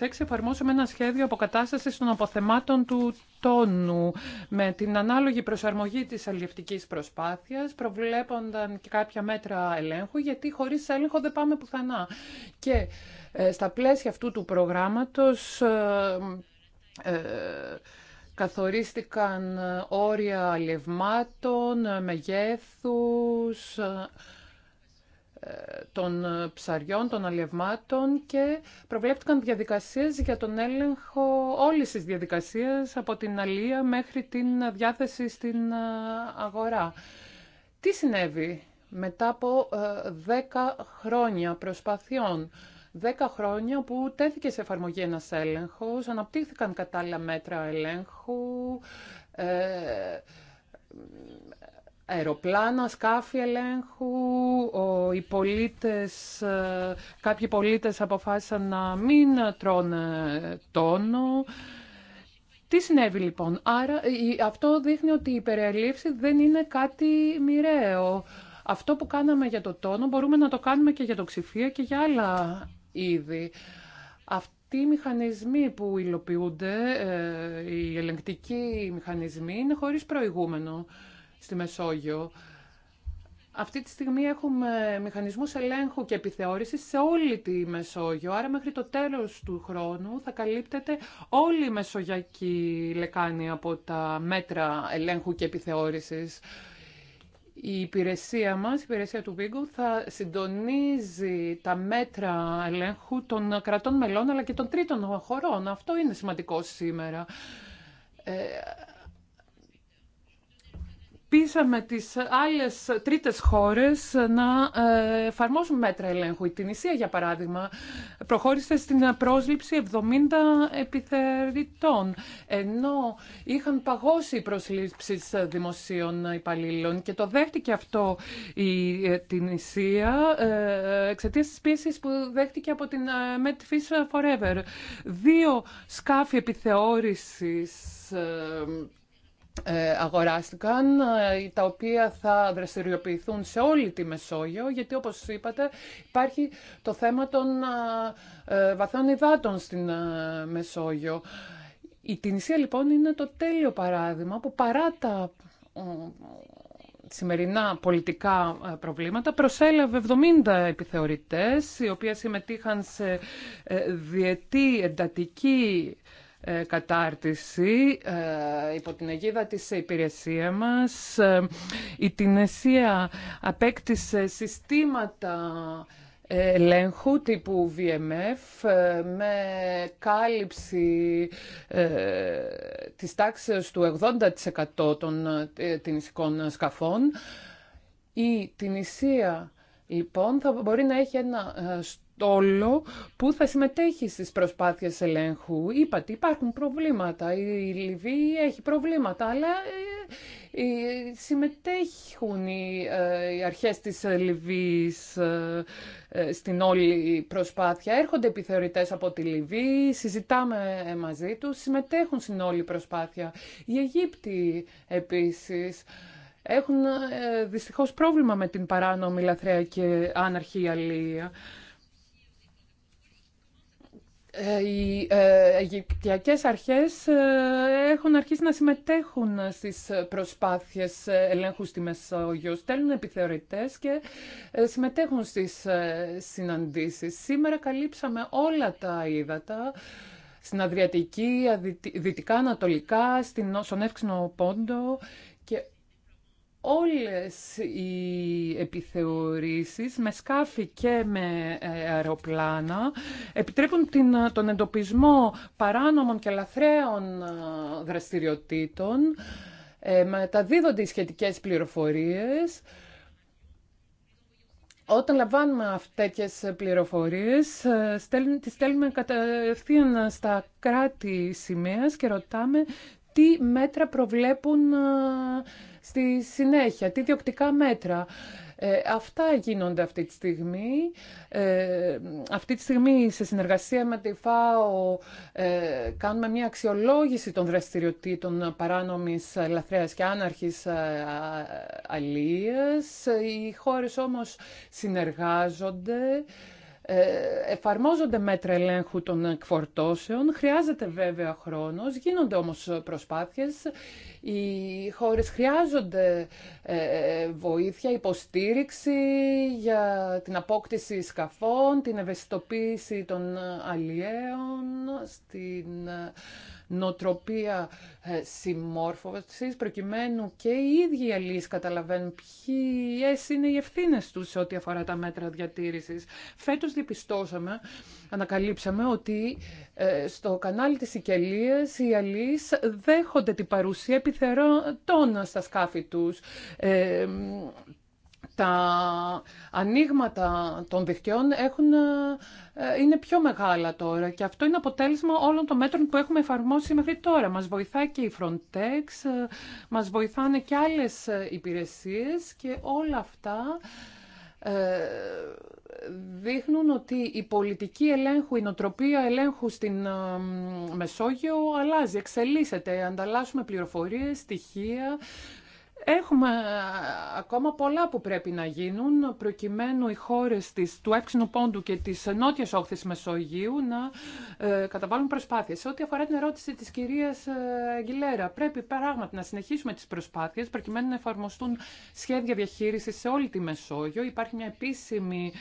2006 εφαρμόσαμε ένα σχέδιο αποκατάστασης των αποθεμάτων του τόνου με την ανάλογη προσαρμογή της αλληλευτικής προσπάθειας προβλέπονταν και κάποια μέτρα ελέγχου γιατί χωρίς έλεγχο δεν πάμε πουθενά. Και ε, στα πλαίσια αυτού του προγράμματος... Ε, ε, Καθορίστηκαν ε, όρια αλευμάτων, ε, μεγέθους ε, των ψαριών, των αλευμάτων και προβλέπτηκαν διαδικασίες για τον έλεγχο όλης της διαδικασίας από την αλία μέχρι την διάθεση στην αγορά. Τι συνέβη μετά από 10 χρόνια προσπαθειών δέκα χρόνια που τέθηκε σε εφαρμογή ένας έλεγχος, αναπτύχθηκαν κατάλληλα μέτρα ελέγχου, ε, αεροπλάνα, σκάφη ελέγχου, οι πολίτες, ε, κάποιοι πολίτες αποφάσισαν να μην τρώνε τόνο. Τι συνέβη λοιπόν. Άρα ε, αυτό δείχνει ότι η περιελήψη δεν είναι κάτι μοιραίο. Αυτό που κάναμε για το τόνο μπορούμε να το κάνουμε και για το ξηφία και για άλλα Ηδη. Αυτοί οι μηχανισμοί που υλοποιούνται, ε, οι ελεγκτικοί μηχανισμοί, είναι χωρίς προηγούμενο στη Μεσόγειο. Αυτή τη στιγμή έχουμε μηχανισμούς ελέγχου και επιθεώρησης σε όλη τη Μεσόγειο, άρα μέχρι το τέλος του χρόνου θα καλύπτεται όλη η Μεσογειακή λεκάνη από τα μέτρα ελέγχου και επιθεώρησης. Η υπηρεσία μας, η υπηρεσία του Βίγκου, θα συντονίζει τα μέτρα ελέγχου των κρατών μελών αλλά και των τρίτων χωρών. Αυτό είναι σημαντικό σήμερα. Ε, πείσαμε τις άλλες τρίτες χώρες να ε, εφαρμόσουν μέτρα ελέγχου. Η Τινησία, για παράδειγμα, προχώρησε στην πρόσληψη 70 επιθερητών, ενώ είχαν παγώσει οι προσλήψεις δημοσίων υπαλλήλων και το δέχτηκε αυτό η ε, Τινησία ε, εξαιτίας της πίεσης που δέχτηκε από την Medfish Forever. Δύο σκάφη επιθεώρησης ε, αγοράστηκαν, ε, τα οποία θα δραστηριοποιηθούν σε όλη τη Μεσόγειο, γιατί όπως είπατε υπάρχει το θέμα των ε, βαθών υδάτων στην Μεσόγειο. Η Τινησία λοιπόν είναι το τέλειο παράδειγμα που παρά τα σημερινά πολιτικά προβλήματα προσέλαβε 70 επιθεωρητές οι οποίοι συμμετείχαν σε διετή εντατική ε, κατάρτιση ε, υπό την αιγίδα της υπηρεσία μας. Ε, η Τινεσία απέκτησε συστήματα ελέγχου τύπου VMF με κάλυψη της τάξης του 80% των τινησικών σκαφών. Η Τινησία λοιπόν θα μπορεί να έχει ένα όλο που θα συμμετέχει στις προσπάθειες ελέγχου. Είπατε, υπάρχουν προβλήματα. Η Λιβύη έχει προβλήματα, αλλά ε, ε, συμμετέχουν οι, ε, οι αρχές της Λιβύης στην όλη προσπάθεια. Έρχονται επιθεωρητές από τη Λιβύη, συζητάμε μαζί τους, συμμετέχουν στην όλη προσπάθεια. Οι Αιγύπτιοι επίσης έχουν δυστυχώς πρόβλημα με την παράνομη λαθρέα και άναρχη αλληλεία. Ε, οι ε, Αιγυπτιακές αρχές ε, έχουν αρχίσει να συμμετέχουν στις προσπάθειες ελέγχου στη Μεσόγειο. Στέλνουν επιθεωρητές και συμμετέχουν στις συναντήσεις. Σήμερα καλύψαμε όλα τα ύδατα στην Αδριατική, δυτικά, ανατολικά, στον Εύξηνο Πόντο όλες οι επιθεωρήσεις με σκάφη και με ε, αεροπλάνα επιτρέπουν την, ε, τον εντοπισμό παράνομων και λαθρέων ε, δραστηριοτήτων, ε, μεταδίδονται οι σχετικές πληροφορίες. Όταν λαμβάνουμε αυτές πληροφορίες, τις στέλνουμε κατευθείαν στα κράτη σημαία και ρωτάμε τι μέτρα προβλέπουν στη συνέχεια, τι διοκτικά μέτρα. Ε, αυτά γίνονται αυτή τη στιγμή. Ε, αυτή τη στιγμή, σε συνεργασία με τη ΦΑΟ, ε, κάνουμε μια αξιολόγηση των δραστηριοτήτων παράνομης λαθρέας και άναρχης ε, αλίας. Οι χώρες όμως συνεργάζονται εφαρμόζονται μέτρα ελέγχου των εκφορτώσεων, χρειάζεται βέβαια χρόνος, γίνονται όμως προσπάθειες οι χώρες χρειάζονται ε, ε, βοήθεια, υποστήριξη για την απόκτηση σκαφών, την ευαισθητοποίηση των αλλιέων, στην νοτροπία ε, συμμόρφωσης, προκειμένου και οι ίδιοι οι αλλοίς καταλαβαίνουν ποιες είναι οι ευθύνες τους σε ό,τι αφορά τα μέτρα διατήρησης. Φέτος διαπιστώσαμε, ανακαλύψαμε ότι στο κανάλι της Σικελίας οι αλλοίς δέχονται την παρουσία επιθερό τόνο στα σκάφη τους. Ε, τα ανοίγματα των δικτυών έχουν, ε, είναι πιο μεγάλα τώρα και αυτό είναι αποτέλεσμα όλων των μέτρων που έχουμε εφαρμόσει μέχρι τώρα. Μας βοηθάει και η Frontex, ε, μας βοηθάνε και άλλες ε, υπηρεσίες και όλα αυτά ε, δείχνουν ότι η πολιτική ελέγχου, η νοτροπία ελέγχου στην ε, Μεσόγειο αλλάζει, εξελίσσεται. Ανταλλάσσουμε πληροφορίες, στοιχεία, Έχουμε ε, ακόμα πολλά που πρέπει να γίνουν προκειμένου οι χώρες του έξινου Πόντου και της Νότιας Όχθης Μεσογείου να ε, καταβάλουν προσπάθειες. Σε ό,τι αφορά την ερώτηση της κυρίας ε, Αγγιλέρα, πρέπει πράγματι να συνεχίσουμε τις προσπάθειες προκειμένου να εφαρμοστούν σχέδια διαχείρισης σε όλη τη Μεσόγειο. Υπάρχει μια επίσημη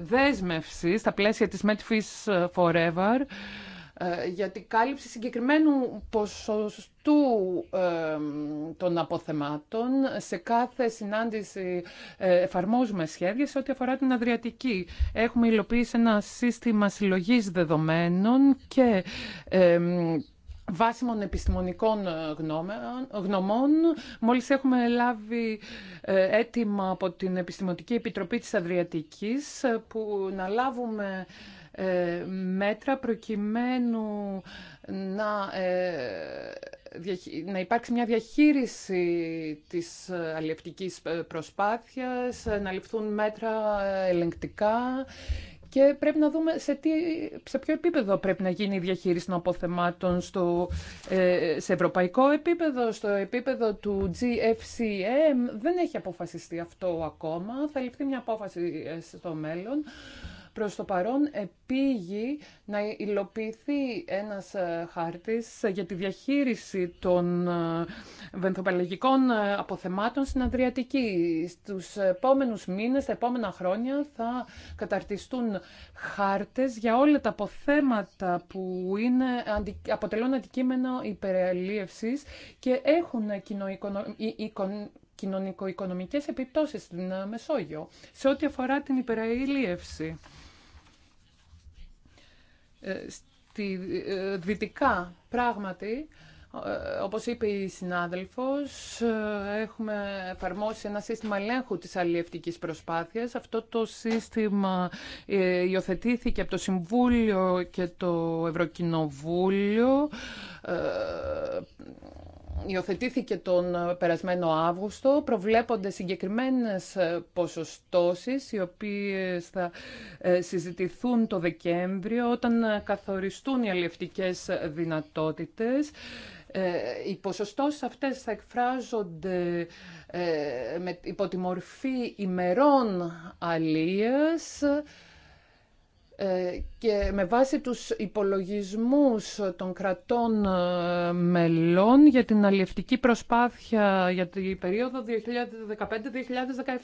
δέσμευση στα πλαίσια της Medfish Forever για την κάλυψη συγκεκριμένου του, των αποθεμάτων. Σε κάθε συνάντηση ε, εφαρμόζουμε σχέδια σε ό,τι αφορά την Αδριατική. Έχουμε υλοποιήσει ένα σύστημα συλλογής δεδομένων και ε, βάσιμων επιστημονικών ε, γνωμών. Μόλις έχουμε λάβει έτοιμα ε, από την Επιστημονική Επιτροπή της Αδριατικής που να λάβουμε μέτρα προκειμένου να να υπάρξει μια διαχείριση της ε, αλληλευτικής ε, προσπάθειας, ε, να ληφθούν μέτρα ελεγκτικά και πρέπει να δούμε σε, τι, σε ποιο επίπεδο πρέπει να γίνει η διαχείριση των αποθεμάτων στο, σε ευρωπαϊκό επίπεδο, στο επίπεδο του GFCM. Δεν έχει αποφασιστεί αυτό ακόμα. Θα ληφθεί μια απόφαση στο μέλλον. Προς το παρόν επήγει να υλοποιηθεί ένας ε, χάρτης για τη διαχείριση των ε, βενθοπαλλαγικών ε, αποθεμάτων στην Αδριατική. Στους επόμενους μήνες, τα επόμενα χρόνια θα καταρτιστούν χάρτες για όλα τα αποθέματα που είναι, αποτελούν αντικείμενο υπεραλίευσης και έχουν κοινωνικο-οικονομικές επιπτώσεις στην Μεσόγειο σε ό,τι αφορά την υπεραλίευση. Ε, στη ε, δυτικά πράγματι ε, όπως είπε η συνάδελφος, έχουμε εφαρμόσει ένα σύστημα ελέγχου της αλλιευτικής προσπάθειας. Αυτό το σύστημα υιοθετήθηκε από το Συμβούλιο και το Ευρωκοινοβούλιο υιοθετήθηκε τον ε, περασμένο Αύγουστο. Προβλέπονται συγκεκριμένες ε, ποσοστώσεις, οι οποίες θα ε, συζητηθούν το Δεκέμβριο όταν καθοριστούν οι αλληλευτικές δυνατότητες. Οι ποσοστώσεις αυτές θα εκφράζονται υπό τη μορφή ημερών αλίας, ε, και με βάση τους υπολογισμούς των κρατών ε, μελών για την αλληλευτική προσπάθεια για την περίοδο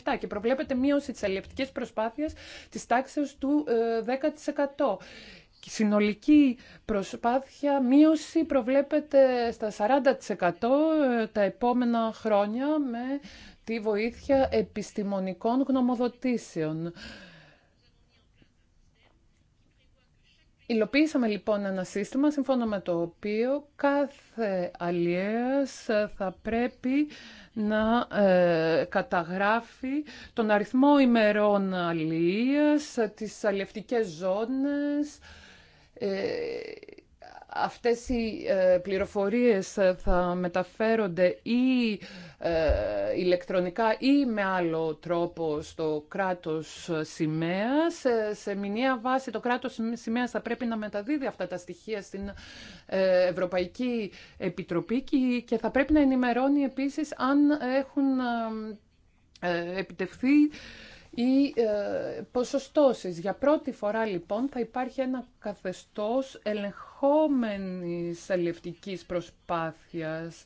2015-2017 και προβλέπεται μείωση της αλληλευτικής προσπάθειας της τάξης του 10%. Ε, συνολική προσπάθεια μείωση προβλέπεται στα 40% τα επόμενα χρόνια με τη βοήθεια επιστημονικών γνωμοδοτήσεων. Υλοποίησαμε λοιπόν ένα σύστημα σύμφωνα με το οποίο κάθε αλλιέας θα πρέπει να ε, καταγράφει τον αριθμό ημερών αλλιείας, τις αλλιευτικές ζώνες, ε, αυτές οι ε, πληροφορίες θα μεταφέρονται ή ε, ηλεκτρονικά ή με άλλο τρόπο στο κράτος σημαία. Σε μηνιαία βάση το κράτος σημαία θα πρέπει να μεταδίδει αυτά τα στοιχεία στην ε, Ευρωπαϊκή Επιτροπή και θα πρέπει να ενημερώνει επίσης αν έχουν επιτευχθεί ή ε, ποσοστώσεις. Για πρώτη φορά λοιπόν θα υπάρχει ένα καθεστώς ελεγχόμενης αλληλευτικής προσπάθειας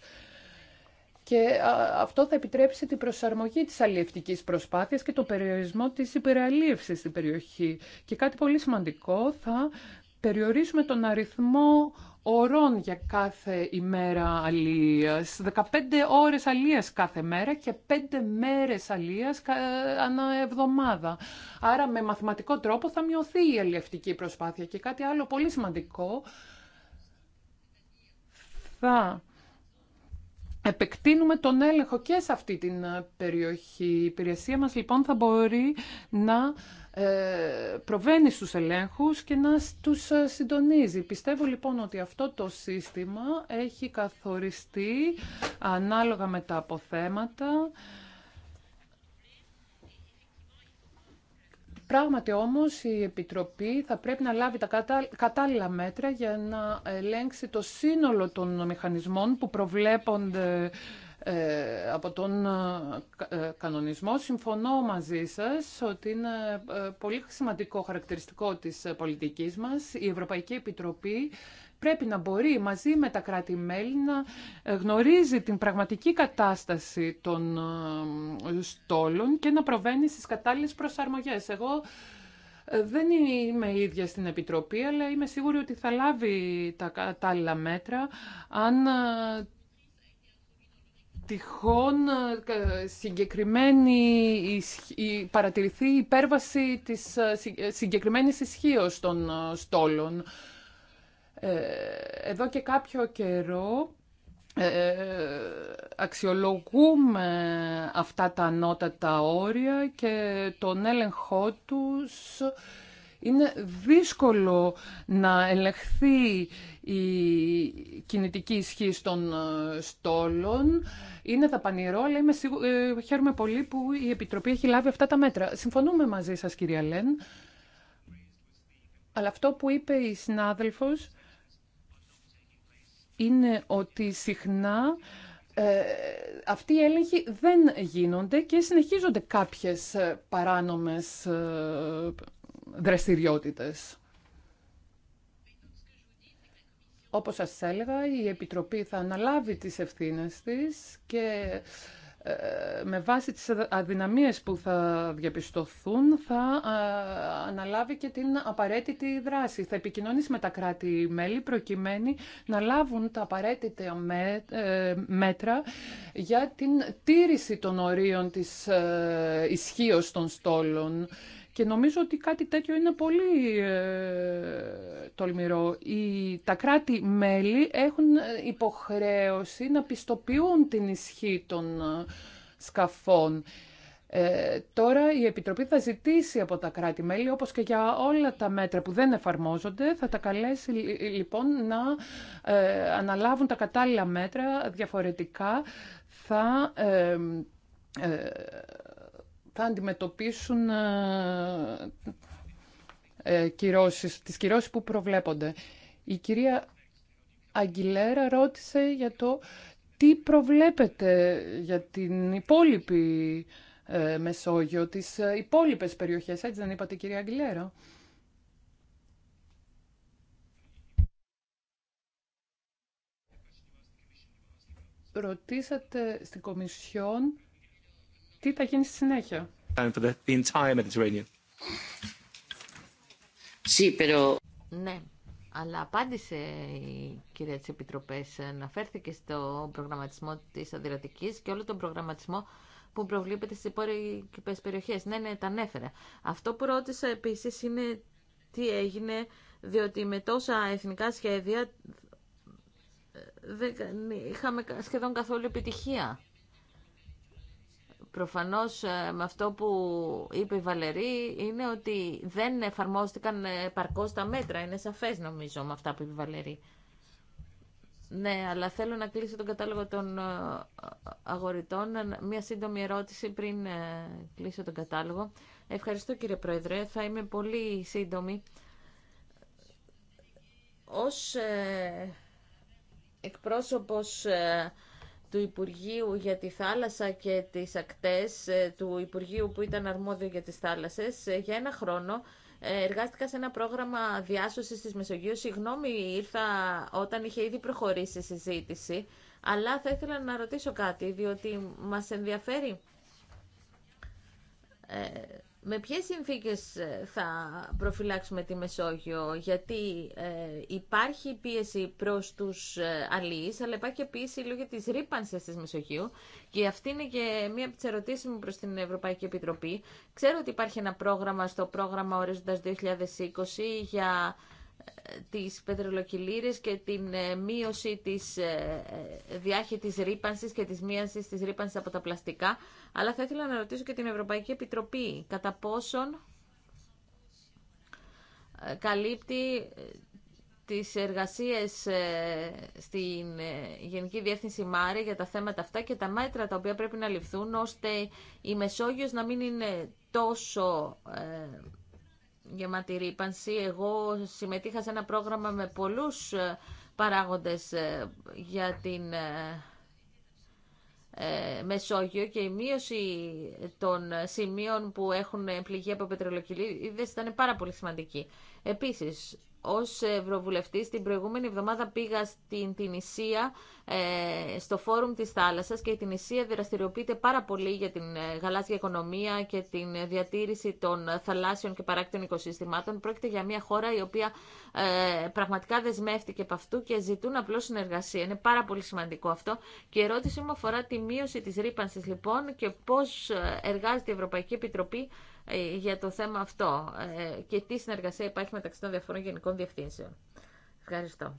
και αυτό θα επιτρέψει την προσαρμογή της αλληλευτικής προσπάθειας και το περιορισμό της υπεραλίευσης στην περιοχή. Και κάτι πολύ σημαντικό θα περιορίσουμε τον αριθμό ωρών για κάθε ημέρα αλίας, 15 ώρες αλίας κάθε μέρα και 5 μέρες αλίας ανά εβδομάδα. Άρα με μαθηματικό τρόπο θα μειωθεί η αλλιευτική προσπάθεια και κάτι άλλο πολύ σημαντικό θα επεκτείνουμε τον έλεγχο και σε αυτή την ε, περιοχή. Η υπηρεσία μας λοιπόν θα μπορεί να ε, προβαίνει στους ελέγχους και να τους ε, συντονίζει. Πιστεύω λοιπόν ότι αυτό το σύστημα έχει καθοριστεί ανάλογα με τα αποθέματα Πράγματι όμως η Επιτροπή θα πρέπει να λάβει τα κατάλληλα μέτρα για να ελέγξει το σύνολο των μηχανισμών που προβλέπονται ε, από τον ε, ε, κανονισμό. Συμφωνώ μαζί σας ότι είναι πολύ σημαντικό χαρακτηριστικό της πολιτικής μας η Ευρωπαϊκή Επιτροπή πρέπει να μπορεί μαζί με τα κράτη-μέλη να ε, γνωρίζει την πραγματική κατάσταση των ε, στόλων και να προβαίνει στις κατάλληλες προσαρμογές. Εγώ ε, δεν είμαι ίδια στην Επιτροπή, αλλά είμαι σίγουρη ότι θα λάβει τα κατάλληλα μέτρα αν τυχόν συγκεκριμένη παρατηρηθεί η υπέρβαση της συγκεκριμένης ισχύω των στόλων. Ε, εδώ και κάποιο καιρό ε, αξιολογούμε αυτά τα ανώτατα όρια και τον έλεγχό τους είναι δύσκολο να ελεγχθεί η κινητική ισχύ των ε, στόλων. Είναι δαπανηρό, αλλά είμαι σίγου... χαίρομαι πολύ που η Επιτροπή έχει λάβει αυτά τα μέτρα. Συμφωνούμε μαζί σας, κυρία Λέν. Αλλά αυτό που είπε η συνάδελφος είναι ότι συχνά ε, αυτοί οι έλεγχοι δεν γίνονται και συνεχίζονται κάποιες ε, παράνομες ε, δραστηριότητες. Όπως σας έλεγα, η Επιτροπή θα αναλάβει τις ευθύνες της και ε, με βάση τις αδυναμίες που θα διαπιστωθούν θα ε, αναλάβει και την απαραίτητη δράση. Θα επικοινωνήσει με τα κράτη-μέλη προκειμένου να λάβουν τα απαραίτητα ε, μέτρα για την τήρηση των ορίων της ισχύω των στόλων. Και νομίζω ότι κάτι τέτοιο είναι πολύ ε, τολμηρό. Οι, τα κράτη-μέλη έχουν ε, υποχρέωση να πιστοποιούν την ισχύ των ε, σκαφών. τώρα η Επιτροπή θα ζητήσει από τα κράτη-μέλη, όπως και για όλα τα μέτρα που δεν εφαρμόζονται, θα τα καλέσει λοιπόν να αναλάβουν τα κατάλληλα μέτρα διαφορετικά. Θα θα αντιμετωπίσουν ε, ε, κυρώσεις, τις κυρώσεις που προβλέπονται. Η κυρία Αγγιλέρα ρώτησε για το τι προβλέπετε για την υπόλοιπη ε, Μεσόγειο, τις ε, υπόλοιπες περιοχές, έτσι δεν είπατε κυρία Αγγιλέρα. Ρωτήσατε στην Κομισιόν τι θα γίνει στη συνέχεια. Ναι, αλλά απάντησε η κυρία της Επιτροπές. Αναφέρθηκε στο προγραμματισμό της Αδυρατικής και όλο τον προγραμματισμό που προβλέπεται στις υπόλοιπες περιοχές. Ναι, ναι, τα ανέφερα. Αυτό που ρώτησα επίσης είναι τι έγινε, διότι με τόσα εθνικά σχέδια ε, δεν είχαμε σχεδόν καθόλου επιτυχία. Προφανώς ε, με αυτό που είπε η Βαλερή είναι ότι δεν εφαρμόστηκαν παρκώς τα μέτρα. Είναι σαφές νομίζω με αυτά που είπε η Βαλερή. Ναι, αλλά θέλω να κλείσω τον κατάλογο των ε, αγορητών. Μία σύντομη ερώτηση πριν ε, κλείσω τον κατάλογο. Ευχαριστώ κύριε Πρόεδρε. Θα είμαι πολύ σύντομη. Ως εκπρόσωπος του Υπουργείου για τη θάλασσα και τις ακτές, ε, του Υπουργείου που ήταν αρμόδιο για τις θάλασσες, ε, για ένα χρόνο ε, εργάστηκα σε ένα πρόγραμμα διάσωσης της Μεσογείου. Συγγνώμη, ήρθα όταν είχε ήδη προχωρήσει η συζήτηση, αλλά θα ήθελα να ρωτήσω κάτι, διότι μας ενδιαφέρει με ποιες συνθήκες ε, θα προφυλάξουμε τη Μεσόγειο, γιατί ε, υπάρχει πίεση προς τους ε, αλείς, αλλά υπάρχει και πίεση λόγω της ρήπανσης της Μεσογείου και αυτή είναι και μία από τις ερωτήσεις μου προς την Ευρωπαϊκή Επιτροπή. Ξέρω ότι υπάρχει ένα πρόγραμμα στο πρόγραμμα Ορίζοντας 2020 για τις πετρελοκυλήρες και την ε, μείωση της ε, ε, διάχυτης ρήπανσης και της μείωσης της ρήπανσης από τα πλαστικά. Αλλά θα ήθελα να ρωτήσω και την Ευρωπαϊκή Επιτροπή κατά πόσον καλύπτει τις εργασίες στην Γενική Διεύθυνση ΜΑΡΕ για τα θέματα αυτά και τα μέτρα τα οποία πρέπει να ληφθούν ώστε η Μεσόγειος να μην είναι τόσο γεμάτη ρήπανση. Εγώ συμμετείχα σε ένα πρόγραμμα με πολλούς ε, παράγοντες ε, για την ε, Μεσόγειο και η μείωση των σημείων που έχουν πληγεί από πετρελοκυλίδες ήταν πάρα πολύ σημαντική. Επίσης, ως Ευρωβουλευτή, την προηγούμενη εβδομάδα πήγα στην Τινησία, Ισία, ε, στο Φόρουμ της Θάλασσας και η Ισία δραστηριοποιείται πάρα πολύ για την ε, γαλάζια οικονομία και την διατήρηση των θαλάσσιων και παράκτων οικοσύστηματων. Πρόκειται για μια χώρα η οποία ε, πραγματικά δεσμεύτηκε από αυτού και ζητούν απλώ συνεργασία. Είναι πάρα πολύ σημαντικό αυτό. Και η ερώτησή μου αφορά τη μείωση της ρήπανσης λοιπόν και πώς εργάζεται η Ευρωπαϊκή Επιτροπή ε, για το θέμα αυτό ε, και τι συνεργασία υπάρχει μεταξύ των διαφορών γενικών διευθύνσεων. Ευχαριστώ.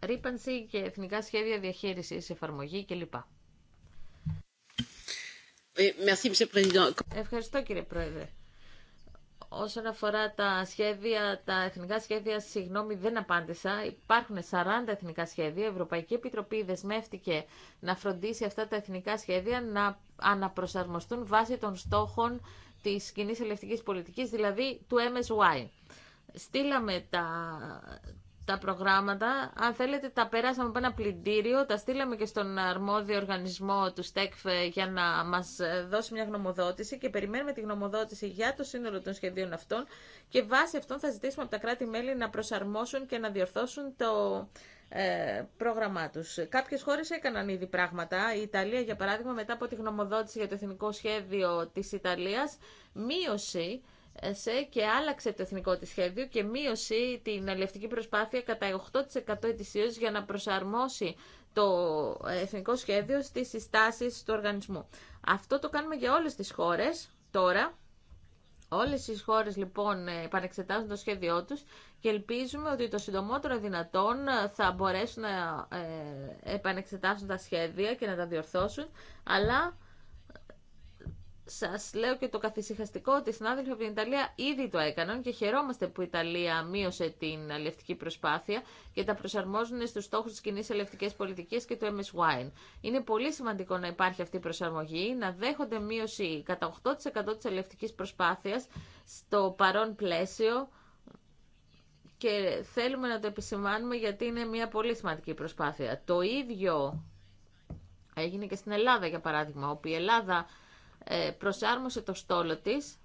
Ρήπανση και εθνικά σχέδια διαχείρισης, εφαρμογή κλπ. Ε, Ευχαριστώ κύριε Πρόεδρε. Όσον αφορά τα σχέδια, τα εθνικά σχέδια, συγγνώμη δεν απάντησα. Υπάρχουν 40 εθνικά σχέδια. Η Ευρωπαϊκή Επιτροπή δεσμεύτηκε να φροντίσει αυτά τα εθνικά σχέδια να αναπροσαρμοστούν βάσει των στόχων της κοινή ελευθερική πολιτικής, δηλαδή του MSY. Στείλαμε τα, τα προγράμματα. Αν θέλετε, τα περάσαμε από ένα πλυντήριο, τα στείλαμε και στον αρμόδιο οργανισμό του ΣΤΕΚΦ ε, για να μας ε, δώσει μια γνωμοδότηση και περιμένουμε τη γνωμοδότηση για το σύνολο των σχεδίων αυτών και βάσει αυτών θα ζητήσουμε από τα κράτη-μέλη να προσαρμόσουν και να διορθώσουν το ε, πρόγραμμά του. Κάποιες χώρε έκαναν ήδη πράγματα. Η Ιταλία, για παράδειγμα, μετά από τη γνωμοδότηση για το εθνικό σχέδιο τη Ιταλία μείωσε και άλλαξε το εθνικό της σχέδιο και μείωσε την αλληλευτική προσπάθεια κατά 8% ετησίω για να προσαρμόσει το εθνικό σχέδιο στις συστάσεις του οργανισμού. Αυτό το κάνουμε για όλες τις χώρες τώρα. Όλες οι χώρες λοιπόν επανεξετάζουν το σχέδιό τους και ελπίζουμε ότι το συντομότερο δυνατόν θα μπορέσουν να ε, επανεξετάσουν τα σχέδια και να τα διορθώσουν, αλλά Σα λέω και το καθησυχαστικό ότι οι συνάδελφοι από την Ιταλία ήδη το έκαναν και χαιρόμαστε που η Ιταλία μείωσε την αλληλευτική προσπάθεια και τα προσαρμόζουν στου στόχου τη κοινή αλληλευτικής πολιτική και του MSY. Είναι πολύ σημαντικό να υπάρχει αυτή η προσαρμογή, να δέχονται μείωση κατά 8% τη αλληλευτικής προσπάθεια στο παρόν πλαίσιο και θέλουμε να το επισημάνουμε γιατί είναι μια πολύ σημαντική προσπάθεια. Το ίδιο έγινε και στην Ελλάδα, για παράδειγμα, όπου η Ελλάδα ε, προσάρμοσε το στόλο της.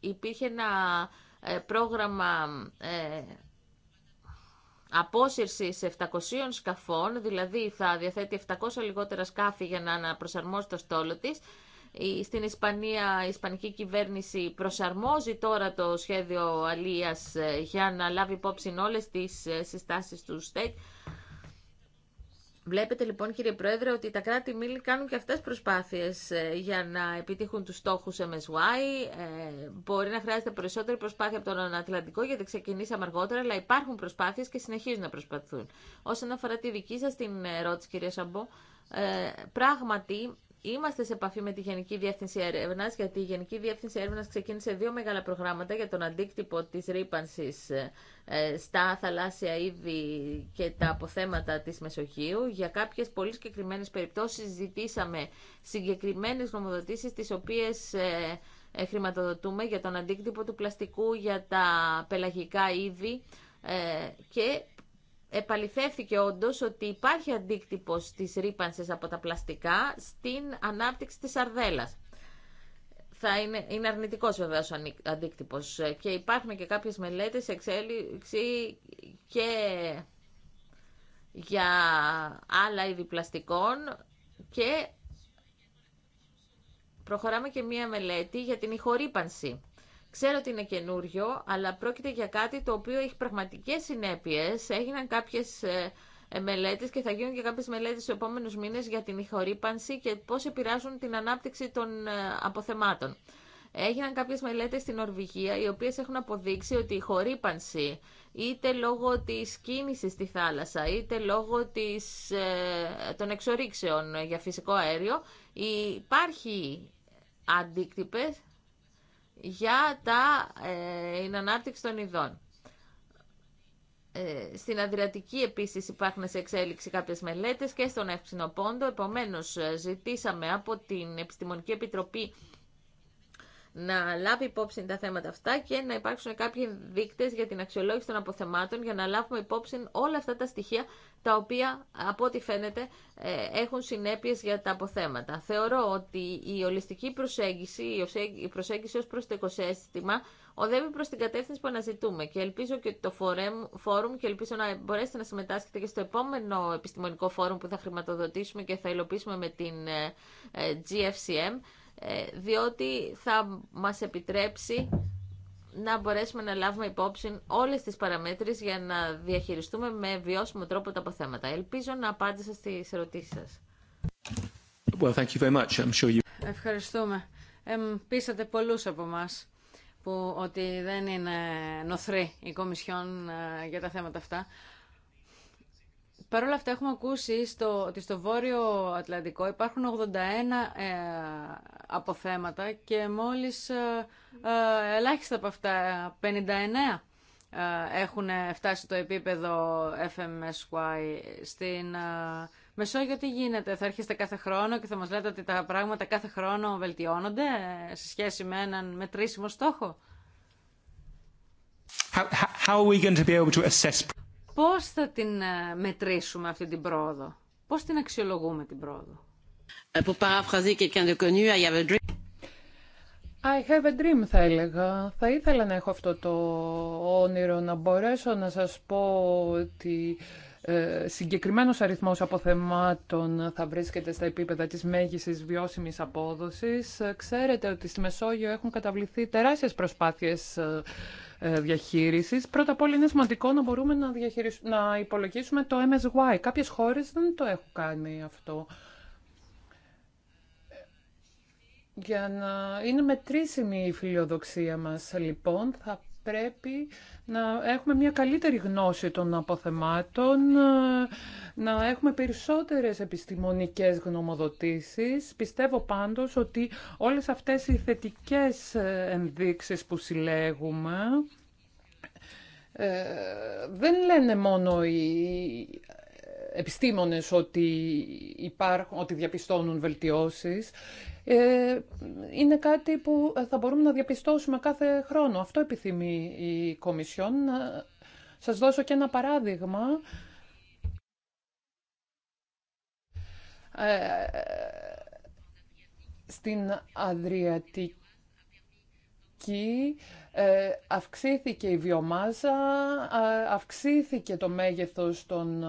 Υπήρχε ένα ε, πρόγραμμα ε, απόσυρση 700 σκαφών, δηλαδή θα διαθέτει 700 λιγότερα σκάφη για να προσαρμόσει το στόλο της. Στην Ισπανία η Ισπανική κυβέρνηση προσαρμόζει τώρα το σχέδιο αλίας για να λάβει υπόψη όλες τις συστάσεις του ΣΤΕΚ Βλέπετε λοιπόν κύριε Πρόεδρε ότι τα κράτη μήλη κάνουν και αυτές προσπάθειες ε, για να επιτύχουν τους στόχους MSY. Ε, μπορεί να χρειάζεται περισσότερη προσπάθεια από τον Ατλαντικό γιατί ξεκινήσαμε αργότερα, αλλά υπάρχουν προσπάθειες και συνεχίζουν να προσπαθούν. Όσον αφορά τη δική σας την ερώτηση κυρία Σαμπό, ε, πράγματι Είμαστε σε επαφή με τη Γενική Διεύθυνση Έρευνα, γιατί η Γενική Διεύθυνση Έρευνα ξεκίνησε δύο μεγάλα προγράμματα για τον αντίκτυπο τη ρήπανση ε, στα θαλάσσια είδη και τα αποθέματα τη Μεσογείου. Για κάποιε πολύ συγκεκριμένες περιπτώσει ζητήσαμε συγκεκριμένε νομοδοτήσει, τι οποίε ε, ε, χρηματοδοτούμε για τον αντίκτυπο του πλαστικού για τα πελαγικά είδη και επαληθεύθηκε όντω ότι υπάρχει αντίκτυπος της ρήπανση από τα πλαστικά στην ανάπτυξη της αρδέλας. Θα είναι, είναι αρνητικός βεβαίως ο αντίκτυπος και υπάρχουν και κάποιες μελέτες εξέλιξη και για άλλα είδη πλαστικών και προχωράμε και μία μελέτη για την ηχορύπανση Ξέρω ότι είναι καινούριο, αλλά πρόκειται για κάτι το οποίο έχει πραγματικές συνέπειες. Έγιναν κάποιες ε, ε, μελέτες και θα γίνουν και κάποιες μελέτες στους επόμενους μήνες για την ηχορύπανση και πώς επηρεάζουν την ανάπτυξη των ε, αποθεμάτων. Έγιναν κάποιες μελέτες στην Ορβηγία οι οποίες έχουν αποδείξει ότι η χορύπανση, είτε λόγω της κίνησης στη θάλασσα, είτε λόγω της, των εξορίξεων για φυσικό αέριο, υπάρχει αντίκτυπες για τα, ε, την ανάπτυξη των ειδών. Ε, στην Ανδριατική επίσης υπάρχουν σε εξέλιξη κάποιες μελέτες και στον Πόντο. Επομένως ε, ζητήσαμε από την Επιστημονική Επιτροπή να λάβει υπόψη τα θέματα αυτά και να υπάρξουν κάποιοι δείκτες για την αξιολόγηση των αποθεμάτων για να λάβουμε υπόψη όλα αυτά τα στοιχεία τα οποία από ό,τι φαίνεται ε, έχουν συνέπειες για τα αποθέματα. Θεωρώ ότι η ολιστική προσέγγιση, η προσέγγιση ως προς το οικοσύστημα οδεύει προς την κατεύθυνση που αναζητούμε και ελπίζω και το φόρουμ και ελπίζω να μπορέσετε να συμμετάσχετε και στο επόμενο επιστημονικό φόρουμ που θα χρηματοδοτήσουμε και θα υλοποιήσουμε με την ε, ε, GFCM ε, διότι θα μας επιτρέψει να μπορέσουμε να λάβουμε υπόψη όλες τις παραμέτρες για να διαχειριστούμε με βιώσιμο τρόπο τα αποθέματα. Ελπίζω να απάντησα στις ερωτήσεις σας. Well, thank you very Ευχαριστούμε. Ε, πείσατε πολλούς από εμά που ότι δεν είναι νοθροί η Κομισιόν ε, για τα θέματα αυτά. Παρ' όλα αυτά έχουμε ακούσει στο, ότι στο Βόρειο Ατλαντικό υπάρχουν 81 ε, αποθέματα και μόλις ε, ε, ελάχιστα από αυτά, 59 ε, έχουν φτάσει το επίπεδο FMSY στην Μεσόγειο τι γίνεται, θα έρχεστε κάθε χρόνο και θα μας λέτε ότι τα πράγματα κάθε χρόνο βελτιώνονται σε σχέση με έναν μετρήσιμο στόχο. how are we going to be able to assess... Πώς θα την ε, μετρήσουμε αυτή την πρόοδο, πώς την αξιολογούμε την πρόοδο. I have a dream θα έλεγα. Θα ήθελα να έχω αυτό το όνειρο, να μπορέσω να σας πω ότι ε, συγκεκριμένος αριθμός αποθεμάτων θα βρίσκεται στα επίπεδα της μέγισης βιώσιμης απόδοσης. Ε, ξέρετε ότι στη Μεσόγειο έχουν καταβληθεί τεράστιες προσπάθειες ε, διαχείρισης. Πρώτα απ' όλα είναι σημαντικό να μπορούμε να, να υπολογίσουμε το MSY. Κάποιες χώρες δεν το έχουν κάνει αυτό. Για να είναι μετρήσιμη η φιλοδοξία μας, λοιπόν, θα πρέπει να έχουμε μια καλύτερη γνώση των αποθεμάτων, να έχουμε περισσότερες επιστημονικές γνωμοδοτήσεις. Πιστεύω πάντως ότι όλες αυτές οι θετικές ενδείξεις που συλλέγουμε ε, δεν λένε μόνο οι επιστήμονες ότι, υπάρχουν, ότι διαπιστώνουν βελτιώσεις. Ε, είναι κάτι που θα μπορούμε να διαπιστώσουμε κάθε χρόνο. Αυτό επιθυμεί η Κομισιόν. Σας δώσω και ένα παράδειγμα. Ε, στην Αδριατική εκεί ε, αυξήθηκε η βιομάζα, αυξήθηκε το μέγεθος των ε,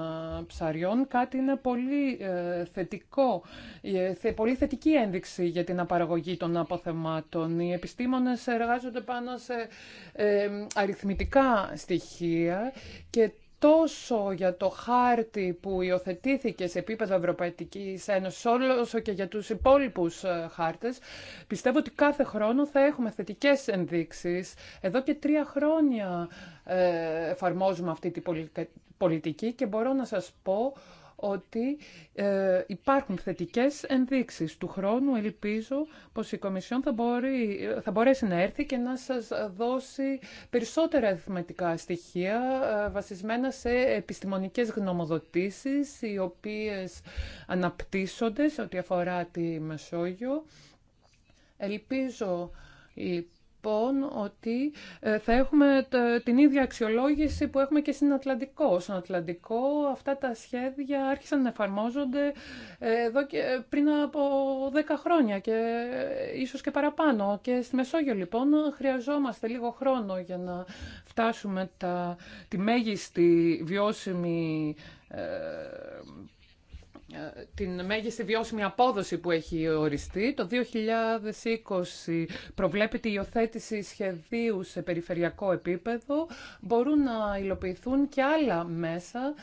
ψαριών, κάτι είναι πολύ ε, θετικό, πολύ θετική ένδειξη για την απαραγωγή των αποθεμάτων. Οι επιστήμονες εργάζονται πάνω σε αριθμητικά στοιχεία και τόσο για το χάρτη που υιοθετήθηκε σε επίπεδο Ευρωπαϊκής Ένωση, όσο και για τους υπόλοιπου ε, χάρτες, πιστεύω ότι κάθε χρόνο θα έχουμε θετικές ενδείξεις. Εδώ και τρία χρόνια ε, εφαρμόζουμε αυτή τη πολιτική και μπορώ να σας πω ότι ε, υπάρχουν θετικές ενδείξεις. Του χρόνου ελπίζω πως η Κομισιόν θα, μπορεί, θα μπορέσει να έρθει και να σας δώσει περισσότερα αριθμητικά στοιχεία ε, βασισμένα σε επιστημονικές γνωμοδοτήσεις οι οποίες αναπτύσσονται σε ό,τι αφορά τη Μεσόγειο. Ελπίζω λοιπόν ότι ε, θα έχουμε την ίδια αξιολόγηση που έχουμε και στην Ατλαντικό. Στον Ατλαντικό αυτά τα σχέδια άρχισαν να εφαρμόζονται ε, εδώ και ε, πριν από 10 χρόνια και ίσως και παραπάνω. Και στη Μεσόγειο λοιπόν χρειαζόμαστε λίγο χρόνο για να φτάσουμε τα, τη μέγιστη βιώσιμη την μέγιστη βιώσιμη απόδοση που έχει οριστεί. Το 2020 προβλέπεται η υιοθέτηση σχεδίου σε περιφερειακό επίπεδο. Μπορούν να υλοποιηθούν και άλλα μέσα.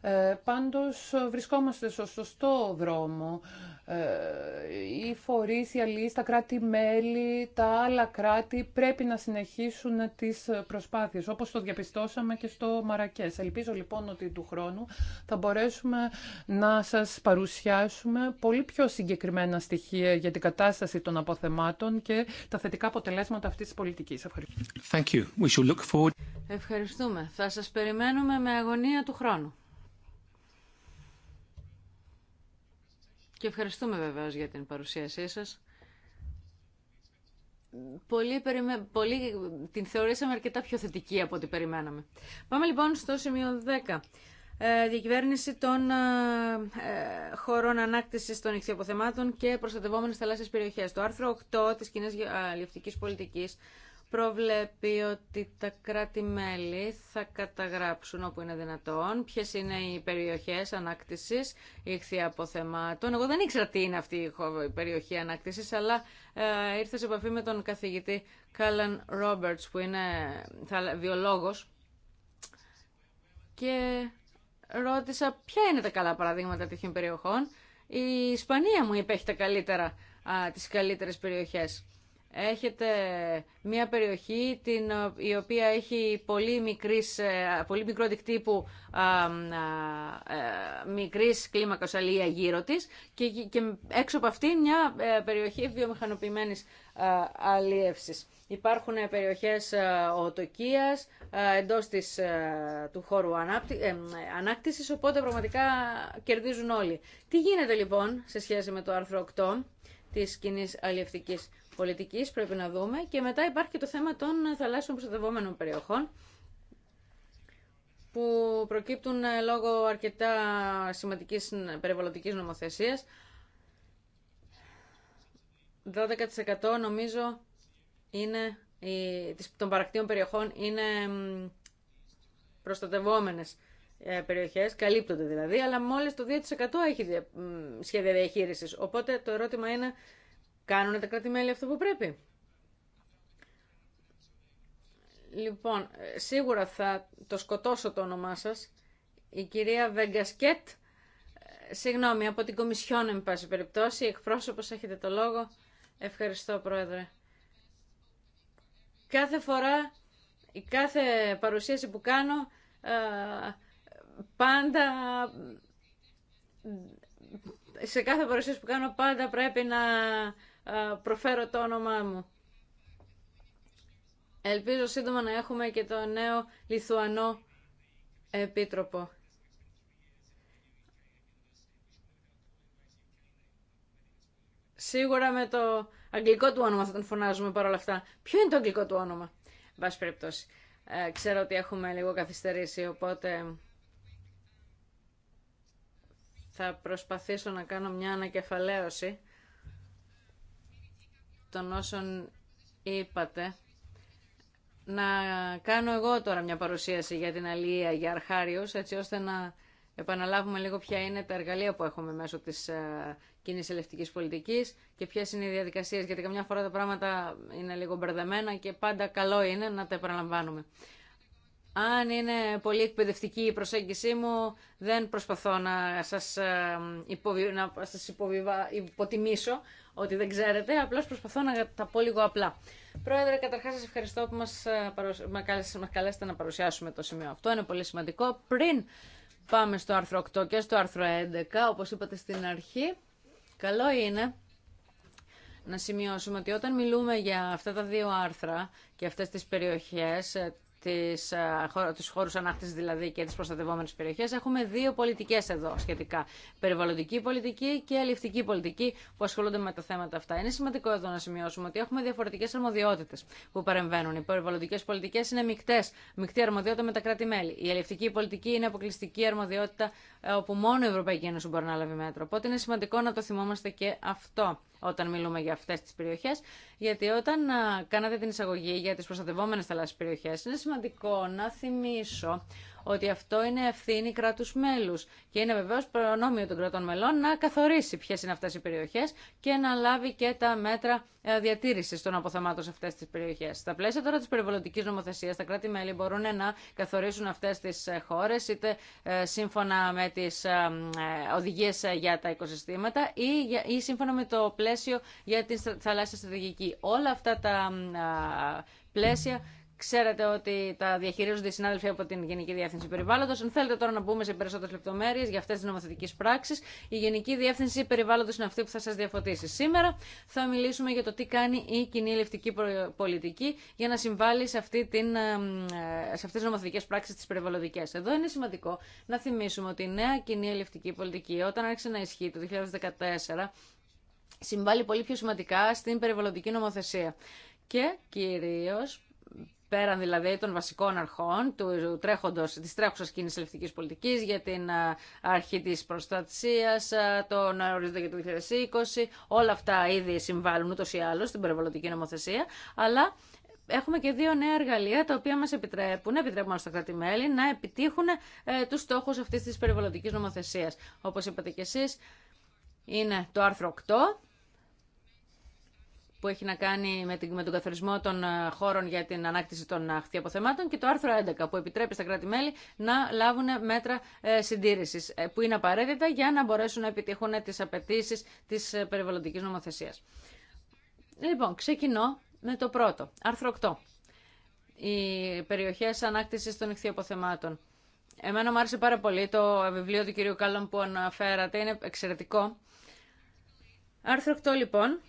Ε, πάντως βρισκόμαστε στο σωστό δρόμο. Ε, οι φορείς, οι αλληλείς, τα κράτη-μέλη, τα άλλα κράτη πρέπει να συνεχίσουν τις προσπάθειες, όπως το διαπιστώσαμε και στο Μαρακές. Ελπίζω λοιπόν ότι του χρόνου θα μπορέσουμε να σας παρουσιάσουμε πολύ πιο συγκεκριμένα στοιχεία για την κατάσταση των αποθεμάτων και τα θετικά αποτελέσματα αυτής της πολιτικής. Ευχαριστούμε. Θα σας περιμένουμε με αγωνία του χρόνου. Και ευχαριστούμε βεβαίως για την παρουσίασή σας. Πολύ, περιμέ... Πολύ την θεωρήσαμε αρκετά πιο θετική από ό,τι περιμέναμε. Πάμε λοιπόν στο σημείο 10. Ε, διακυβέρνηση των ε, ε χωρών ανάκτηση των ηχθειοποθεμάτων και προστατευόμενε θαλάσσιε περιοχέ. Το άρθρο 8 τη κοινή αλληλευτική πολιτική προβλέπει ότι τα κράτη-μέλη θα καταγράψουν όπου είναι δυνατόν Ποιε είναι οι περιοχές ανάκτησης ήχθη αποθεμάτων. Εγώ δεν ήξερα τι είναι αυτή η περιοχή ανάκτησης, αλλά ε, ήρθα σε επαφή με τον καθηγητή Κάλαν Ρόμπερτς, που είναι βιολόγο. και ρώτησα ποια είναι τα καλά παραδείγματα τέτοιων περιοχών. Η Ισπανία μου είπε καλύτερα, τις καλύτερες περιοχές έχετε μια περιοχή την, ε, η οποία έχει πολύ, μικρής, ε, πολύ μικρό δικτύπου α, α, ε, μικρής κλίμακας αλληλεία γύρω της και, και έξω από αυτή μια περιοχή βιομηχανοποιημένης αλλιεύσης. Υπάρχουν περιοχές οτοκίας εντός της, του χώρου ανάπτυ, ανάκτησης, οπότε πραγματικά κερδίζουν όλοι. Τι γίνεται λοιπόν σε σχέση με το άρθρο 8 της κοινή αλλιευτικής πολιτικής πρέπει να δούμε και μετά υπάρχει και το θέμα των θαλάσσιων προστατευόμενων περιοχών που προκύπτουν ε, λόγω αρκετά σημαντικής περιβαλλοντικής νομοθεσίας. 12% νομίζω είναι των παρακτήων περιοχών είναι προστατευόμενες ε, περιοχές, καλύπτονται δηλαδή, αλλά μόλις το 2% έχει σχέδια διαχείρισης. Οπότε το ερώτημα είναι Κάνουν τα κρατημέλη αυτό που πρέπει. Λοιπόν, ε, σίγουρα θα το σκοτώσω το όνομά σας. Η κυρία Βεγκασκέτ, ε, συγγνώμη, από την Κομισιόν, εν πάση περιπτώσει, εκπρόσωπος, έχετε το λόγο. Ευχαριστώ, Πρόεδρε. Κάθε φορά, η κάθε παρουσίαση που κάνω, ε, πάντα σε κάθε παρουσίαση που κάνω πάντα πρέπει να ε, προφέρω το όνομά μου. Ελπίζω σύντομα να έχουμε και το νέο Λιθουανό Επίτροπο. Σίγουρα με το αγγλικό του όνομα θα τον φωνάζουμε παρόλα αυτά. Ποιο είναι το αγγλικό του όνομα, βάση περιπτώσει. Ε, ξέρω ότι έχουμε λίγο καθυστερήσει, οπότε θα προσπαθήσω να κάνω μια ανακεφαλαίωση των όσων είπατε να κάνω εγώ τώρα μια παρουσίαση για την αλληλεία για αρχάριους, έτσι ώστε να επαναλάβουμε λίγο ποια είναι τα εργαλεία που έχουμε μέσω της ε, κοινή ελευτική πολιτική και ποιε είναι οι διαδικασίε. γιατί καμιά φορά τα πράγματα είναι λίγο μπερδεμένα και πάντα καλό είναι να τα επαναλαμβάνουμε. Αν είναι πολύ εκπαιδευτική η προσέγγιση μου, δεν προσπαθώ να σας, ε, υποβι... σας υποβιβα... υποτιμήσω ότι δεν ξέρετε, απλώς προσπαθώ να τα πω λίγο απλά. Πρόεδρε, καταρχάς σας ευχαριστώ που μας, ε, μας καλέσετε να παρουσιάσουμε το σημείο αυτό. Είναι πολύ σημαντικό. Πριν πάμε στο άρθρο 8 και στο άρθρο 11, όπως είπατε στην αρχή, καλό είναι να σημειώσουμε ότι όταν μιλούμε για αυτά τα δύο άρθρα και αυτές τις περιοχές ε, του χώρου χώρους ανάκτησης δηλαδή και τι προστατευόμενε περιοχές. Έχουμε δύο πολιτικές εδώ σχετικά. Περιβαλλοντική πολιτική και αλληλευτική πολιτική που ασχολούνται με τα θέματα αυτά. Είναι σημαντικό εδώ να σημειώσουμε ότι έχουμε διαφορετικές αρμοδιότητες που παρεμβαίνουν. Οι περιβαλλοντικές πολιτικές είναι μεικτές, μεικτή αρμοδιότητα με τα κράτη-μέλη. Η αλληλευτική πολιτική είναι αποκλειστική αρμοδιότητα ε, όπου μόνο η Ευρωπαϊκή Ένωση μπορεί να λάβει μέτρο. Οπότε είναι σημαντικό να το θυμόμαστε και αυτό όταν μιλούμε για αυτές τις περιοχές, γιατί όταν κάνατε την εισαγωγή για τις προστατευόμενες θαλάσσιες περιοχές, είναι σημαντικό να θυμίσω ότι αυτό είναι ευθύνη κράτους μέλους και είναι βεβαίως προνόμιο των κρατών μελών να καθορίσει ποιες είναι αυτές οι περιοχές και να λάβει και τα μέτρα ε, διατήρησης των αποθεμάτων σε αυτές τις περιοχές. Στα πλαίσια τώρα της περιβαλλοντικής νομοθεσίας, τα κράτη-μέλη μπορούν να καθορίσουν αυτές τις ε, χώρες είτε ε, σύμφωνα με τις οδηγίες για τα οικοσυστήματα ή σύμφωνα με το πλαίσιο για τη θαλάσσια στρατηγική. Όλα αυτά τα πλαίσια Ξέρετε ότι τα διαχειρίζονται οι συνάδελφοι από την Γενική Διεύθυνση Περιβάλλοντο. Αν θέλετε τώρα να μπούμε σε περισσότερε λεπτομέρειε για αυτέ τι νομοθετικέ πράξει, η Γενική Διεύθυνση Περιβάλλοντο είναι αυτή που θα σα διαφωτίσει. Σήμερα θα μιλήσουμε για το τι κάνει η κοινή ελευτική πολιτική για να συμβάλλει σε, αυτή την, ε, σε αυτέ τι νομοθετικέ πράξει τι περιβαλλοντικέ. Εδώ είναι σημαντικό να θυμίσουμε ότι η νέα κοινή ελευτική πολιτική, όταν άρχισε να ισχύει το 2014, συμβάλλει πολύ πιο σημαντικά στην περιβαλλοντική νομοθεσία. Και κυρίως πέραν δηλαδή των βασικών αρχών του τρέχοντος, της τρέχουσας κίνησης ελευθερικής πολιτικής για την αρχή της προστασίας, τον ορίζοντα για το 2020, όλα αυτά ήδη συμβάλλουν ούτως ή άλλως στην περιβαλλοντική νομοθεσία, αλλά έχουμε και δύο νέα εργαλεία τα οποία μας επιτρέπουν, επιτρέπουν στα κράτη-μέλη να επιτύχουν ε, τους στόχους αυτής της περιβαλλοντικής νομοθεσίας. Όπως είπατε και εσείς, είναι το άρθρο 8 που έχει να κάνει με, τον καθορισμό των ε, χώρων για την ανάκτηση των ε, χθιαποθεμάτων και το άρθρο 11 που επιτρέπει στα κράτη-μέλη να λάβουν μέτρα ε, συντήρησης που είναι απαραίτητα για να μπορέσουν να επιτυχούν τις απαιτήσει της περιβαλλοντική νομοθεσίας. Λοιπόν, ξεκινώ με το πρώτο, άρθρο 8. Οι περιοχέ ανάκτηση των ηχθειοποθεμάτων. Εμένα μου άρεσε πάρα πολύ το βιβλίο του κυρίου Κάλλον που αναφέρατε, είναι εξαιρετικό. Άρθρο 8 λοιπόν,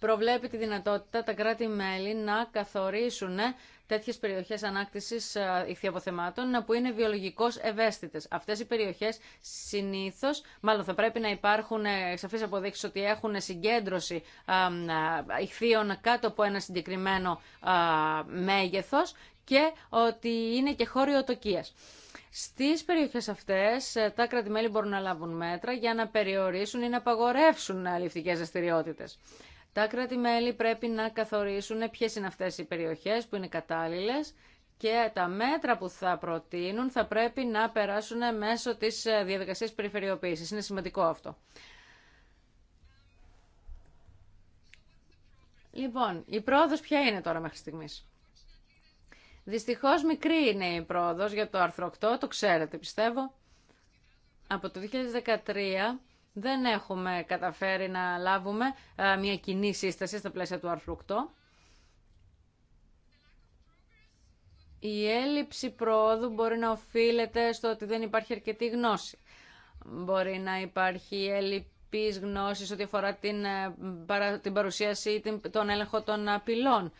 προβλέπει τη δυνατότητα τα κράτη-μέλη να καθορίσουν ε, τέτοιες περιοχές ανάκτησης ε, ηχθιαποθεμάτων που είναι βιολογικώς ευαίσθητες. Αυτές οι περιοχές συνήθως, μάλλον θα πρέπει να υπάρχουν σαφείς ε, αποδείξεις ότι έχουν συγκέντρωση ηχθείων κάτω από ένα συγκεκριμένο μέγεθος και ότι είναι και χώριο τοκίας. Στις περιοχές αυτές τα κρατημέλη μπορούν να λάβουν μέτρα για να περιορίσουν ή να απαγορεύσουν αληφτικές δραστηριότητε. Τα κράτη-μέλη πρέπει να καθορίσουν ποιε είναι αυτές οι περιοχές που είναι κατάλληλε. και τα μέτρα που θα προτείνουν θα πρέπει να περάσουν μέσω τη ε, διαδικασία περιφερειοποίησης. Είναι σημαντικό αυτό. Λοιπόν, η πρόοδο ποια είναι τώρα μέχρι στιγμή. Δυστυχώς μικρή είναι η πρόοδος για το άρθρο 8, το ξέρετε πιστεύω. Από το 2013 δεν έχουμε καταφέρει να λάβουμε ε, μια κοινή σύσταση στα πλαίσια του άρθρου 8. Η έλλειψη προόδου μπορεί να οφείλεται στο ότι δεν υπάρχει αρκετή γνώση. Μπορεί να υπάρχει έλλειψη γνώση ό,τι αφορά την, ε, παρουσίαση ή τον έλεγχο των απειλών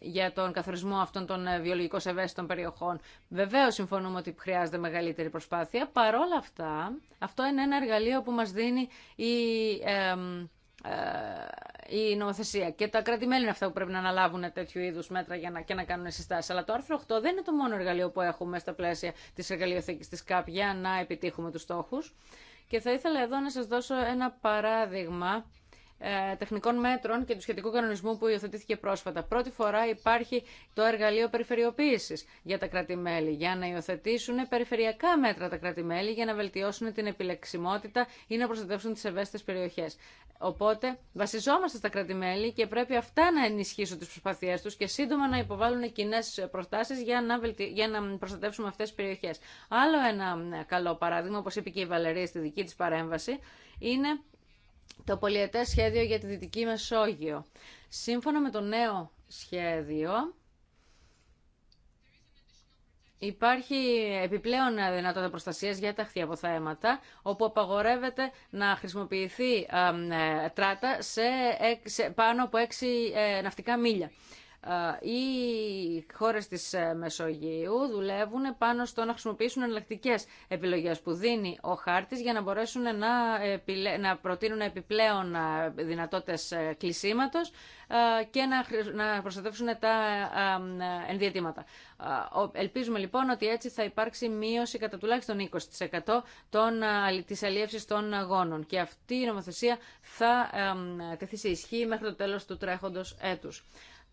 για τον καθορισμό αυτών των ε, βιολογικώ ευαίσθητων περιοχών. Βεβαίω συμφωνούμε ότι χρειάζεται μεγαλύτερη προσπάθεια. Παρόλα αυτά, αυτό είναι ένα εργαλείο που μα δίνει η, ε, η νομοθεσία. Και τα κρατη είναι αυτά που πρέπει να αναλάβουν τέτοιου είδου μέτρα για να, και να κάνουν συστάσει. Αλλά το άρθρο 8 δεν είναι το μόνο εργαλείο που έχουμε στα πλαίσια τη εργαλειοθήκη τη ΚΑΠ για να επιτύχουμε του στόχου. Και θα ήθελα εδώ να σας δώσω ένα παράδειγμα ε, τεχνικών μέτρων και του σχετικού κανονισμού που υιοθετήθηκε πρόσφατα. Πρώτη φορά υπάρχει το εργαλείο περιφερειοποίηση για τα κρατη για να υιοθετήσουν περιφερειακά μέτρα τα κρατη για να βελτιώσουν την επιλεξιμότητα ή να προστατεύσουν τι ευαίσθητε περιοχέ. Οπότε βασιζόμαστε στα κρατη και πρέπει αυτά να ενισχύσουν τι προσπαθίε του και σύντομα να υποβάλουν κοινέ προτάσει για, να βελτι... για να προστατεύσουμε αυτέ τι περιοχέ. Άλλο ένα καλό παράδειγμα, όπω είπε και η Βαλερία στη δική τη παρέμβαση, είναι το πολιετές σχέδιο για τη Δυτική Μεσόγειο. Σύμφωνα με το νέο σχέδιο, Υπάρχει επιπλέον δυνατότητα προστασίας για τα χθιαποθέματα, όπου απαγορεύεται να χρησιμοποιηθεί ε, τράτα σε, πάνω από έξι ε, ναυτικά μίλια οι χώρες της ε, Μεσογείου δουλεύουν πάνω στο να χρησιμοποιήσουν εναλλακτικέ επιλογές που δίνει ο χάρτης για να μπορέσουν να, προτείνουν επιπλέον δυνατότητες ε, κλεισίματος και να προστατεύσουν τα ενδιατήματα. Ελπίζουμε λοιπόν ότι έτσι θα υπάρξει μείωση κατά τουλάχιστον 20% της αλίευσης των αγώνων και αυτή η νομοθεσία θα τεθεί σε ισχύ μέχρι το τέλος του τρέχοντος έτους.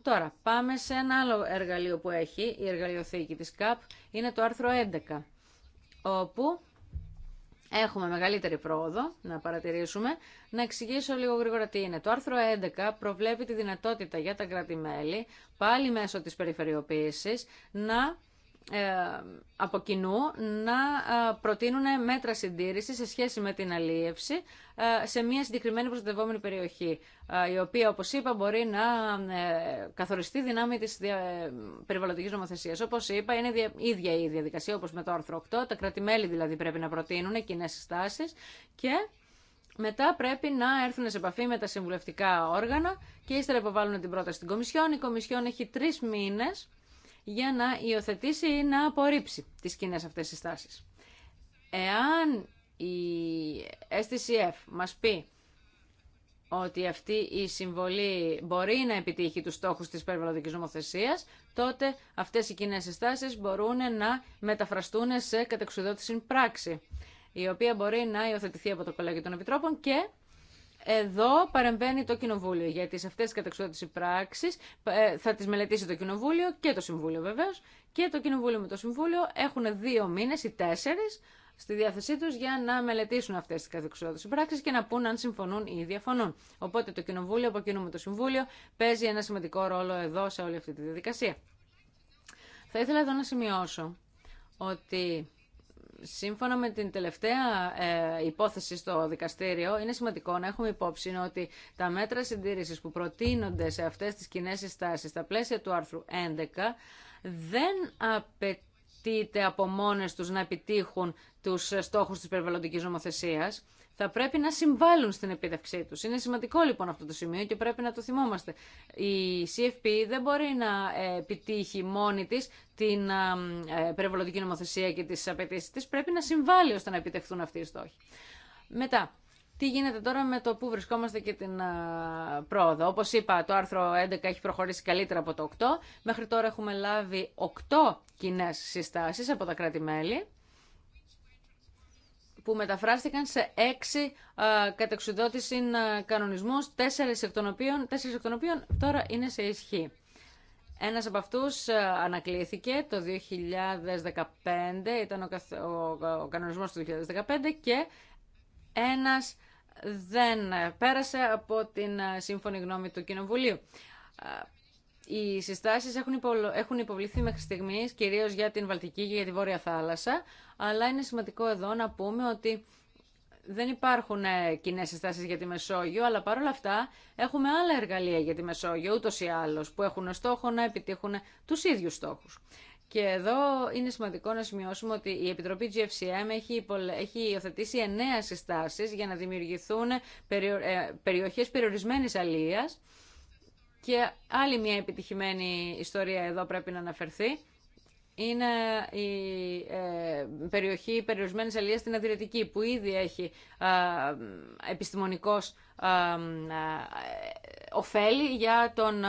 Τώρα, πάμε σε ένα άλλο εργαλείο που έχει η εργαλειοθήκη της ΚΑΠ, είναι το άρθρο 11, όπου έχουμε μεγαλύτερη πρόοδο να παρατηρήσουμε. Να εξηγήσω λίγο γρήγορα τι είναι. Το άρθρο 11 προβλέπει τη δυνατότητα για τα κράτη-μέλη, πάλι μέσω της περιφερειοποίησης, να ε, από κοινού να ε, προτείνουν μέτρα συντήρηση σε σχέση με την αλίευση ε, σε μια συγκεκριμένη προστατευόμενη περιοχή, η οποία, όπως είπα, μπορεί να καθοριστεί δυνάμει της περιβαλλοντικής νομοθεσίας. Όπως είπα, είναι ίδια η διαδικασία, όπως με το άρθρο 8, τα κρατημέλη δηλαδή πρέπει να προτείνουν κοινέ συστάσεις και... Μετά πρέπει να έρθουν σε επαφή με τα συμβουλευτικά όργανα και ύστερα υποβάλλουν την πρόταση στην Κομισιόν. Η Κομισιόν έχει τρει μήνες για να υιοθετήσει ή να απορρίψει τις κοινέ αυτές τις στάσεις. Εάν η STCF μας πει ότι αυτή η συμβολή μπορεί να επιτύχει τους στόχους της περιβαλλοντικής νομοθεσίας, τότε αυτές οι κοινέ συστάσεις μπορούν να μεταφραστούν σε κατεξουδότηση πράξη, η οποία μπορεί να υιοθετηθεί από το Κολέγιο των Επιτρόπων και εδώ παρεμβαίνει το Κοινοβούλιο, γιατί σε αυτές τι κατεξοδότηση πράξεις ε, θα τις μελετήσει το Κοινοβούλιο και το Συμβούλιο βεβαίως και το Κοινοβούλιο με το Συμβούλιο έχουν δύο μήνες ή τέσσερις στη διάθεσή του για να μελετήσουν αυτέ τι καθεξοδότητε πράξει και να πούν αν συμφωνούν ή διαφωνούν. Οπότε το Κοινοβούλιο, από κοινού με το Συμβούλιο, παίζει ένα σημαντικό ρόλο εδώ σε όλη αυτή τη διαδικασία. Θα ήθελα εδώ να σημειώσω ότι σύμφωνα με την τελευταία ε, υπόθεση στο δικαστήριο, είναι σημαντικό να έχουμε υπόψη ότι τα μέτρα συντήρηση που προτείνονται σε αυτές τις κοινέ συστάσει στα πλαίσια του άρθρου 11 δεν απαιτείται από μόνες τους να επιτύχουν τους στόχους της περιβαλλοντικής νομοθεσίας θα πρέπει να συμβάλλουν στην επίτευξή του. Είναι σημαντικό λοιπόν αυτό το σημείο και πρέπει να το θυμόμαστε. Η CFP δεν μπορεί να ε, επιτύχει μόνη τη την ε, περιβαλλοντική νομοθεσία και τι απαιτήσει τη. Πρέπει να συμβάλλει ώστε να επιτευχθούν αυτοί οι στόχοι. Μετά, τι γίνεται τώρα με το που βρισκόμαστε και την πρόοδο. Όπως είπα, το άρθρο 11 έχει προχωρήσει καλύτερα από το 8. Μέχρι τώρα έχουμε λάβει 8 κοινέ συστάσεις από τα κράτη-μέλη που μεταφράστηκαν σε έξι κατεξουδότηση κανονισμού τέσσερι εκ, οποίων, εκ τώρα είναι σε ισχύ. Ένας από αυτούς ανακλήθηκε το 2015, ήταν ο, καθ, ο, του 2015 και ένας δεν πέρασε από την σύμφωνη γνώμη του Κοινοβουλίου. Οι συστάσεις έχουν υποβληθεί μέχρι στιγμής, κυρίως για την Βαλτική και για τη Βόρεια Θάλασσα, αλλά είναι σημαντικό εδώ να πούμε ότι δεν υπάρχουν ε, κοινέ συστάσεις για τη Μεσόγειο, αλλά παρόλα αυτά έχουμε άλλα εργαλεία για τη Μεσόγειο, ούτω ή άλλω, που έχουν στόχο να επιτύχουν του ίδιου στόχου. Και εδώ είναι σημαντικό να σημειώσουμε ότι η Επιτροπή GFCM έχει, έχει υιοθετήσει εννέα συστάσεις για να δημιουργηθούν ε, περιοχές περιορισμένης αλίας και άλλη μια επιτυχημένη ιστορία εδώ πρέπει να αναφερθεί είναι η ε, περιοχή περιορισμένης αλληλείας στην Αδριατική που ήδη έχει επιστημονικός ωφέλη για τον ε,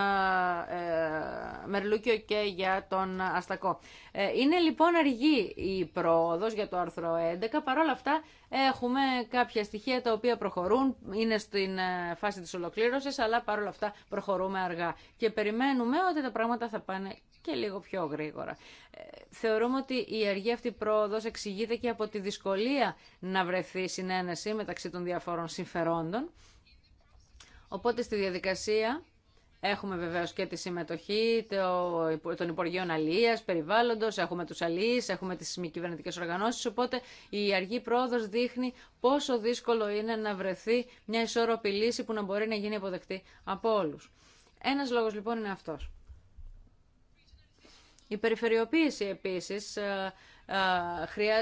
Μερλούκιο και για τον Αστακό. Ε, είναι λοιπόν αργή η πρόοδος για το άρθρο 11, παρόλα αυτά έχουμε κάποια στοιχεία τα οποία προχωρούν, είναι στην φάση της ολοκλήρωσης, αλλά παρόλα αυτά προχωρούμε αργά και περιμένουμε ότι τα πράγματα θα πάνε και λίγο πιο γρήγορα. Ε, θεωρούμε ότι η αργή αυτή πρόοδος εξηγείται και από τη δυσκολία να βρεθεί συνένεση μεταξύ των διαφόρων συμφερόντων. Οπότε στη διαδικασία έχουμε βεβαίως και τη συμμετοχή των Υπουργείων Αλίας, Περιβάλλοντος, έχουμε τους Αλίες, έχουμε τις μη κυβερνητικές οργανώσεις, οπότε η αργή πρόοδος δείχνει πόσο δύσκολο είναι να βρεθεί μια ισόρροπη λύση που να μπορεί να γίνει αποδεκτή από όλους. Ένας λόγος λοιπόν είναι αυτός. Η περιφερειοποίηση επίση ε,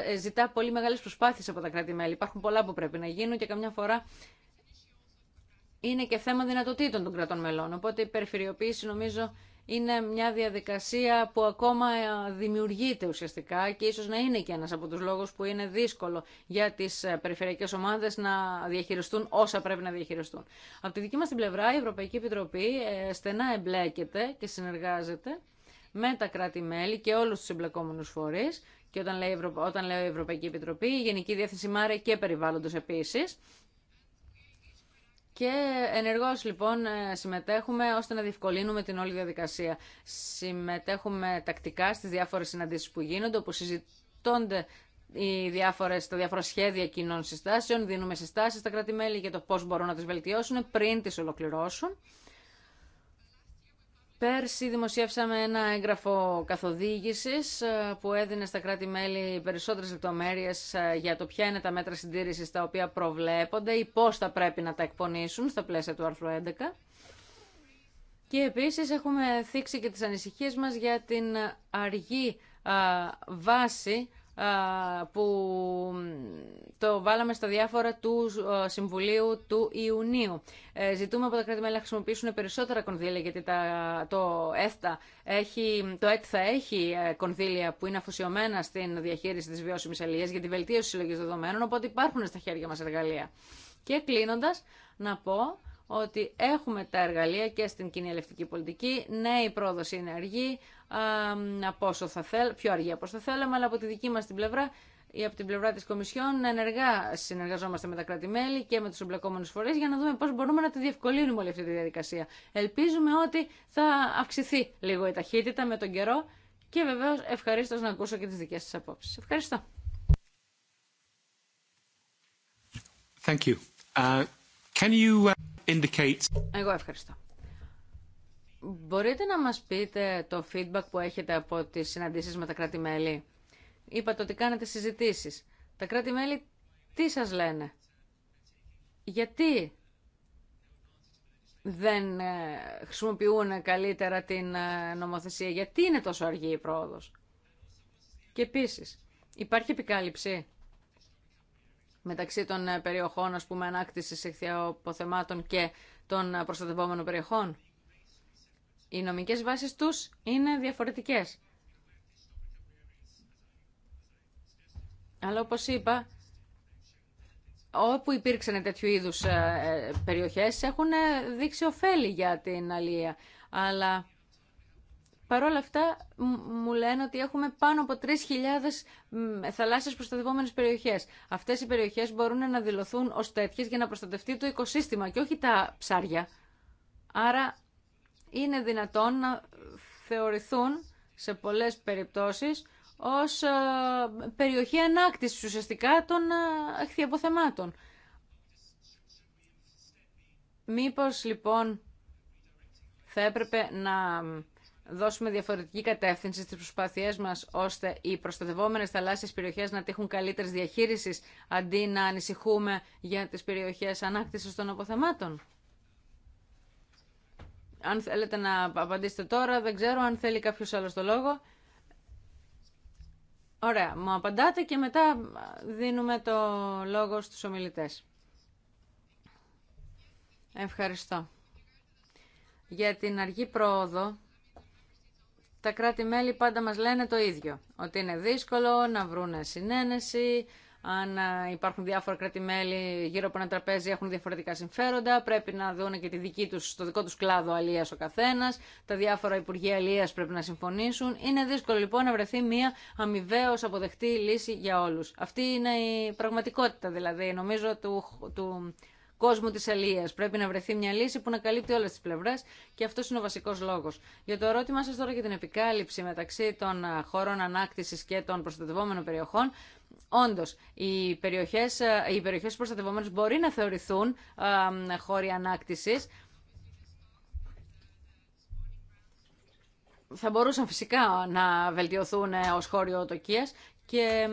ε, ε, ζητά πολύ μεγάλε προσπάθειες από τα κράτη-μέλη. Υπάρχουν πολλά που πρέπει να γίνουν και καμιά φορά είναι και θέμα δυνατοτήτων των κρατών μελών. Οπότε η περιφερειοποίηση νομίζω είναι μια διαδικασία που ακόμα δημιουργείται ουσιαστικά και ίσως να είναι και ένας από τους λόγους που είναι δύσκολο για τις περιφερειακές ομάδες να διαχειριστούν όσα πρέπει να διαχειριστούν. Από τη δική μας την πλευρά η Ευρωπαϊκή Επιτροπή στενά εμπλέκεται και συνεργάζεται με τα κράτη-μέλη και όλους τους εμπλεκόμενους φορείς και όταν λέει, η όταν Ευρωπαϊκή Επιτροπή, η Γενική Διεύθυνση Μάρε και Περιβάλλοντος επίσης. Και ενεργώς λοιπόν ε, συμμετέχουμε ώστε να διευκολύνουμε την όλη διαδικασία. Συμμετέχουμε τακτικά στις διάφορες συναντήσεις που γίνονται, όπου συζητώνται οι διάφορες, τα διάφορα σχέδια κοινών συστάσεων, δίνουμε συστάσεις στα κράτη-μέλη για το πώς μπορούν να τις βελτιώσουν πριν τις ολοκληρώσουν. Πέρσι δημοσιεύσαμε ένα έγγραφο καθοδήγησης ε, που έδινε στα κράτη-μέλη περισσότερες λεπτομέρειες ε, για το ποια είναι τα μέτρα συντήρησης τα οποία προβλέπονται ή πώς θα πρέπει να τα εκπονήσουν στα πλαίσια του άρθρου 11. Και επίσης έχουμε θίξει και τις ανησυχίες μας για την αργή ε, βάση που το βάλαμε στα διάφορα του ε, Συμβουλίου του Ιουνίου. Ε, ζητούμε από τα κράτη-μέλη να χρησιμοποιήσουν περισσότερα κονδύλια, γιατί το, ΕΦΤΑ έχει, το ΕΤ θα έχει ε, κονδύλια που είναι αφοσιωμένα στην διαχείριση της βιώσιμης αλληλείας για τη βελτίωση συλλογή δεδομένων, οπότε υπάρχουν στα χέρια μας εργαλεία. Και κλείνοντα να πω ότι έχουμε τα εργαλεία και στην κοινή πολιτική. Ναι, η πρόοδος είναι αργή, από θα θέλ, πιο αργή από θα θέλαμε, αλλά από τη δική μας την πλευρά ή από την πλευρά της Κομισιόν ενεργά συνεργαζόμαστε με τα κράτη-μέλη και με τους εμπλεκόμενους φορείς για να δούμε πώς μπορούμε να τη διευκολύνουμε όλη αυτή τη διαδικασία. Ελπίζουμε ότι θα αυξηθεί λίγο η ταχύτητα με τον καιρό και βεβαίως ευχαρίστως να ακούσω και τις δικές σας απόψεις. Ευχαριστώ. Thank you. Uh, can you uh, indicate... Εγώ ευχαριστώ. Μπορείτε να μας πείτε το feedback που έχετε από τις συναντήσεις με τα κράτη-μέλη. Είπατε ότι κάνετε συζητήσεις. Τα κράτη-μέλη τι σας λένε. Γιατί δεν ε, χρησιμοποιούν καλύτερα την ε, νομοθεσία. Γιατί είναι τόσο αργή η πρόοδος. Και επίσης, υπάρχει επικάλυψη μεταξύ των ε, περιοχών, ας πούμε, ανάκτησης αποθεμάτων και των προστατευόμενων περιοχών οι νομικές βάσεις τους είναι διαφορετικές. Αλλά όπως είπα, όπου υπήρξαν τέτοιου είδους ε, περιοχές έχουν ε, δείξει ωφέλη για την αλληλεία. Αλλά παρόλα αυτά μου λένε ότι έχουμε πάνω από 3.000 θαλάσσιες προστατευόμενες περιοχές. Αυτές οι περιοχές μπορούν να δηλωθούν ως τέτοιες για να προστατευτεί το οικοσύστημα και όχι τα ψάρια. Άρα είναι δυνατόν να θεωρηθούν σε πολλές περιπτώσεις ως ε, περιοχή ανάκτησης ουσιαστικά των ε, αχθιαποθεμάτων. Μήπως λοιπόν θα έπρεπε να δώσουμε διαφορετική κατεύθυνση στις προσπάθειές μας ώστε οι προστατευόμενες θαλάσσιες περιοχές να τύχουν καλύτερης διαχείρισης αντί να ανησυχούμε για τις περιοχές ανάκτησης των αποθεμάτων. Αν θέλετε να απαντήσετε τώρα, δεν ξέρω αν θέλει κάποιος άλλος το λόγο. Ωραία, μου απαντάτε και μετά δίνουμε το λόγο στους ομιλητές. Ευχαριστώ. Για την αργή πρόοδο, τα κράτη-μέλη πάντα μας λένε το ίδιο. Ότι είναι δύσκολο να βρουν συνένεση, αν υπάρχουν διάφορα κρατημέλη γύρω από ένα τραπέζι έχουν διαφορετικά συμφέροντα, πρέπει να δουν και τη δική τους, το δικό τους κλάδο αλίας ο καθένας, τα διάφορα υπουργεία αλίας πρέπει να συμφωνήσουν. Είναι δύσκολο λοιπόν να βρεθεί μια αμοιβαίως αποδεκτή λύση για όλους. Αυτή είναι η πραγματικότητα δηλαδή, νομίζω, του, του κόσμου τη Ελία. Πρέπει να βρεθεί μια λύση που να καλύπτει όλε τι πλευρέ και αυτό είναι ο βασικό λόγο. Για το ερώτημά σα τώρα για την επικάλυψη μεταξύ των χώρων ανάκτηση και των προστατευόμενων περιοχών, Όντω, οι περιοχέ οι περιοχές προστατευόμενε μπορεί να θεωρηθούν χώροι ανάκτηση. Θα μπορούσαν φυσικά να βελτιωθούν ε, ω χώριο οτοκία και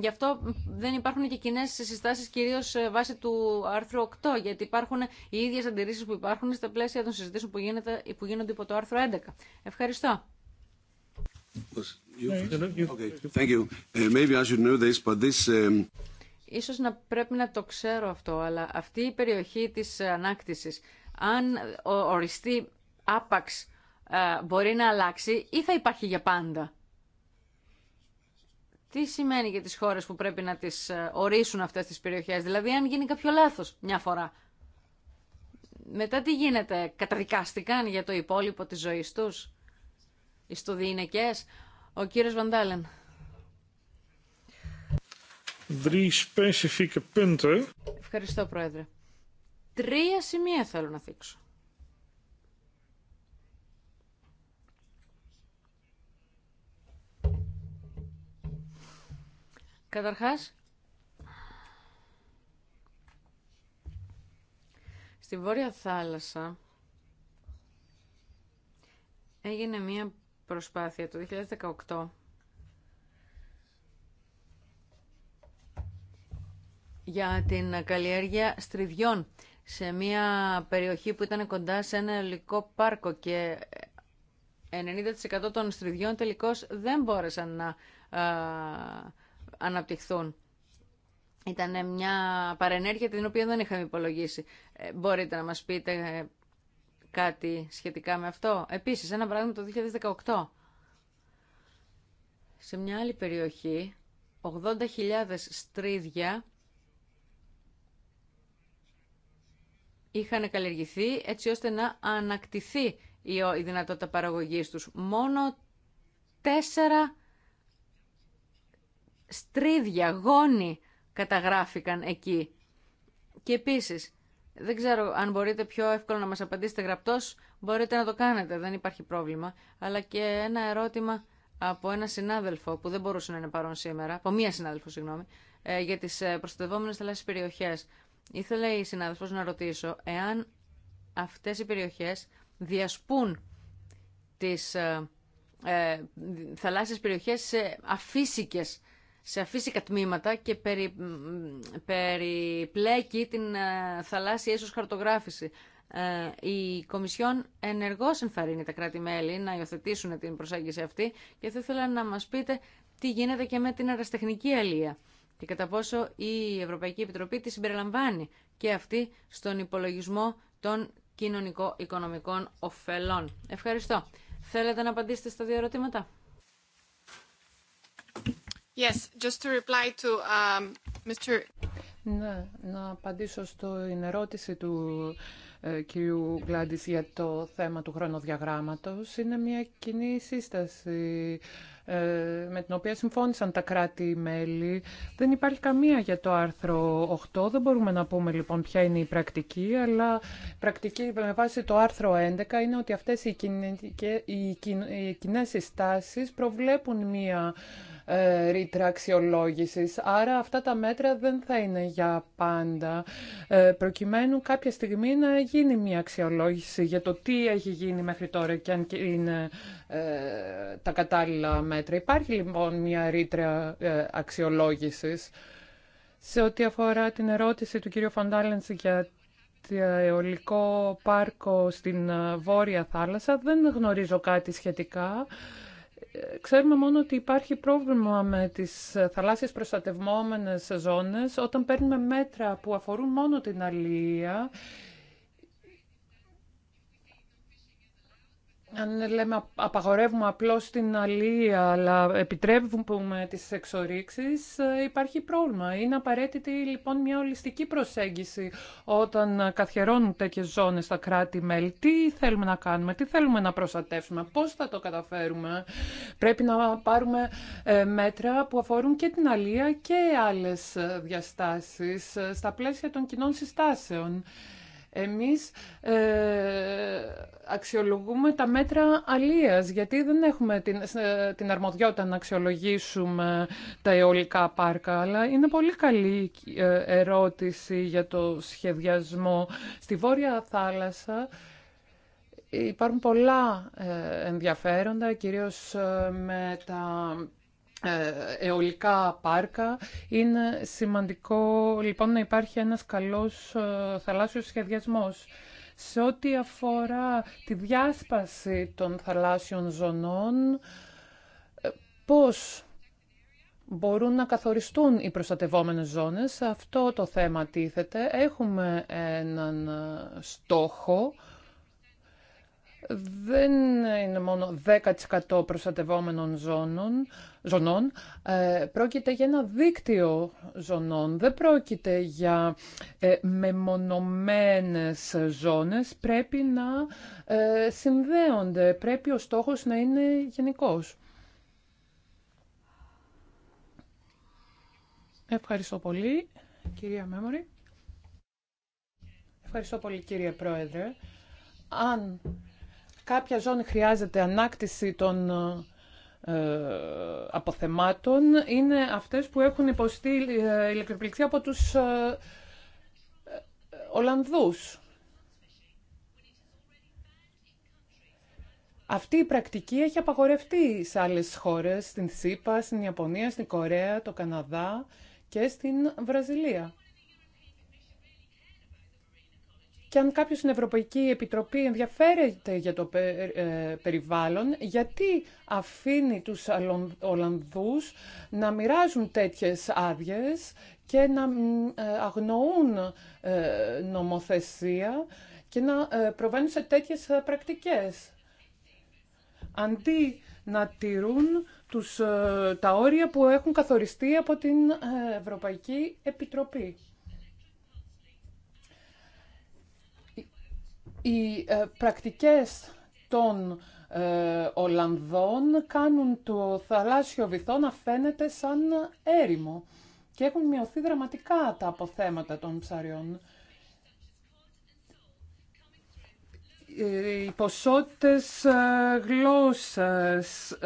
γι' αυτό δεν υπάρχουν και κοινέ συστάσει, κυρίω ε, βάσει του άρθρου 8, γιατί υπάρχουν οι ίδιε αντιρρήσει που υπάρχουν στα πλαίσια των συζητήσεων που, γίνεται, που γίνονται υπό το άρθρο 11. Ευχαριστώ. Ίσως να πρέπει να το ξέρω αυτό, αλλά αυτή η περιοχή της ανάκτησης, αν ε, οριστεί άπαξ, ε, μπορεί να αλλάξει ή θα υπάρχει για πάντα τι σημαίνει για τις χώρες που πρέπει να τις ε, ορίσουν αυτές τις περιοχές. Δηλαδή, αν γίνει κάποιο λάθος μια φορά, μετά τι γίνεται, καταδικάστηκαν για το υπόλοιπο της ζωής τους, οι στοδιειναικές. Ο κύριος Βαντάλεν. Ευχαριστώ, Πρόεδρε. Τρία σημεία θέλω να θίξω. Καταρχάς, στη Βόρεια Θάλασσα έγινε μία προσπάθεια το 2018 για την καλλιέργεια στριβιών σε μια περιοχή που ήταν κοντά σε ένα ελληνικό πάρκο και 90% των στριβιών τελικώς δεν μπόρεσαν να αναπτυχθούν. Ήταν μια παρενέργεια την οποία δεν είχαμε υπολογίσει. Ε, μπορείτε να μας πείτε ε, κάτι σχετικά με αυτό. Επίσης, ένα πράγμα το 2018. Σε μια άλλη περιοχή, 80.000 στρίδια είχαν καλλιεργηθεί έτσι ώστε να ανακτηθεί η δυνατότητα παραγωγής τους. Μόνο τέσσερα στρίδια, γόνοι καταγράφηκαν εκεί. Και επίσης, δεν ξέρω αν μπορείτε πιο εύκολα να μας απαντήσετε γραπτός, μπορείτε να το κάνετε, δεν υπάρχει πρόβλημα. Αλλά και ένα ερώτημα από ένα συνάδελφο που δεν μπορούσε να είναι παρόν σήμερα, από μία συνάδελφο, συγγνώμη, ε, για τις ε, προστατευόμενες θαλάσσιες περιοχές. Ήθελε η συνάδελφος να ρωτήσω εάν αυτές οι περιοχές διασπούν τις ε, ε θαλάσσιες περιοχές σε αφύσικες σε αφύσικα τμήματα και περι, περιπλέκει την ε, θαλάσσια ίσως χαρτογράφηση. Ε, η Κομισιόν ενεργώς ενθαρρύνει τα κράτη-μέλη να υιοθετήσουν την προσέγγιση αυτή και θα ήθελα να μας πείτε τι γίνεται και με την αεραστεχνική αλία και κατά πόσο η Ευρωπαϊκή Επιτροπή τη συμπεριλαμβάνει και αυτή στον υπολογισμό των κοινωνικο-οικονομικών ωφελών. Ευχαριστώ. Θέλετε να απαντήσετε στα δύο ερωτήματα. Um, ναι, να απαντήσω στην ερώτηση του ε, κυρίου Γκλάντης για το θέμα του χρονοδιαγράμματος. Είναι μια κοινή σύσταση ε, με την οποία συμφώνησαν τα κράτη-μέλη. Δεν υπάρχει καμία για το άρθρο 8. Δεν μπορούμε να πούμε λοιπόν ποια είναι η πρακτική, αλλά η πρακτική με βάση το άρθρο 11 είναι ότι αυτές οι, κοινε, οι, προβλέπουν μια ε, ρήτρα αξιολόγηση. Άρα αυτά τα μέτρα δεν θα είναι για πάντα. Ε, προκειμένου κάποια στιγμή να γίνει μια αξιολόγηση για το τι έχει γίνει μέχρι τώρα και αν είναι ε, τα κατάλληλα μέτρα. Υπάρχει λοιπόν μια ρήτρα αξιολόγηση. Σε ό,τι αφορά την ερώτηση του κύριου Φαντάλενς για το αιωλικό πάρκο στην Βόρεια Θάλασσα, δεν γνωρίζω κάτι σχετικά. Ξέρουμε μόνο ότι υπάρχει πρόβλημα με τις θαλάσσιες προστατευόμενες ζώνες όταν παίρνουμε μέτρα που αφορούν μόνο την αλληλεία αν λέμε απαγορεύουμε απλώς την αλεία, αλλά επιτρέπουμε τις εξορίξεις, ε, υπάρχει πρόβλημα. Είναι απαραίτητη λοιπόν μια ολιστική προσέγγιση όταν καθιερώνουν τέτοιες ζώνες στα κράτη-μέλη. Τι θέλουμε να κάνουμε, τι θέλουμε να προστατεύσουμε, πώς θα το καταφέρουμε. Πρέπει να πάρουμε ε, μέτρα που αφορούν και την αλεία και άλλες ε, διαστάσεις στα πλαίσια των κοινών συστάσεων. Εμείς ε, αξιολογούμε τα μέτρα αλίας, γιατί δεν έχουμε την, ε, την αρμοδιότητα να αξιολογήσουμε τα αιωλικά πάρκα, αλλά είναι πολύ καλή ε, ερώτηση για το σχεδιασμό. Στη Βόρεια Θάλασσα υπάρχουν πολλά ενδιαφέροντα, κυρίως με τα ε, αιωλικά πάρκα. Είναι σημαντικό λοιπόν να υπάρχει ένας καλός ε, θαλάσσιος σχεδιασμός. Σε ό,τι αφορά τη διάσπαση των θαλάσσιων ζωνών, ε, πώς μπορούν να καθοριστούν οι προστατευόμενες ζώνες. αυτό το θέμα τίθεται. Έχουμε έναν στόχο. Δεν είναι μόνο 10% προστατευόμενων ζώνων, ζωνών. Ε, πρόκειται για ένα δίκτυο ζωνών, δεν πρόκειται για ε, μεμονωμένες ζώνες. Πρέπει να ε, συνδέονται, πρέπει ο στόχος να είναι γενικός. Ευχαριστώ πολύ, κυρία Μέμορη. Ευχαριστώ πολύ, κύριε Πρόεδρε. Αν κάποια ζώνη χρειάζεται ανάκτηση των ε, αποθεμάτων είναι αυτές που έχουν υποστεί ε, ηλεκτροπληξία από τους ε, Ολλανδούς. Αυτή η πρακτική έχει απαγορευτεί σε άλλες χώρες, στην ΣΥΠΑ, στην Ιαπωνία, στην Κορέα, το Καναδά και στην Βραζιλία. Και αν κάποιος στην Ευρωπαϊκή Επιτροπή ενδιαφέρεται για το ε, ε, περιβάλλον, γιατί αφήνει τους Ολλανδούς να μοιράζουν τέτοιες άδειες και να ε, αγνοούν νομοθεσία και να προβάλλουν σε τέτοιες πρακτικές. Αντί να τηρούν τους, τα όρια που έχουν καθοριστεί από την Ευρωπαϊκή Επιτροπή. Οι ε, πρακτικές των ε, Ολλανδών κάνουν το θαλάσσιο βυθό να φαίνεται σαν έρημο και έχουν μειωθεί δραματικά τα αποθέματα των ψαριών. Ε, οι ποσότητες γλώσσας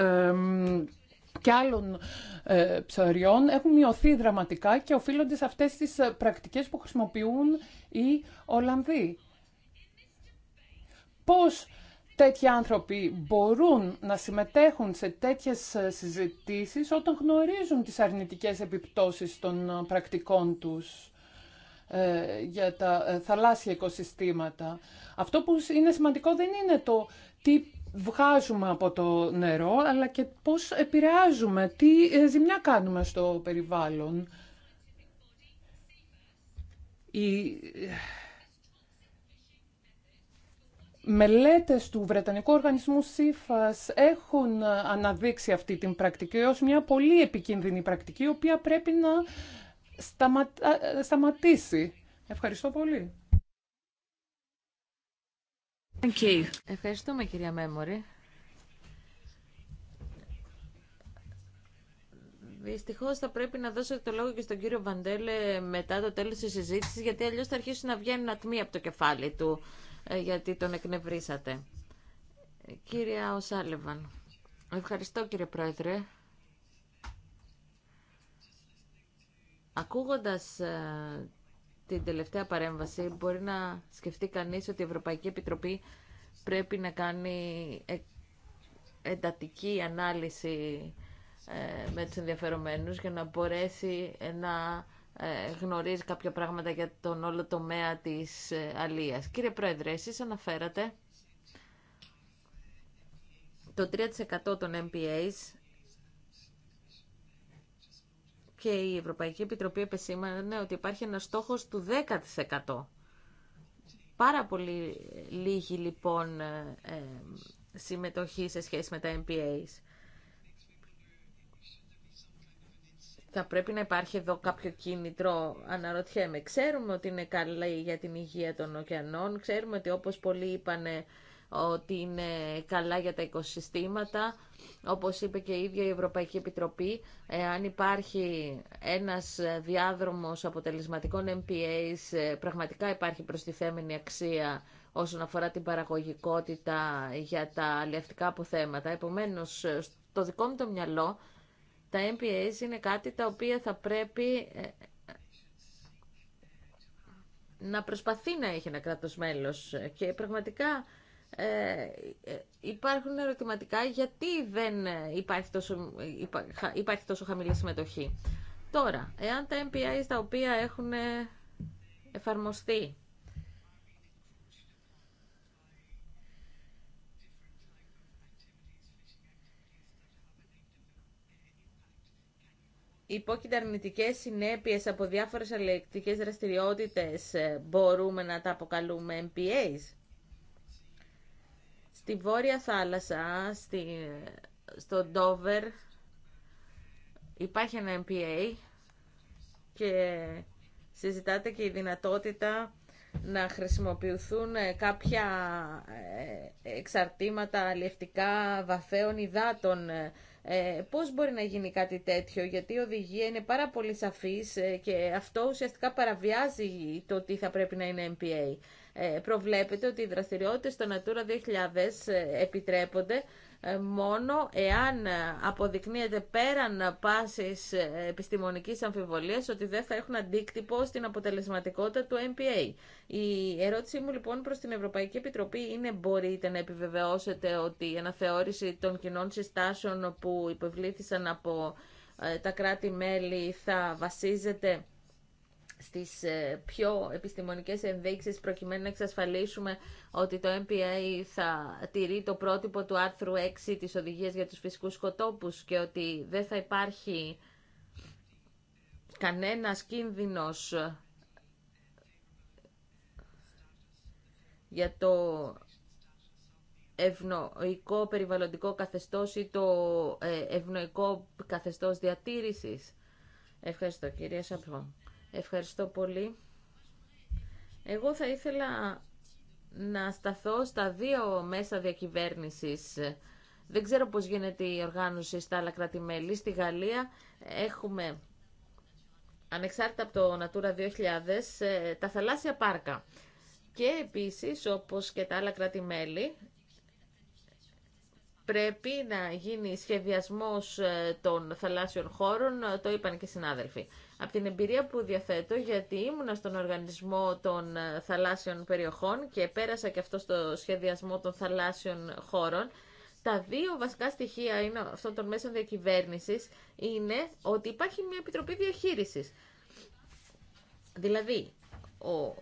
και άλλων ψαριών έχουν μειωθεί δραματικά και οφείλονται σε αυτές τις πρακτικές που χρησιμοποιούν οι Ολλανδοί πώς τέτοιοι άνθρωποι μπορούν να συμμετέχουν σε τέτοιες ε, συζητήσεις όταν γνωρίζουν τις αρνητικές επιπτώσεις των ε, πρακτικών τους ε, για τα θαλάσσια οικοσυστήματα. Αυτό που είναι σημαντικό δεν είναι το τι βγάζουμε από το νερό, αλλά και πώς επηρεάζουμε, τι ζημιά κάνουμε στο περιβάλλον μελέτες του Βρετανικού Οργανισμού ΣΥΦΑΣ έχουν αναδείξει αυτή την πρακτική ως μια πολύ επικίνδυνη πρακτική, η οποία πρέπει να σταματήσει. Ευχαριστώ πολύ. Ευχαριστούμε κυρία Μέμορη. Δυστυχώ θα πρέπει να δώσω το λόγο και στον κύριο Βαντέλε μετά το τέλο τη συζήτηση, γιατί αλλιώ θα αρχίσουν να βγαίνουν ατμοί από το κεφάλι του. Ε, γιατί τον εκνευρίσατε. Κύρια Οσάλεβαν, ευχαριστώ κύριε Πρόεδρε. Ακούγοντας ε, την τελευταία παρέμβαση, μπορεί να σκεφτεί κανείς ότι η Ευρωπαϊκή Επιτροπή πρέπει να κάνει ε, εντατική ανάλυση με τους ενδιαφερομένους για να μπορέσει να ε, γνωρίζει κάποια πράγματα για τον όλο τομέα της ε, αλίας. Κύριε Πρόεδρε, εσείς αναφέρατε το 3% των MPAs και η Ευρωπαϊκή Επιτροπή επεσήμανε ότι υπάρχει ένα στόχος του 10%. Πάρα πολύ λίγη λοιπόν ε, συμμετοχή σε σχέση με τα MPAs. Θα πρέπει να υπάρχει εδώ κάποιο κίνητρο, αναρωτιέμαι. Ξέρουμε ότι είναι καλή για την υγεία των ωκεανών, ξέρουμε ότι όπως πολλοί είπανε ότι είναι καλά για τα οικοσυστήματα. Όπως είπε και η ίδια η Ευρωπαϊκή Επιτροπή, αν υπάρχει ένας διάδρομος αποτελεσματικών MPAs, ε, πραγματικά υπάρχει προστιθέμενη αξία όσον αφορά την παραγωγικότητα για τα αλληλευτικά αποθέματα. Επομένως, ε, στο δικό μου το μυαλό τα MPAs είναι κάτι τα οποία θα πρέπει ε, ε, να προσπαθεί να έχει ένα κράτος μέλος και πραγματικά ε, ε υπάρχουν ερωτηματικά γιατί δεν υπάρχει τόσο, υπάρχει τόσο χαμηλή συμμετοχή. Τώρα, εάν τα MPAs τα οποία έχουν εφαρμοστεί υπόκειται αρνητικέ συνέπειες από διάφορες αλληλεκτικές δραστηριότητες ε, μπορούμε να τα αποκαλούμε MPAs. Στη Βόρεια Θάλασσα, στη, στο Ντόβερ, υπάρχει ένα MPA και συζητάτε και η δυνατότητα να χρησιμοποιηθούν ε, κάποια ε, εξαρτήματα αλληλευτικά βαθέων υδάτων ε, πώς μπορεί να γίνει κάτι τέτοιο, γιατί η οδηγία είναι πάρα πολύ σαφής ε, και αυτό ουσιαστικά παραβιάζει το τι θα πρέπει να είναι MPA. Ε, προβλέπεται ότι οι δραστηριότητες στο Natura 2000 ε, επιτρέπονται ε, μόνο εάν αποδεικνύεται πέραν πάσης επιστημονικής αμφιβολίας ότι δεν θα έχουν αντίκτυπο στην αποτελεσματικότητα του MPA. Η ερώτησή μου λοιπόν προς την Ευρωπαϊκή Επιτροπή είναι μπορείτε να επιβεβαιώσετε ότι η αναθεώρηση των κοινών συστάσεων που υποβλήθησαν από ε, τα κράτη-μέλη θα βασίζεται στις ε, πιο επιστημονικές ενδείξεις προκειμένου να εξασφαλίσουμε ότι το MPA θα τηρεί το πρότυπο του άρθρου 6 της Οδηγίας για τους Φυσικούς Σκοτόπους και ότι δεν θα υπάρχει κανένας κίνδυνος για το ευνοϊκό περιβαλλοντικό καθεστώς ή το ε, ευνοϊκό καθεστώς διατήρησης. Ευχαριστώ κυρία Σάπρο. Ευχαριστώ πολύ. Εγώ θα ήθελα να σταθώ στα δύο μέσα διακυβέρνησης. Δεν ξέρω πώς γίνεται η οργάνωση στα άλλα κράτη-μέλη. Στη Γαλλία έχουμε, ανεξάρτητα από το Natura 2000, ε, τα θαλάσσια πάρκα. Και επίσης, όπως και τα άλλα κράτη-μέλη, πρέπει να γίνει σχεδιασμός ε, των θαλάσσιων χώρων, ε, το είπαν και οι συνάδελφοι από την εμπειρία που διαθέτω, γιατί ήμουνα στον οργανισμό των ε, θαλάσσιων περιοχών και πέρασα και αυτό στο σχεδιασμό των θαλάσσιων χώρων, τα δύο βασικά στοιχεία είναι αυτών των μέσων διακυβέρνηση είναι ότι υπάρχει μια επιτροπή διαχείριση. Δηλαδή, ο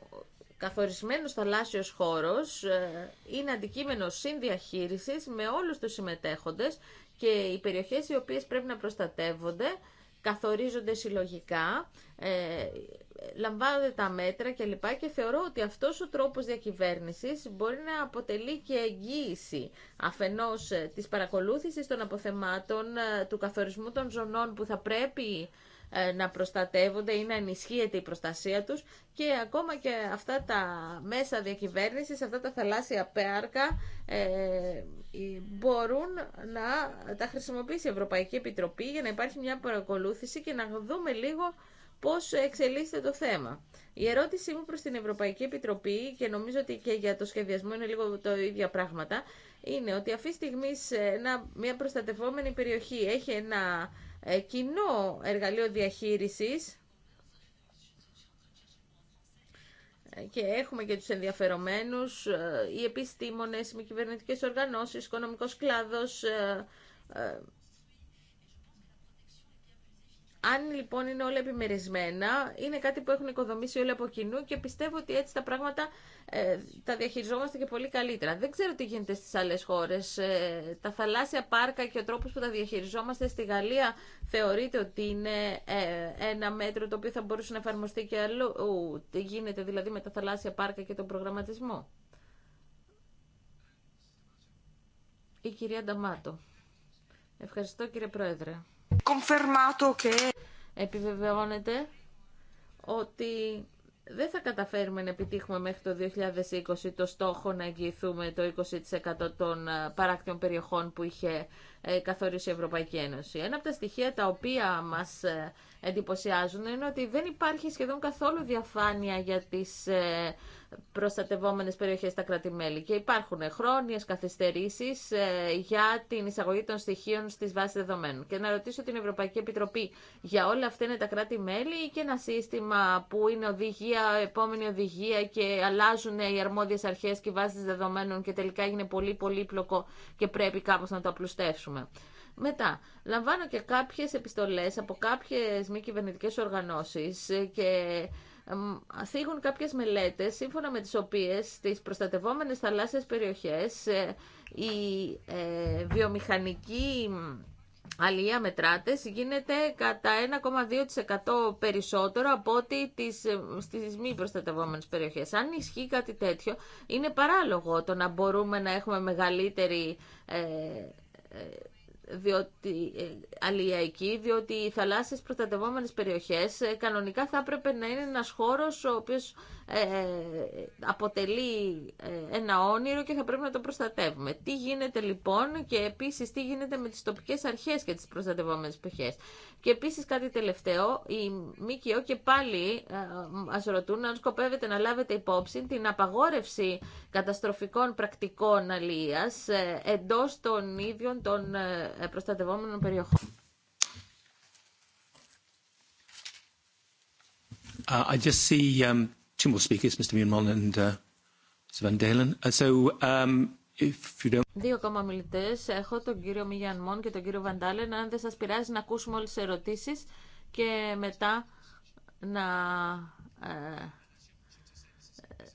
καθορισμένος θαλάσσιος χώρος ε, είναι αντικείμενο συνδιαχείρισης με όλους τους συμμετέχοντες και οι περιοχές οι οποίες πρέπει να προστατεύονται καθορίζονται συλλογικά, ε, λαμβάνονται τα μέτρα κλπ. Και θεωρώ ότι αυτός ο τρόπος διακυβέρνησης μπορεί να αποτελεί και εγγύηση αφενός ε, της παρακολούθησης των αποθεμάτων, ε, του καθορισμού των ζωνών που θα πρέπει ε, να προστατεύονται ή να ενισχύεται η προστασία τους και ακόμα και αυτά τα μέσα διακυβέρνησης, αυτά τα θαλάσσια πέαρκα ε, μπορούν να τα χρησιμοποιήσει η Ευρωπαϊκή Επιτροπή για να υπάρχει μια παρακολούθηση και να δούμε λίγο πώς εξελίσσεται το θέμα. Η ερώτησή μου προς την Ευρωπαϊκή Επιτροπή και νομίζω ότι και για το σχεδιασμό είναι λίγο το ίδια πράγματα, είναι ότι αυτή τη στιγμή μια προστατευόμενη περιοχή έχει ένα ε, κοινό εργαλείο διαχείρισης ε, και έχουμε και τους ενδιαφερομένους, ε, οι επιστήμονες, οι κυβερνητικές οργανώσεις, ο οικονομικός κλάδος, αν λοιπόν είναι όλα επιμερισμένα, είναι κάτι που έχουν οικοδομήσει όλοι από κοινού και πιστεύω ότι έτσι τα πράγματα ε, τα διαχειριζόμαστε και πολύ καλύτερα. Δεν ξέρω τι γίνεται στις άλλες χώρες. Ε, τα θαλάσσια πάρκα και ο τρόπος που τα διαχειριζόμαστε στη Γαλλία θεωρείται ότι είναι ε, ένα μέτρο το οποίο θα μπορούσε να εφαρμοστεί και αλλού. Τι γίνεται δηλαδή με τα θαλάσσια πάρκα και τον προγραμματισμό. Η κυρία Νταμάτο. Ευχαριστώ κύριε Πρόεδρε che. Επιβεβαιώνεται ότι δεν θα καταφέρουμε να επιτύχουμε μέχρι το 2020 το στόχο να εγγυηθούμε το 20% των ε, παράκτιων περιοχών που είχε ε, καθορίσει η Ευρωπαϊκή Ένωση. Ένα από τα στοιχεία τα οποία μας ε, εντυπωσιάζουν είναι ότι δεν υπάρχει σχεδόν καθόλου διαφάνεια για τις προστατευόμενες περιοχές στα κράτη-μέλη και υπάρχουν χρόνιες καθυστερήσεις ε, για την εισαγωγή των στοιχείων στις βάσεις δεδομένων. Και να ρωτήσω την Ευρωπαϊκή Επιτροπή για όλα αυτά είναι τα κράτη-μέλη ή και ένα σύστημα που είναι οδηγία, επόμενη οδηγία και αλλάζουν οι αρμόδιες αρχές και οι βάσεις δεδομένων και τελικά είναι πολύ πολύπλοκο και πρέπει κάπως να το απλουστεύσουμε. Μετά, λαμβάνω και κάποιες επιστολές από κάποιες μη κυβερνητικέ οργανώσεις και θίγουν κάποιες μελέτες σύμφωνα με τις οποίες στις προστατευόμενες θαλάσσιες περιοχές ε, η ε, βιομηχανική αλληλεία μετράτες γίνεται κατά 1,2% περισσότερο από ό,τι τις, ε, στις μη προστατευόμενες περιοχές. Αν ισχύει κάτι τέτοιο, είναι παράλογο το να μπορούμε να έχουμε μεγαλύτερη διότι, ε, αλληλιακή, διότι οι θαλάσσιες προστατευόμενες περιοχές ε, κανονικά θα έπρεπε να είναι ένας χώρος ο οποίος ε, αποτελεί ε, ένα όνειρο και θα πρέπει να το προστατεύουμε. Τι γίνεται λοιπόν και επίσης τι γίνεται με τις τοπικές αρχές και τις προστατευόμενες περιοχές. Και επίσης κάτι τελευταίο, η ΜΚΟ και πάλι ε, μας ρωτούν αν σκοπεύετε να λάβετε υπόψη την απαγόρευση καταστροφικών πρακτικών αλίας εντός των ίδιων των προστατευόμενων περιοχών. Uh, I just um, Δύο ακόμα μιλητέ. Έχω τον κύριο Μιγιάν και τον κύριο Βαντάλεν. Αν δεν σα πειράζει, να ακούσουμε όλε τι ερωτήσει και μετά να ε,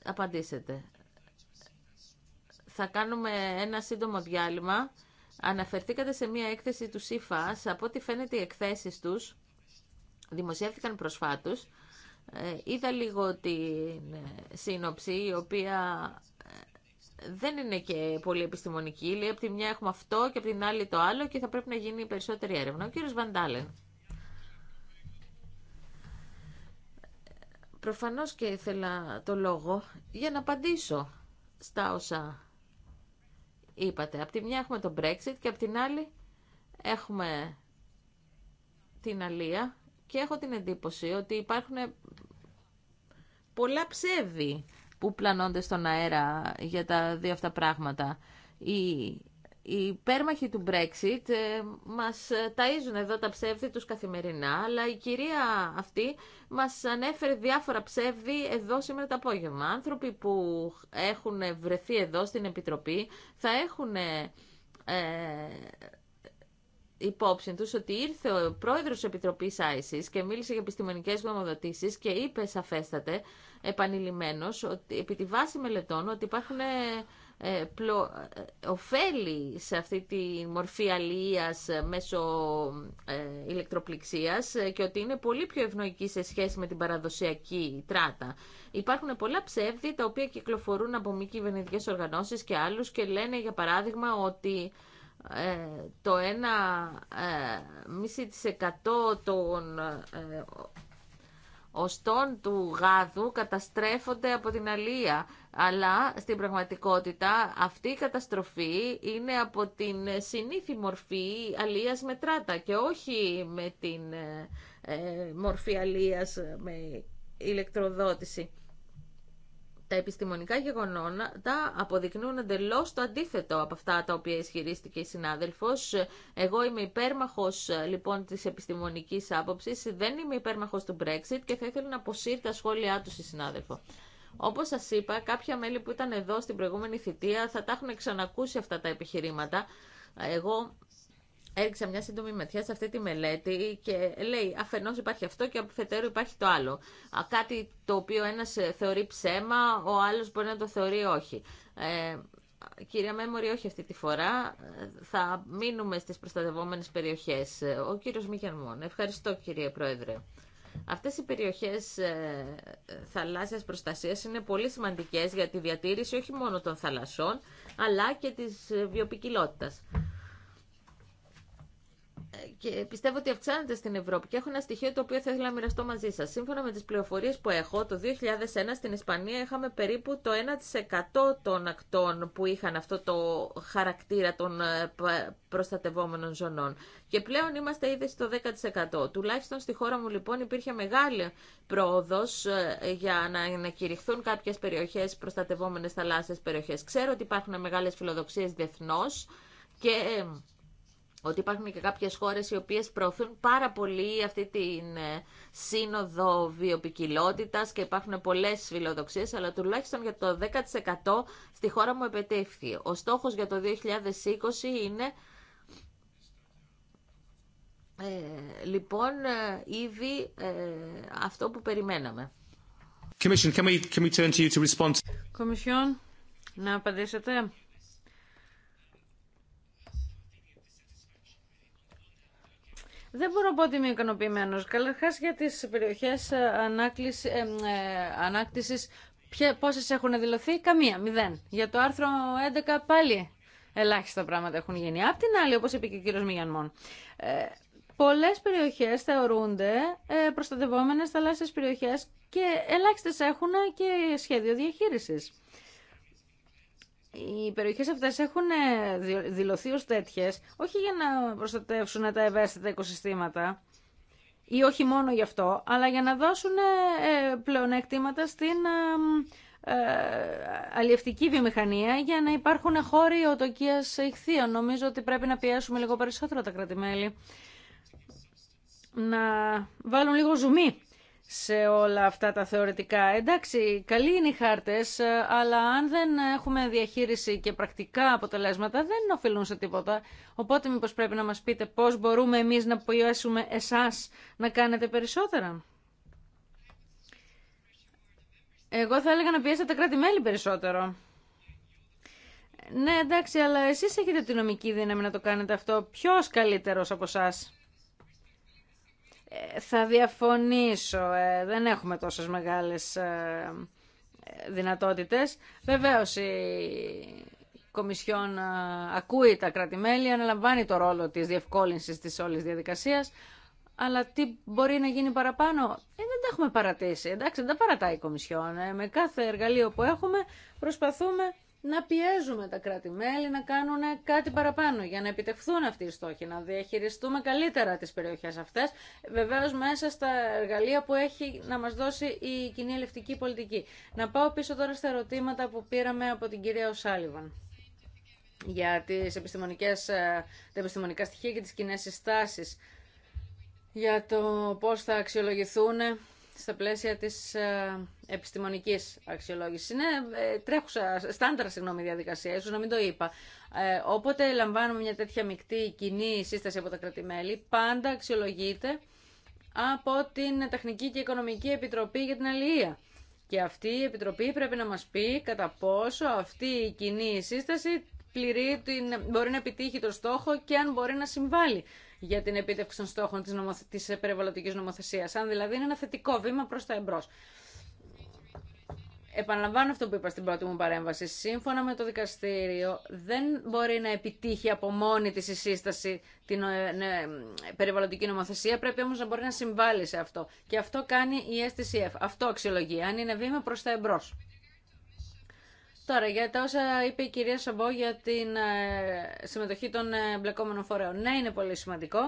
απαντήσετε. Θα κάνουμε ένα σύντομο διάλειμμα. Αναφερθήκατε σε μία έκθεση του ΣΥΦΑΣ. Από ό,τι φαίνεται οι εκθέσεις τους δημοσιεύτηκαν προσφάτως ε, είδα λίγο την ε, σύνοψη η οποία ε, δεν είναι και πολύ επιστημονική. Λέει από τη μια έχουμε αυτό και από την άλλη το άλλο και θα πρέπει να γίνει περισσότερη έρευνα. Ο κύριος Βαντάλεν. Προφανώς και ήθελα το λόγο για να απαντήσω στα όσα είπατε. Από τη μια έχουμε το Brexit και από την άλλη έχουμε την Αλία και έχω την εντύπωση ότι υπάρχουν πολλά ψεύδι που πλανώνται στον αέρα για τα δύο αυτά πράγματα. Οι, οι υπέρμαχοι του Brexit ε, μας ταΐζουν εδώ τα ψεύδι τους καθημερινά, αλλά η κυρία αυτή μας ανέφερε διάφορα ψεύδι εδώ σήμερα το απόγευμα. Άνθρωποι που έχουν βρεθεί εδώ στην Επιτροπή θα έχουν... Ε, υπόψη τους ότι ήρθε ο πρόεδρος τη Επιτροπής ISIS και μίλησε για επιστημονικέ γνωμοδοτήσεις και είπε σαφέστατε επανειλημμένος ότι επί τη βάση μελετών ότι υπάρχουν ε, ε, πλο, ε, ωφέλη σε αυτή τη μορφή αλληλείας μέσω ε, ηλεκτροπληξίας και ότι είναι πολύ πιο ευνοϊκή σε σχέση με την παραδοσιακή τράτα. Υπάρχουν πολλά ψεύδη τα οποία κυκλοφορούν από μη κυβερνητικέ οργανώσεις και άλλους και λένε για παράδειγμα ότι ε, το 1,5% ε, των ε, οστών του γάδου καταστρέφονται από την αλία. Αλλά στην πραγματικότητα αυτή η καταστροφή είναι από την συνήθι μορφή αλίας με τράτα και όχι με την ε, μορφή αλίας με ηλεκτροδότηση τα επιστημονικά γεγονότα αποδεικνύουν εντελώ το αντίθετο από αυτά τα οποία ισχυρίστηκε η συνάδελφο. Εγώ είμαι υπέρμαχο λοιπόν τη επιστημονική άποψη, δεν είμαι υπέρμαχο του Brexit και θα ήθελα να αποσύρει τα σχόλιά του η συνάδελφο. Όπω σα είπα, κάποια μέλη που ήταν εδώ στην προηγούμενη θητεία θα τα έχουν ξανακούσει αυτά τα επιχειρήματα. Εγώ έριξα μια σύντομη ματιά σε αυτή τη μελέτη και λέει αφενός υπάρχει αυτό και αφετέρου υπάρχει το άλλο. Κάτι το οποίο ένας ε, θεωρεί ψέμα, ο άλλος μπορεί να το θεωρεί όχι. Ε, Κυρία Μέμορη, όχι αυτή τη φορά. Ε, θα μείνουμε στις προστατευόμενες περιοχές. Ε, ο κύριος Μηγερμόν. Ευχαριστώ κύριε Πρόεδρε. Αυτές οι περιοχές θαλάσσιας προστασίας είναι πολύ σημαντικές για τη διατήρηση όχι μόνο των θαλασσών, αλλά και της βιοπικιλότητας και πιστεύω ότι αυξάνεται στην Ευρώπη και έχω ένα στοιχείο το οποίο θα ήθελα να μοιραστώ μαζί σας. Σύμφωνα με τις πληροφορίε που έχω, το 2001 στην Ισπανία είχαμε περίπου το 1% των ακτών που είχαν αυτό το χαρακτήρα των ε, προστατευόμενων ζωνών. Και πλέον είμαστε ήδη στο 10%. Τουλάχιστον στη χώρα μου λοιπόν υπήρχε μεγάλη πρόοδο ε, για να, ανακηρυχθούν κάποιε περιοχέ, προστατευόμενε θαλάσσιε περιοχέ. Ξέρω ότι υπάρχουν μεγάλε φιλοδοξίε διεθνώ και ε, ότι υπάρχουν και κάποιες χώρες οι οποίες προωθούν πάρα πολύ αυτή την ε, σύνοδο βιοπικιλότητας και υπάρχουν πολλές φιλοδοξίες, αλλά τουλάχιστον για το 10% στη χώρα μου επετεύχθη. Ο στόχος για το 2020 είναι ε, λοιπόν ε, ήδη αυτό που περιμέναμε. Commission, can we, can we turn to you to respond? Commission, να απαντήσετε. Δεν μπορώ να πω ότι είμαι ικανοποιημένο. Καταρχά για τι περιοχέ ε, ε, ε, ανάκτηση, πόσε έχουν δηλωθεί, καμία, μηδέν. Για το άρθρο 11 πάλι ελάχιστα πράγματα έχουν γίνει. Απ' την άλλη, όπω είπε και ο κύριο Μιγιανμόν, πολλές περιοχές θεωρούνται ε, προστατευόμενες θαλάσσιες περιοχές και ελάχιστε έχουν και σχέδιο διαχείριση οι περιοχές αυτές έχουν ε, δηλωθεί ως τέτοιες, όχι για να προστατεύσουν τα ευαίσθητα οικοσυστήματα, ή όχι μόνο γι' αυτό, αλλά για να δώσουν ε, ε, πλεονέκτηματα στην αλλιευτική βιομηχανία για να υπάρχουν χώροι οτοκίας ηχθείων. Νομίζω ότι πρέπει να πιέσουμε λίγο περισσότερο τα κρατημέλη να βάλουν λίγο ζουμί σε όλα αυτά τα θεωρητικά. Εντάξει, καλοί είναι οι χάρτες, αλλά αν δεν έχουμε διαχείριση και πρακτικά αποτελέσματα, δεν οφειλούν σε τίποτα. Οπότε μήπως πρέπει να μα πείτε πώς μπορούμε εμείς να πιέσουμε εσάς να κάνετε περισσότερα. Εγώ θα έλεγα να πιέσετε τα κράτη-μέλη περισσότερο. Ναι, εντάξει, αλλά εσείς έχετε τη νομική δύναμη να το κάνετε αυτό. Ποιος καλύτερος από εσά. Ε, θα διαφωνήσω. Ε, δεν έχουμε τόσες μεγάλες ε, δυνατότητες. Βεβαίως η Κομισιόν ακούει τα κρατημέλη, αναλαμβάνει το ρόλο της διευκόλυνσης της όλης διαδικασίας, αλλά τι μπορεί να γίνει παραπάνω, ε, δεν τα έχουμε παρατήσει. Εντάξει, δεν τα παρατάει η Κομισιόν. με κάθε εργαλείο που έχουμε προσπαθούμε να πιέζουμε τα κράτη-μέλη να κάνουν κάτι παραπάνω για να επιτευχθούν αυτοί οι στόχοι, να διαχειριστούμε καλύτερα τις περιοχές αυτές, βεβαίως μέσα στα εργαλεία που έχει να μας δώσει η κοινή ελευτική πολιτική. Να πάω πίσω τώρα στα ερωτήματα που πήραμε από την κυρία Οσάλιβαν για τις επιστημονικές, ε, τα επιστημονικά στοιχεία και τις κοινέ συστάσεις για το πώς θα αξιολογηθούν στα πλαίσια της ε, επιστημονικής αξιολόγηση. Είναι ε, τρέχουσα, στάνταρ συγγνώμη διαδικασία, ίσως να μην το είπα. Ε, όποτε λαμβάνουμε μια τέτοια μεικτή κοινή σύσταση από τα κρατημέλη, πάντα αξιολογείται από την Τεχνική και Οικονομική Επιτροπή για την Αλληλεία. Και αυτή η Επιτροπή πρέπει να μας πει κατά πόσο αυτή η κοινή σύσταση πληρεί μπορεί να επιτύχει το στόχο και αν μπορεί να συμβάλλει για την επίτευξη των στόχων της, νομοθε... της περιβαλλοντικής νομοθεσίας. Αν δηλαδή είναι ένα θετικό βήμα προς τα εμπρός. Επαναλαμβάνω αυτό που είπα στην πρώτη μου παρέμβαση. Σύμφωνα με το δικαστήριο, δεν μπορεί να επιτύχει από μόνη τη η σύσταση την ε, ναι, περιβαλλοντική νομοθεσία. Πρέπει όμω να μπορεί να συμβάλλει σε αυτό. Και αυτό κάνει η STCF. Αυτό αξιολογεί. Αν είναι βήμα προ τα εμπρό. Τώρα, για τα όσα είπε η κυρία Σαμπό για την ε, συμμετοχή των ε, μπλεκόμενων φορέων. Ναι, είναι πολύ σημαντικό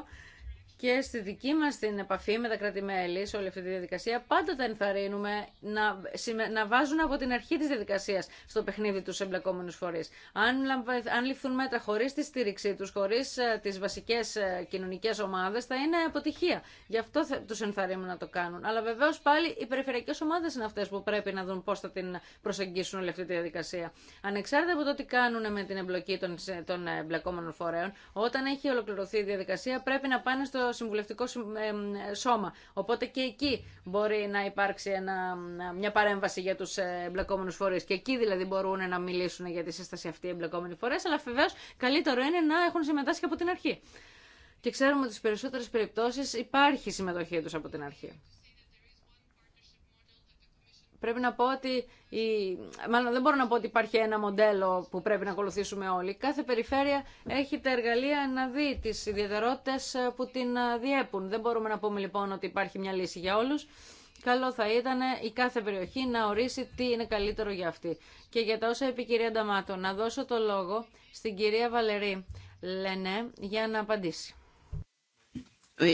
και στη δική μας την επαφή με τα κράτη-μέλη σε όλη αυτή τη διαδικασία πάντα τα ενθαρρύνουμε να, να βάζουν από την αρχή της διαδικασίας στο παιχνίδι του εμπλεκόμενους φορείς. Αν, αν ληφθούν μέτρα χωρίς τη στήριξή τους, χωρίς ε, τις βασικές ε, κοινωνικές ομάδες θα είναι αποτυχία. Γι' αυτό θα τους ενθαρρύνουμε να το κάνουν. Αλλά βεβαίως πάλι οι περιφερειακές ομάδες είναι αυτές που πρέπει να δουν πώς θα την προσεγγίσουν όλη αυτή τη διαδικασία. Ανεξάρτητα από το τι κάνουν με την εμπλοκή των, των εμπλεκόμενων φορέων, όταν έχει ολοκληρωθεί η διαδικασία πρέπει να πάνε στο συμβουλευτικό ε, σώμα. Οπότε και εκεί μπορεί να υπάρξει μια παρέμβαση για του ε, εμπλεκόμενου φορεί. Και εκεί δηλαδή μπορούν να μιλήσουν για τη σύσταση αυτή οι εμπλεκόμενοι φορέ. Αλλά βεβαίω καλύτερο είναι να έχουν συμμετάσχει από την αρχή. Και ξέρουμε ότι στι περισσότερε περιπτώσει υπάρχει συμμετοχή του από την αρχή. Πρέπει να πω ότι, η... μάλλον δεν μπορώ να πω ότι υπάρχει ένα μοντέλο που πρέπει να ακολουθήσουμε όλοι. Κάθε περιφέρεια έχει τα εργαλεία να δει τις ιδιαιτερότητες ε, που την ε, διέπουν. Δεν μπορούμε να πούμε λοιπόν ότι υπάρχει μια λύση για όλους. Καλό θα ήταν η κάθε περιοχή να ορίσει τι είναι καλύτερο για αυτή. Και για τα όσα είπε η κυρία Νταμάτο, να δώσω το λόγο στην κυρία Βαλερή Λενέ για να απαντήσει. Ε,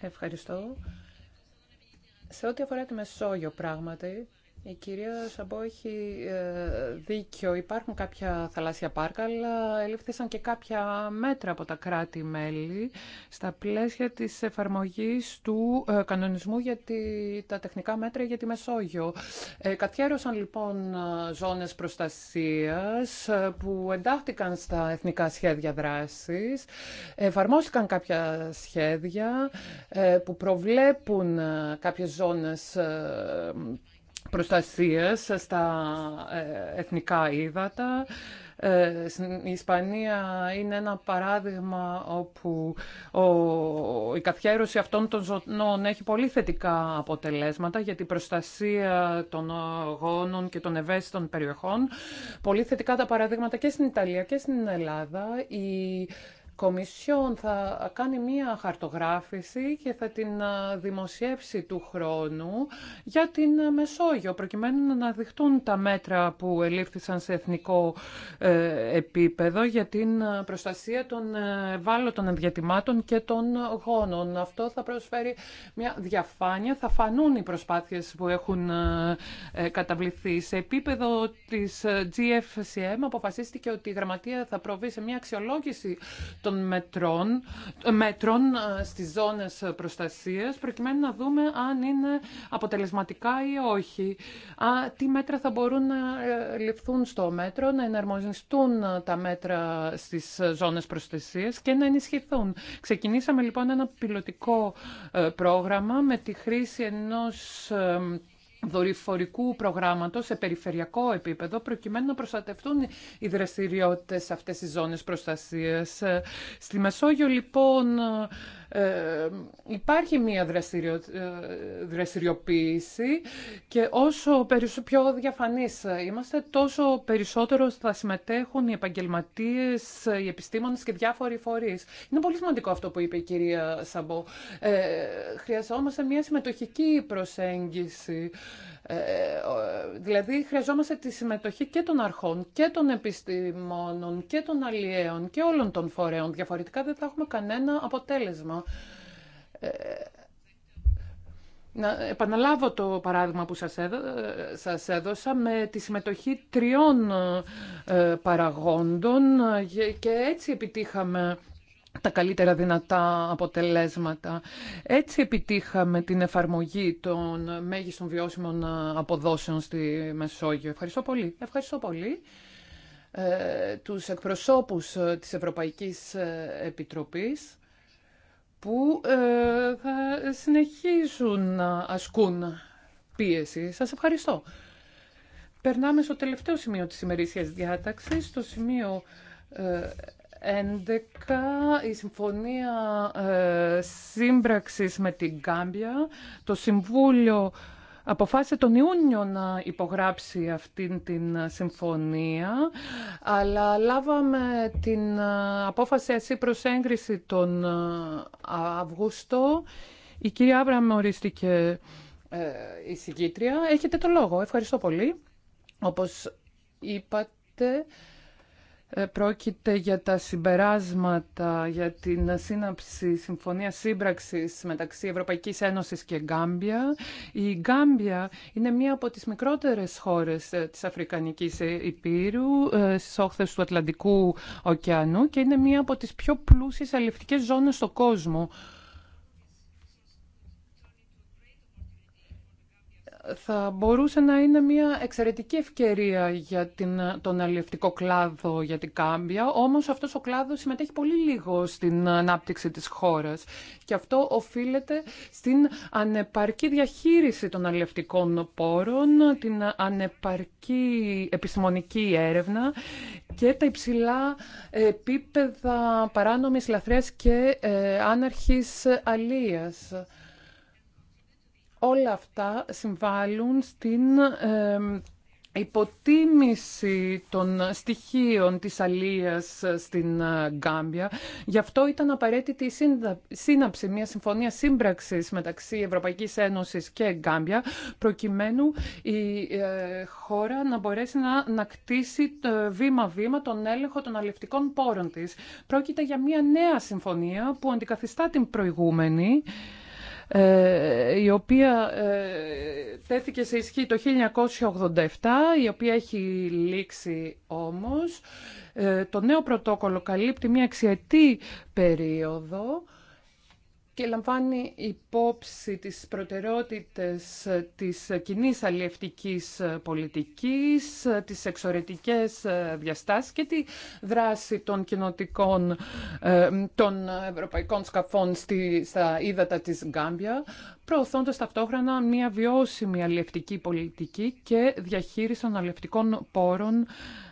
Ευχαριστώ. Σε ό,τι αφορά τη Μεσόγειο πράγματι, η κυρία Σαμπό έχει ε, δίκιο. Υπάρχουν κάποια θαλάσσια πάρκα, αλλά ελήφθησαν και κάποια μέτρα από τα κράτη-μέλη στα πλαίσια της εφαρμογής του ε, κανονισμού για τα τεχνικά μέτρα για τη Μεσόγειο. Ε, καθιέρωσαν λοιπόν ζώνες προστασίας ε, που εντάχθηκαν στα εθνικά σχέδια δράσης. Εφαρμόστηκαν κάποια σχέδια που προβλέπουν κάποιες ζώνες προστασίας στα ε, εθνικά ύδατα. Ε, η Ισπανία είναι ένα παράδειγμα όπου η καθιέρωση αυτών των ζωνών έχει πολύ θετικά αποτελέσματα για την προστασία των γόνων και των ευαίσθητων περιοχών. Πολύ θετικά τα παραδείγματα και στην Ιταλία και στην Ελλάδα. Η Κομισιόν θα κάνει μία χαρτογράφηση και θα την δημοσιεύσει του χρόνου για την Μεσόγειο, προκειμένου να αναδειχτούν τα μέτρα που ελήφθησαν σε εθνικό ε, επίπεδο για την προστασία των ε, ευάλωτων ενδιατημάτων και των γόνων. Αυτό θα προσφέρει μια διαφάνεια, θα φανούν οι προσπάθειες που έχουν ε, καταβληθεί. Σε επίπεδο της GFCM αποφασίστηκε ότι η Γραμματεία θα προβεί σε μια αξιολόγηση των μετρών, ε, μέτρων ε, στις ζώνες ε, προστασίας προκειμένου να δούμε αν είναι αποτελεσματικά ή όχι. Α, τι μέτρα θα μπορούν να ληφθούν στο μέτρο, να εναρμοζηστούν τα μέτρα στις ζώνες προστασίας και να ενισχυθούν. Ξεκινήσαμε λοιπόν ένα πιλωτικό πρόγραμμα με τη χρήση ενός δορυφορικού προγράμματος σε περιφερειακό επίπεδο προκειμένου να προστατευτούν οι δραστηριότητες σε αυτές τις ζώνες προστασίας. Στη Μεσόγειο λοιπόν ε, υπάρχει μία δραστηριο, ε, δραστηριοποίηση και όσο πιο διαφανής είμαστε, τόσο περισσότερο θα συμμετέχουν οι επαγγελματίες, οι επιστήμονες και διάφοροι φορείς. Είναι πολύ σημαντικό αυτό που είπε η κυρία Σαμπό. Ε, χρειαζόμαστε μία συμμετοχική προσέγγιση ε, δηλαδή χρειαζόμαστε τη συμμετοχή και των αρχών και των επιστημόνων και των αλλιέων και όλων των φορέων. Διαφορετικά δεν θα έχουμε κανένα αποτέλεσμα. Ε, να επαναλάβω το παράδειγμα που σας, έδω, σας έδωσα με τη συμμετοχή τριών ε, παραγόντων και έτσι επιτύχαμε τα καλύτερα δυνατά αποτελέσματα. Έτσι επιτύχαμε την εφαρμογή των μέγιστων βιώσιμων αποδόσεων στη Μεσόγειο. Ευχαριστώ πολύ. Ευχαριστώ πολύ ε, τους εκπροσώπους ε, της Ευρωπαϊκής ε, Επιτροπής που ε, θα συνεχίζουν να ασκούν πίεση. Σας ευχαριστώ. Περνάμε στο τελευταίο σημείο της ημερήσιας διάταξης, στο σημείο ε, η Συμφωνία ε, Σύμπραξης με την Γκάμπια. Το Συμβούλιο αποφάσισε τον Ιούνιο να υπογράψει αυτήν την συμφωνία, αλλά λάβαμε την ε, απόφαση εσύ προς έγκριση τον ε, Αυγούστο. Η κυρία με ορίστηκε η συγκήτρια. Έχετε το λόγο. Ευχαριστώ πολύ. Όπως είπατε, ε, πρόκειται για τα συμπεράσματα για την σύναψη συμφωνία σύμπραξης μεταξύ Ευρωπαϊκής Ένωσης και Γκάμπια. Η Γκάμπια είναι μία από τις μικρότερες χώρες ε, της Αφρικανικής Υπήρου ε, στις όχθες του Ατλαντικού Ωκεανού και είναι μία από τις πιο πλούσιες αλληλευτικές ζώνες στον κόσμο. θα μπορούσε να είναι μια εξαιρετική ευκαιρία για την, τον αλληλευτικό κλάδο για την Κάμπια, όμως αυτός ο κλάδος συμμετέχει πολύ λίγο στην ανάπτυξη της χώρας και αυτό οφείλεται στην ανεπαρκή διαχείριση των αλληλευτικών πόρων, την ανεπαρκή επιστημονική έρευνα και τα υψηλά επίπεδα παράνομης λαθρέας και ε, άναρχης αλίας. Όλα αυτά συμβάλλουν στην ε, υποτίμηση των στοιχείων της αλίας στην ε, Γκάμπια. Γι' αυτό ήταν απαραίτητη η σύναψη μια συμφωνία σύμπραξης μεταξύ Ευρωπαϊκής Ένωσης και Γκάμπια, προκειμένου η ε, χώρα να μπορέσει να, ανακτησει βημα ε, βήμα-βήμα τον έλεγχο των αλευτικών πόρων της. Πρόκειται για μια νέα συμφωνία που αντικαθιστά την προηγούμενη, ε, η οποία ε, τέθηκε σε ισχύ το 1987, η οποία έχει λήξει όμως. Ε, το νέο πρωτόκολλο καλύπτει μια εξιετή περίοδο και λαμβάνει υπόψη τις προτεραιότητες της κοινή αλλιευτικής πολιτικής, τις εξορετικές ε, διαστάσεις και τη δράση των κοινοτικών ε, των ευρωπαϊκών σκαφών στα ύδατα της Γκάμπια, προωθώντας ταυτόχρονα μια βιώσιμη αλληλευτική πολιτική και διαχείριση των αλληλευτικών πόρων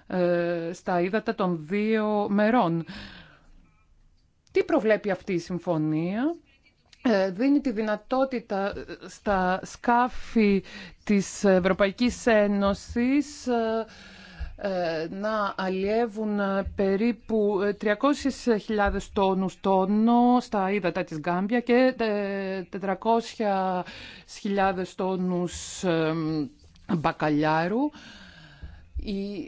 ε, στα ύδατα των δύο μερών. Τι προβλέπει αυτή η συμφωνία ε, δίνει τη δυνατότητα ε, στα σκάφη της Ευρωπαϊκής Ένωσης ε, να αλλιεύουν περίπου 300.000 τόνους τόνο στα ύδατα της Γκάμπια και 400.000 τόνους μπακαλιάρου. Η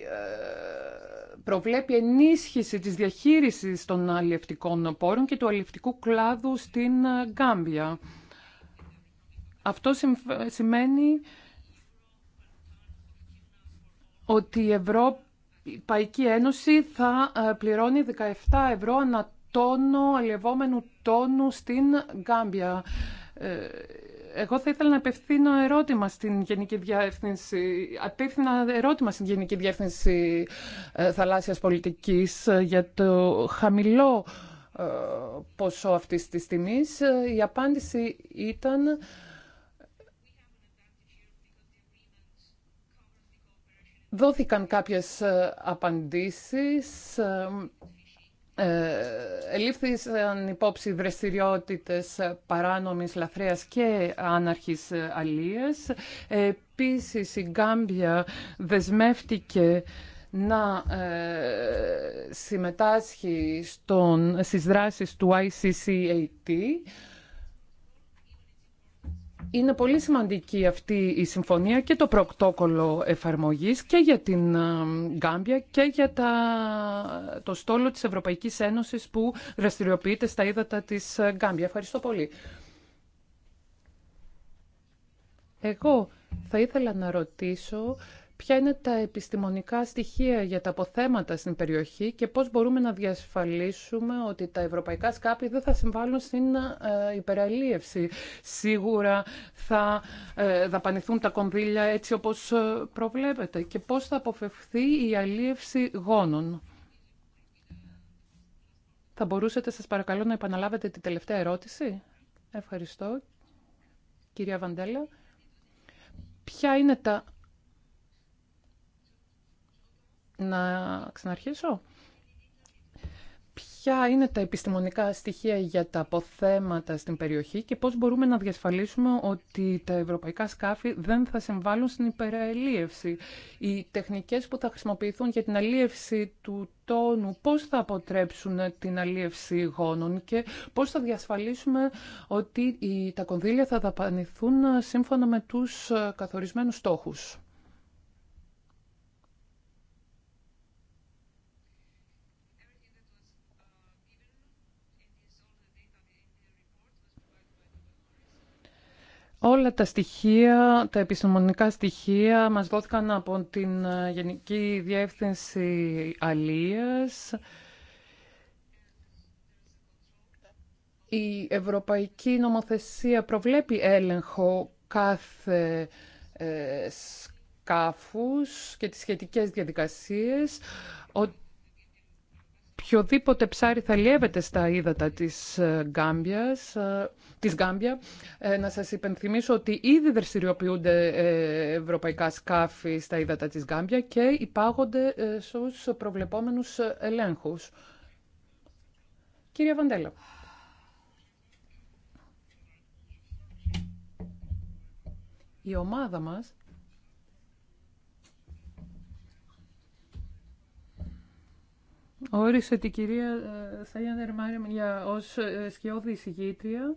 προβλέπει ενίσχυση της διαχείρισης των αλληλευτικών πόρων και του αλληλευτικού κλάδου στην ε, Γκάμπια. Αυτό σημαίνει ότι η Ευρωπαϊκή Ένωση θα ε, πληρώνει 17 ευρώ ανατόνο τόνο τόνου στην Γκάμπια. Ε, εγώ θα ήθελα να απευθύνω ερώτημα στην Γενική Διεύθυνση, απεύθυνα ερώτημα στην Γενική Διεύθυνση ε, Θαλάσσιας Πολιτικής ε, για το χαμηλό ε, ποσό αυτής της τιμής. Η απάντηση ήταν δόθηκαν κάποιες απαντήσεις ε, ελήφθησαν υπόψη δραστηριότητες παράνομης, λαφρέας και άναρχης αλίας. Επίσης η Γκάμπια δεσμεύτηκε να ε, συμμετάσχει στον, στις δράσεις του ICCAT είναι πολύ σημαντική αυτή η συμφωνία και το πρωτόκολλο εφαρμογής και για την ε, Γκάμπια και για τα... το στόλο της Ευρωπαϊκής Ένωσης που δραστηριοποιείται στα ύδατα της ε, Γκάμπια. Ευχαριστώ πολύ. Εγώ θα ήθελα να ρωτήσω ποια είναι τα επιστημονικά στοιχεία για τα αποθέματα στην περιοχή και πώς μπορούμε να διασφαλίσουμε ότι τα ευρωπαϊκά σκάπη δεν θα συμβάλλουν στην ε, υπεραλίευση. Σίγουρα θα ε, δαπανηθούν τα κονδύλια έτσι όπως ε, προβλέπετε και πώς θα αποφευθεί η αλίευση γόνων. Θα μπορούσατε σας παρακαλώ να επαναλάβετε την τελευταία ερώτηση. Ευχαριστώ. Κυρία Βαντέλα. Ποια είναι τα να ξαναρχίσω. Ποια είναι τα επιστημονικά στοιχεία για τα αποθέματα στην περιοχή και πώς μπορούμε να διασφαλίσουμε ότι τα ευρωπαϊκά σκάφη δεν θα συμβάλλουν στην υπεραλίευση. Οι τεχνικές που θα χρησιμοποιηθούν για την αλίευση του τόνου, πώς θα αποτρέψουν την αλίευση γόνων και πώς θα διασφαλίσουμε ότι τα κονδύλια θα δαπανηθούν σύμφωνα με τους ε, καθορισμένους στόχους. Όλα τα στοιχεία, τα επιστημονικά στοιχεία μας δόθηκαν από την ε, Γενική Διεύθυνση Αλίας. Η Ευρωπαϊκή Νομοθεσία προβλέπει έλεγχο κάθε ε, σκάφους και τις σχετικές διαδικασίες οποιοδήποτε ψάρι θα λιεύεται στα ύδατα της ε, Γκάμπιας, ε, της Γκάμπια. Ε, να σας υπενθυμίσω ότι ήδη δραστηριοποιούνται ευρωπαϊκά σκάφη στα ύδατα της Γκάμπια και υπάγονται στους προβλεπόμενους ελέγχους. Κυρία Βαντέλα. Η ομάδα μας όρισε την κυρία ε, Σαγιάννερ Μάριμ για ως ε, σκιώδη εισηγήτρια.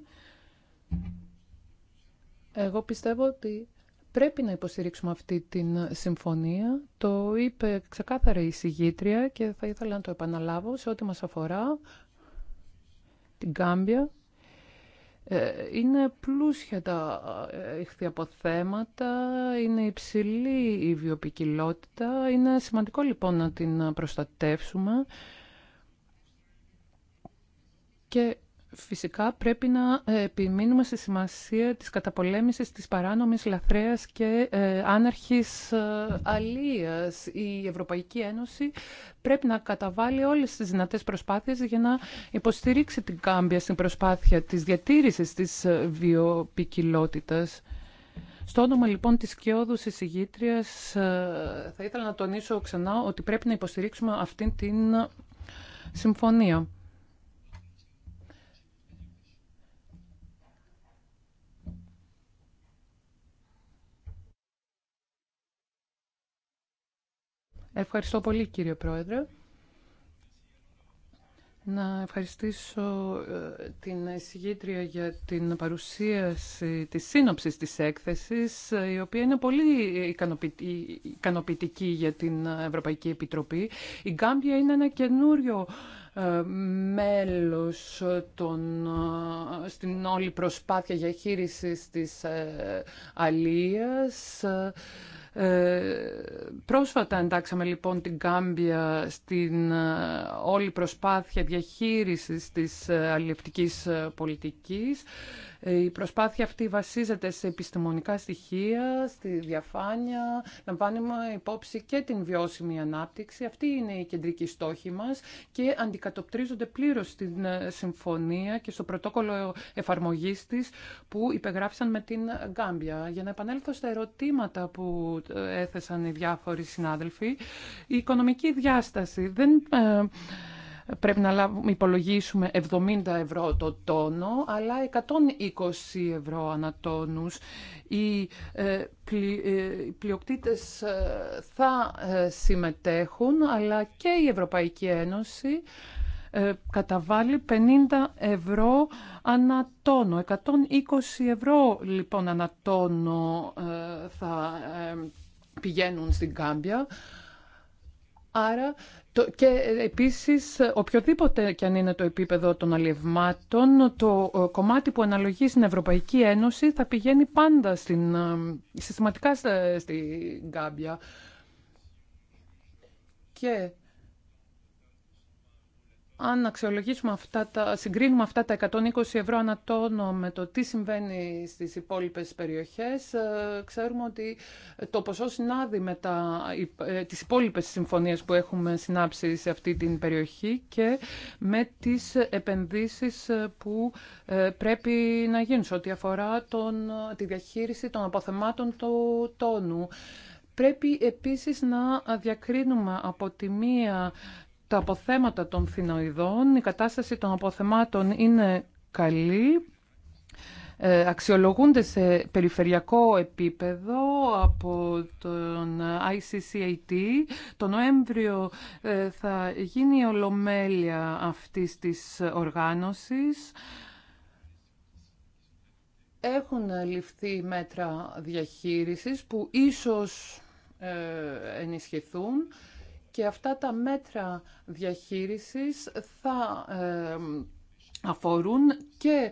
Εγώ πιστεύω ότι πρέπει να υποστηρίξουμε αυτή την συμφωνία. Το είπε ξεκάθαρα η εισηγήτρια και θα ήθελα να το επαναλάβω σε ό,τι μας αφορά την Κάμπια ε, είναι πλούσια τα ε, ηχθιαποθέματα, είναι υψηλή η βιοπικιλότητα. Είναι σημαντικό λοιπόν να την προστατεύσουμε και Φυσικά πρέπει να ε, επιμείνουμε στη σημασία της καταπολέμησης της παράνομης λαθρέας και ε, άναρχης ε, αλίας. Η Ευρωπαϊκή Ένωση πρέπει να καταβάλει όλες τις δυνατές προσπάθειες για να υποστηρίξει την Κάμπια στην προσπάθεια της διατήρησης της βιοπικιλότητας. Στο όνομα λοιπόν της Κιόδους εισηγήτριας θα ήθελα να τονίσω ξανά ότι πρέπει να υποστηρίξουμε αυτήν την συμφωνία. Ευχαριστώ πολύ κύριε Πρόεδρε. Να ευχαριστήσω ε, την εισηγήτρια για την παρουσίαση της σύνοψης της έκθεσης, ε, η οποία είναι πολύ ικανοποιητική για την Ευρωπαϊκή Επιτροπή. Η Γκάμπια είναι ένα καινούριο ε, μέλος των, στην όλη προσπάθεια για χείριση της αλίας. Ε, πρόσφατα εντάξαμε λοιπόν την Κάμπια στην ε, όλη προσπάθεια διαχείρισης της ε, αλληλευτικής πολιτικής. Ε, η προσπάθεια αυτή βασίζεται σε επιστημονικά στοιχεία, στη διαφάνεια, λαμβάνουμε υπόψη και την βιώσιμη ανάπτυξη. Αυτή είναι η κεντρική στόχη μας και αντικατοπτρίζονται πλήρως στην ε, συμφωνία και στο πρωτόκολλο εφαρμογής της που υπεγράφησαν με την Γκάμπια. Για να επανέλθω στα ερωτήματα που έθεσαν οι διάφοροι συνάδελφοι, η οικονομική διάσταση δεν ε, πρέπει να λάβουμε, υπολογίσουμε 70 ευρώ το τόνο, αλλά 120 ευρώ ανατόνους. Οι ε, πλη, ε, πλειοκτήτες ε, θα ε, συμμετέχουν, αλλά και η Ευρωπαϊκή Ένωση καταβάλει 50 ευρώ ανατόνο. 120 ευρώ λοιπόν ανατόνο θα πηγαίνουν στην Κάμπια. Άρα και ε, επίσης ε, οποιοδήποτε και αν είναι το επίπεδο των αλλιευμάτων, το ε, κομμάτι που αναλογεί στην Ευρωπαϊκή Ένωση θα πηγαίνει πάντα στην, συστηματικά στην γκάμπια. Και αν αξιολογήσουμε αυτά τα, συγκρίνουμε αυτά τα 120 ευρώ τόνο με το τι συμβαίνει στις υπόλοιπες περιοχές, ε, ξέρουμε ότι το ποσό συνάδει με τα, ε, τις υπόλοιπες συμφωνίες που έχουμε συνάψει σε αυτή την περιοχή και με τις επενδύσεις ε, που πρέπει να γίνουν σε ό,τι αφορά τον, τη διαχείριση των αποθεμάτων του τόνου. Πρέπει επίσης να διακρίνουμε από τη μία τα αποθέματα των θηνοειδών, η κατάσταση των αποθεμάτων είναι καλή, ε, αξιολογούνται σε περιφερειακό επίπεδο από τον ICCAT. Το Νοέμβριο ε, θα γίνει η ολομέλεια αυτής της οργάνωσης. Έχουν ληφθεί μέτρα διαχείρισης που ίσως ε, ενισχυθούν και αυτά τα μέτρα διαχείρισης θα ε, αφορούν και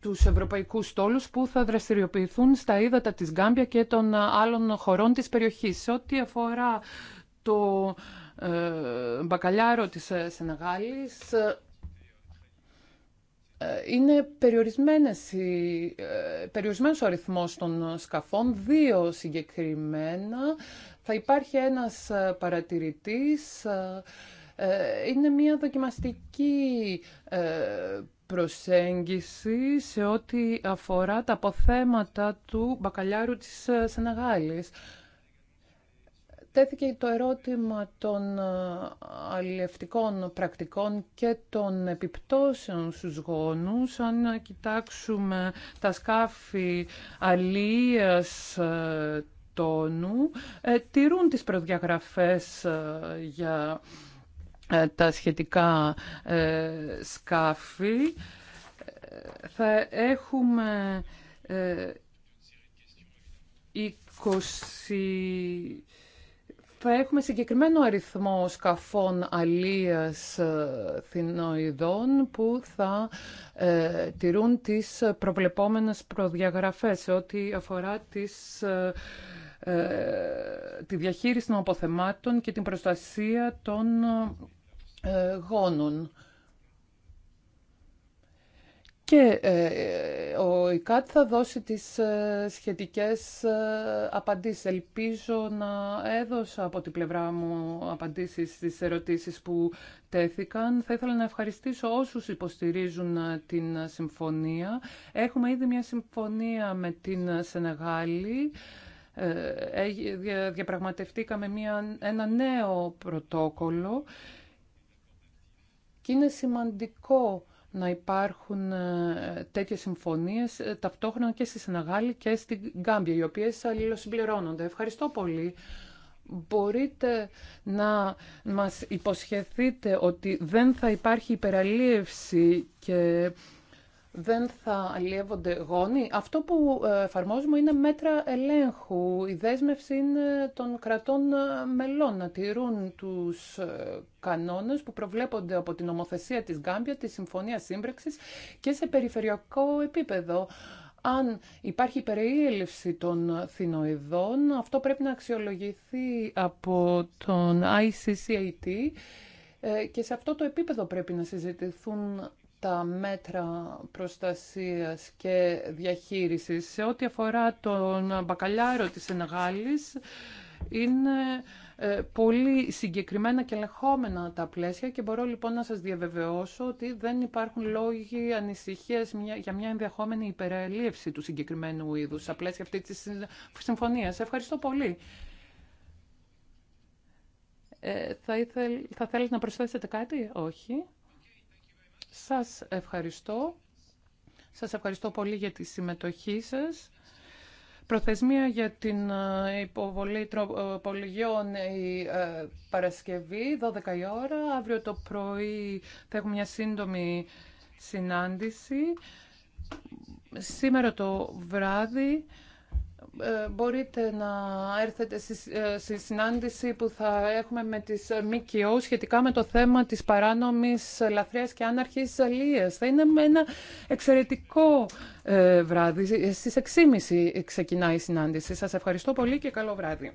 τους ευρωπαϊκούς στόλους που θα δραστηριοποιηθούν στα ύδατα της Γκάμπια και των άλλων χωρών της περιοχής. Σε ό,τι αφορά το ε, μπακαλιάρο της ε, Σενεγάλης, είναι περιορισμένες οι, περιορισμένος ο αριθμός των σκαφών, δύο συγκεκριμένα θα υπάρχει ένας ε, παρατηρητής, ε, ε, είναι μια δοκιμαστική προσέγγιση σε ό,τι αφορά τα αποθέματα του μπακαλιάρου της Σενεγάλης. Τέθηκε το ερώτημα των αλληλευτικών πρακτικών και των επιπτώσεων στους γόνους. Αν κοιτάξουμε τα σκάφη αλίας τόνου ε, τηρούν τις προδιαγραφές ε, για ε, τα σχετικά σκάφη. Θα έχουμε 20... Θα έχουμε συγκεκριμένο αριθμό σκαφών αλίας θηνοειδών που θα ε, τηρούν τις προβλεπόμενες προδιαγραφές ό,τι αφορά τις ε, τη διαχείριση των αποθεμάτων και την προστασία των ε, γόνων. Και ε, ο ΙΚΑΤ θα δώσει τις σχετικές απαντήσεις. Ελπίζω να έδωσα από την πλευρά μου απαντήσεις στις ερωτήσεις που τέθηκαν. Θα ήθελα να ευχαριστήσω όσους υποστηρίζουν την συμφωνία. Έχουμε ήδη μια συμφωνία με την Σενεγάλη. Ε, ε, διαπραγματευτήκαμε μια, ένα νέο πρωτόκολλο και είναι σημαντικό να υπάρχουν ε, τέτοιες συμφωνίες ταυτόχρονα και στη Σεναγάλη και στην Γκάμπια, οι οποίες αλληλοσυμπληρώνονται. Ευχαριστώ πολύ. Μπορείτε να μας υποσχεθείτε ότι δεν θα υπάρχει υπεραλίευση και δεν θα αλλιεύονται γόνοι. Αυτό που ε, εφαρμόζουμε είναι μέτρα ελέγχου. Η δέσμευση είναι των κρατών ε, μελών να τηρούν τους ε, κανόνες που προβλέπονται από την νομοθεσία της Γκάμπια, τη Συμφωνία Σύμπρεξης και σε περιφερειακό επίπεδο. Αν υπάρχει περιέλευση των θηνοειδών, αυτό πρέπει να αξιολογηθεί από τον ICCAT και σε αυτό το επίπεδο πρέπει να συζητηθούν τα μέτρα προστασίας και διαχείρισης. Σε ό,τι αφορά τον μπακαλιάρο της Εναγάλης, είναι ε, πολύ συγκεκριμένα και ελεγχόμενα τα πλαίσια και μπορώ λοιπόν να σας διαβεβαιώσω ότι δεν υπάρχουν λόγοι ανησυχίας για μια ενδεχόμενη υπερελίευση του συγκεκριμένου είδους στα πλαίσια αυτή της συμφωνίας. Ευχαριστώ πολύ. Ε, θα, ήθελ, θα θέλετε να προσθέσετε κάτι, όχι. Σας ευχαριστώ. Σας ευχαριστώ πολύ για τη συμμετοχή σας. Προθεσμία για την ε, υποβολή τροπολογιών ε, ε, η Παρασκευή, 12 η ώρα. Αύριο το πρωί θα έχουμε μια σύντομη συνάντηση. Σήμερα το βράδυ ε, μπορείτε να έρθετε ε, στη συνάντηση που θα έχουμε με τις ε, ΜΚΟ σχετικά με το θέμα της παράνομης λαθρείας και άναρχης αλίας. Θα είναι ένα εξαιρετικό βράδυ. Στις 6.30 ξεκινάει η συνάντηση. Σας ευχαριστώ πολύ και καλό βράδυ.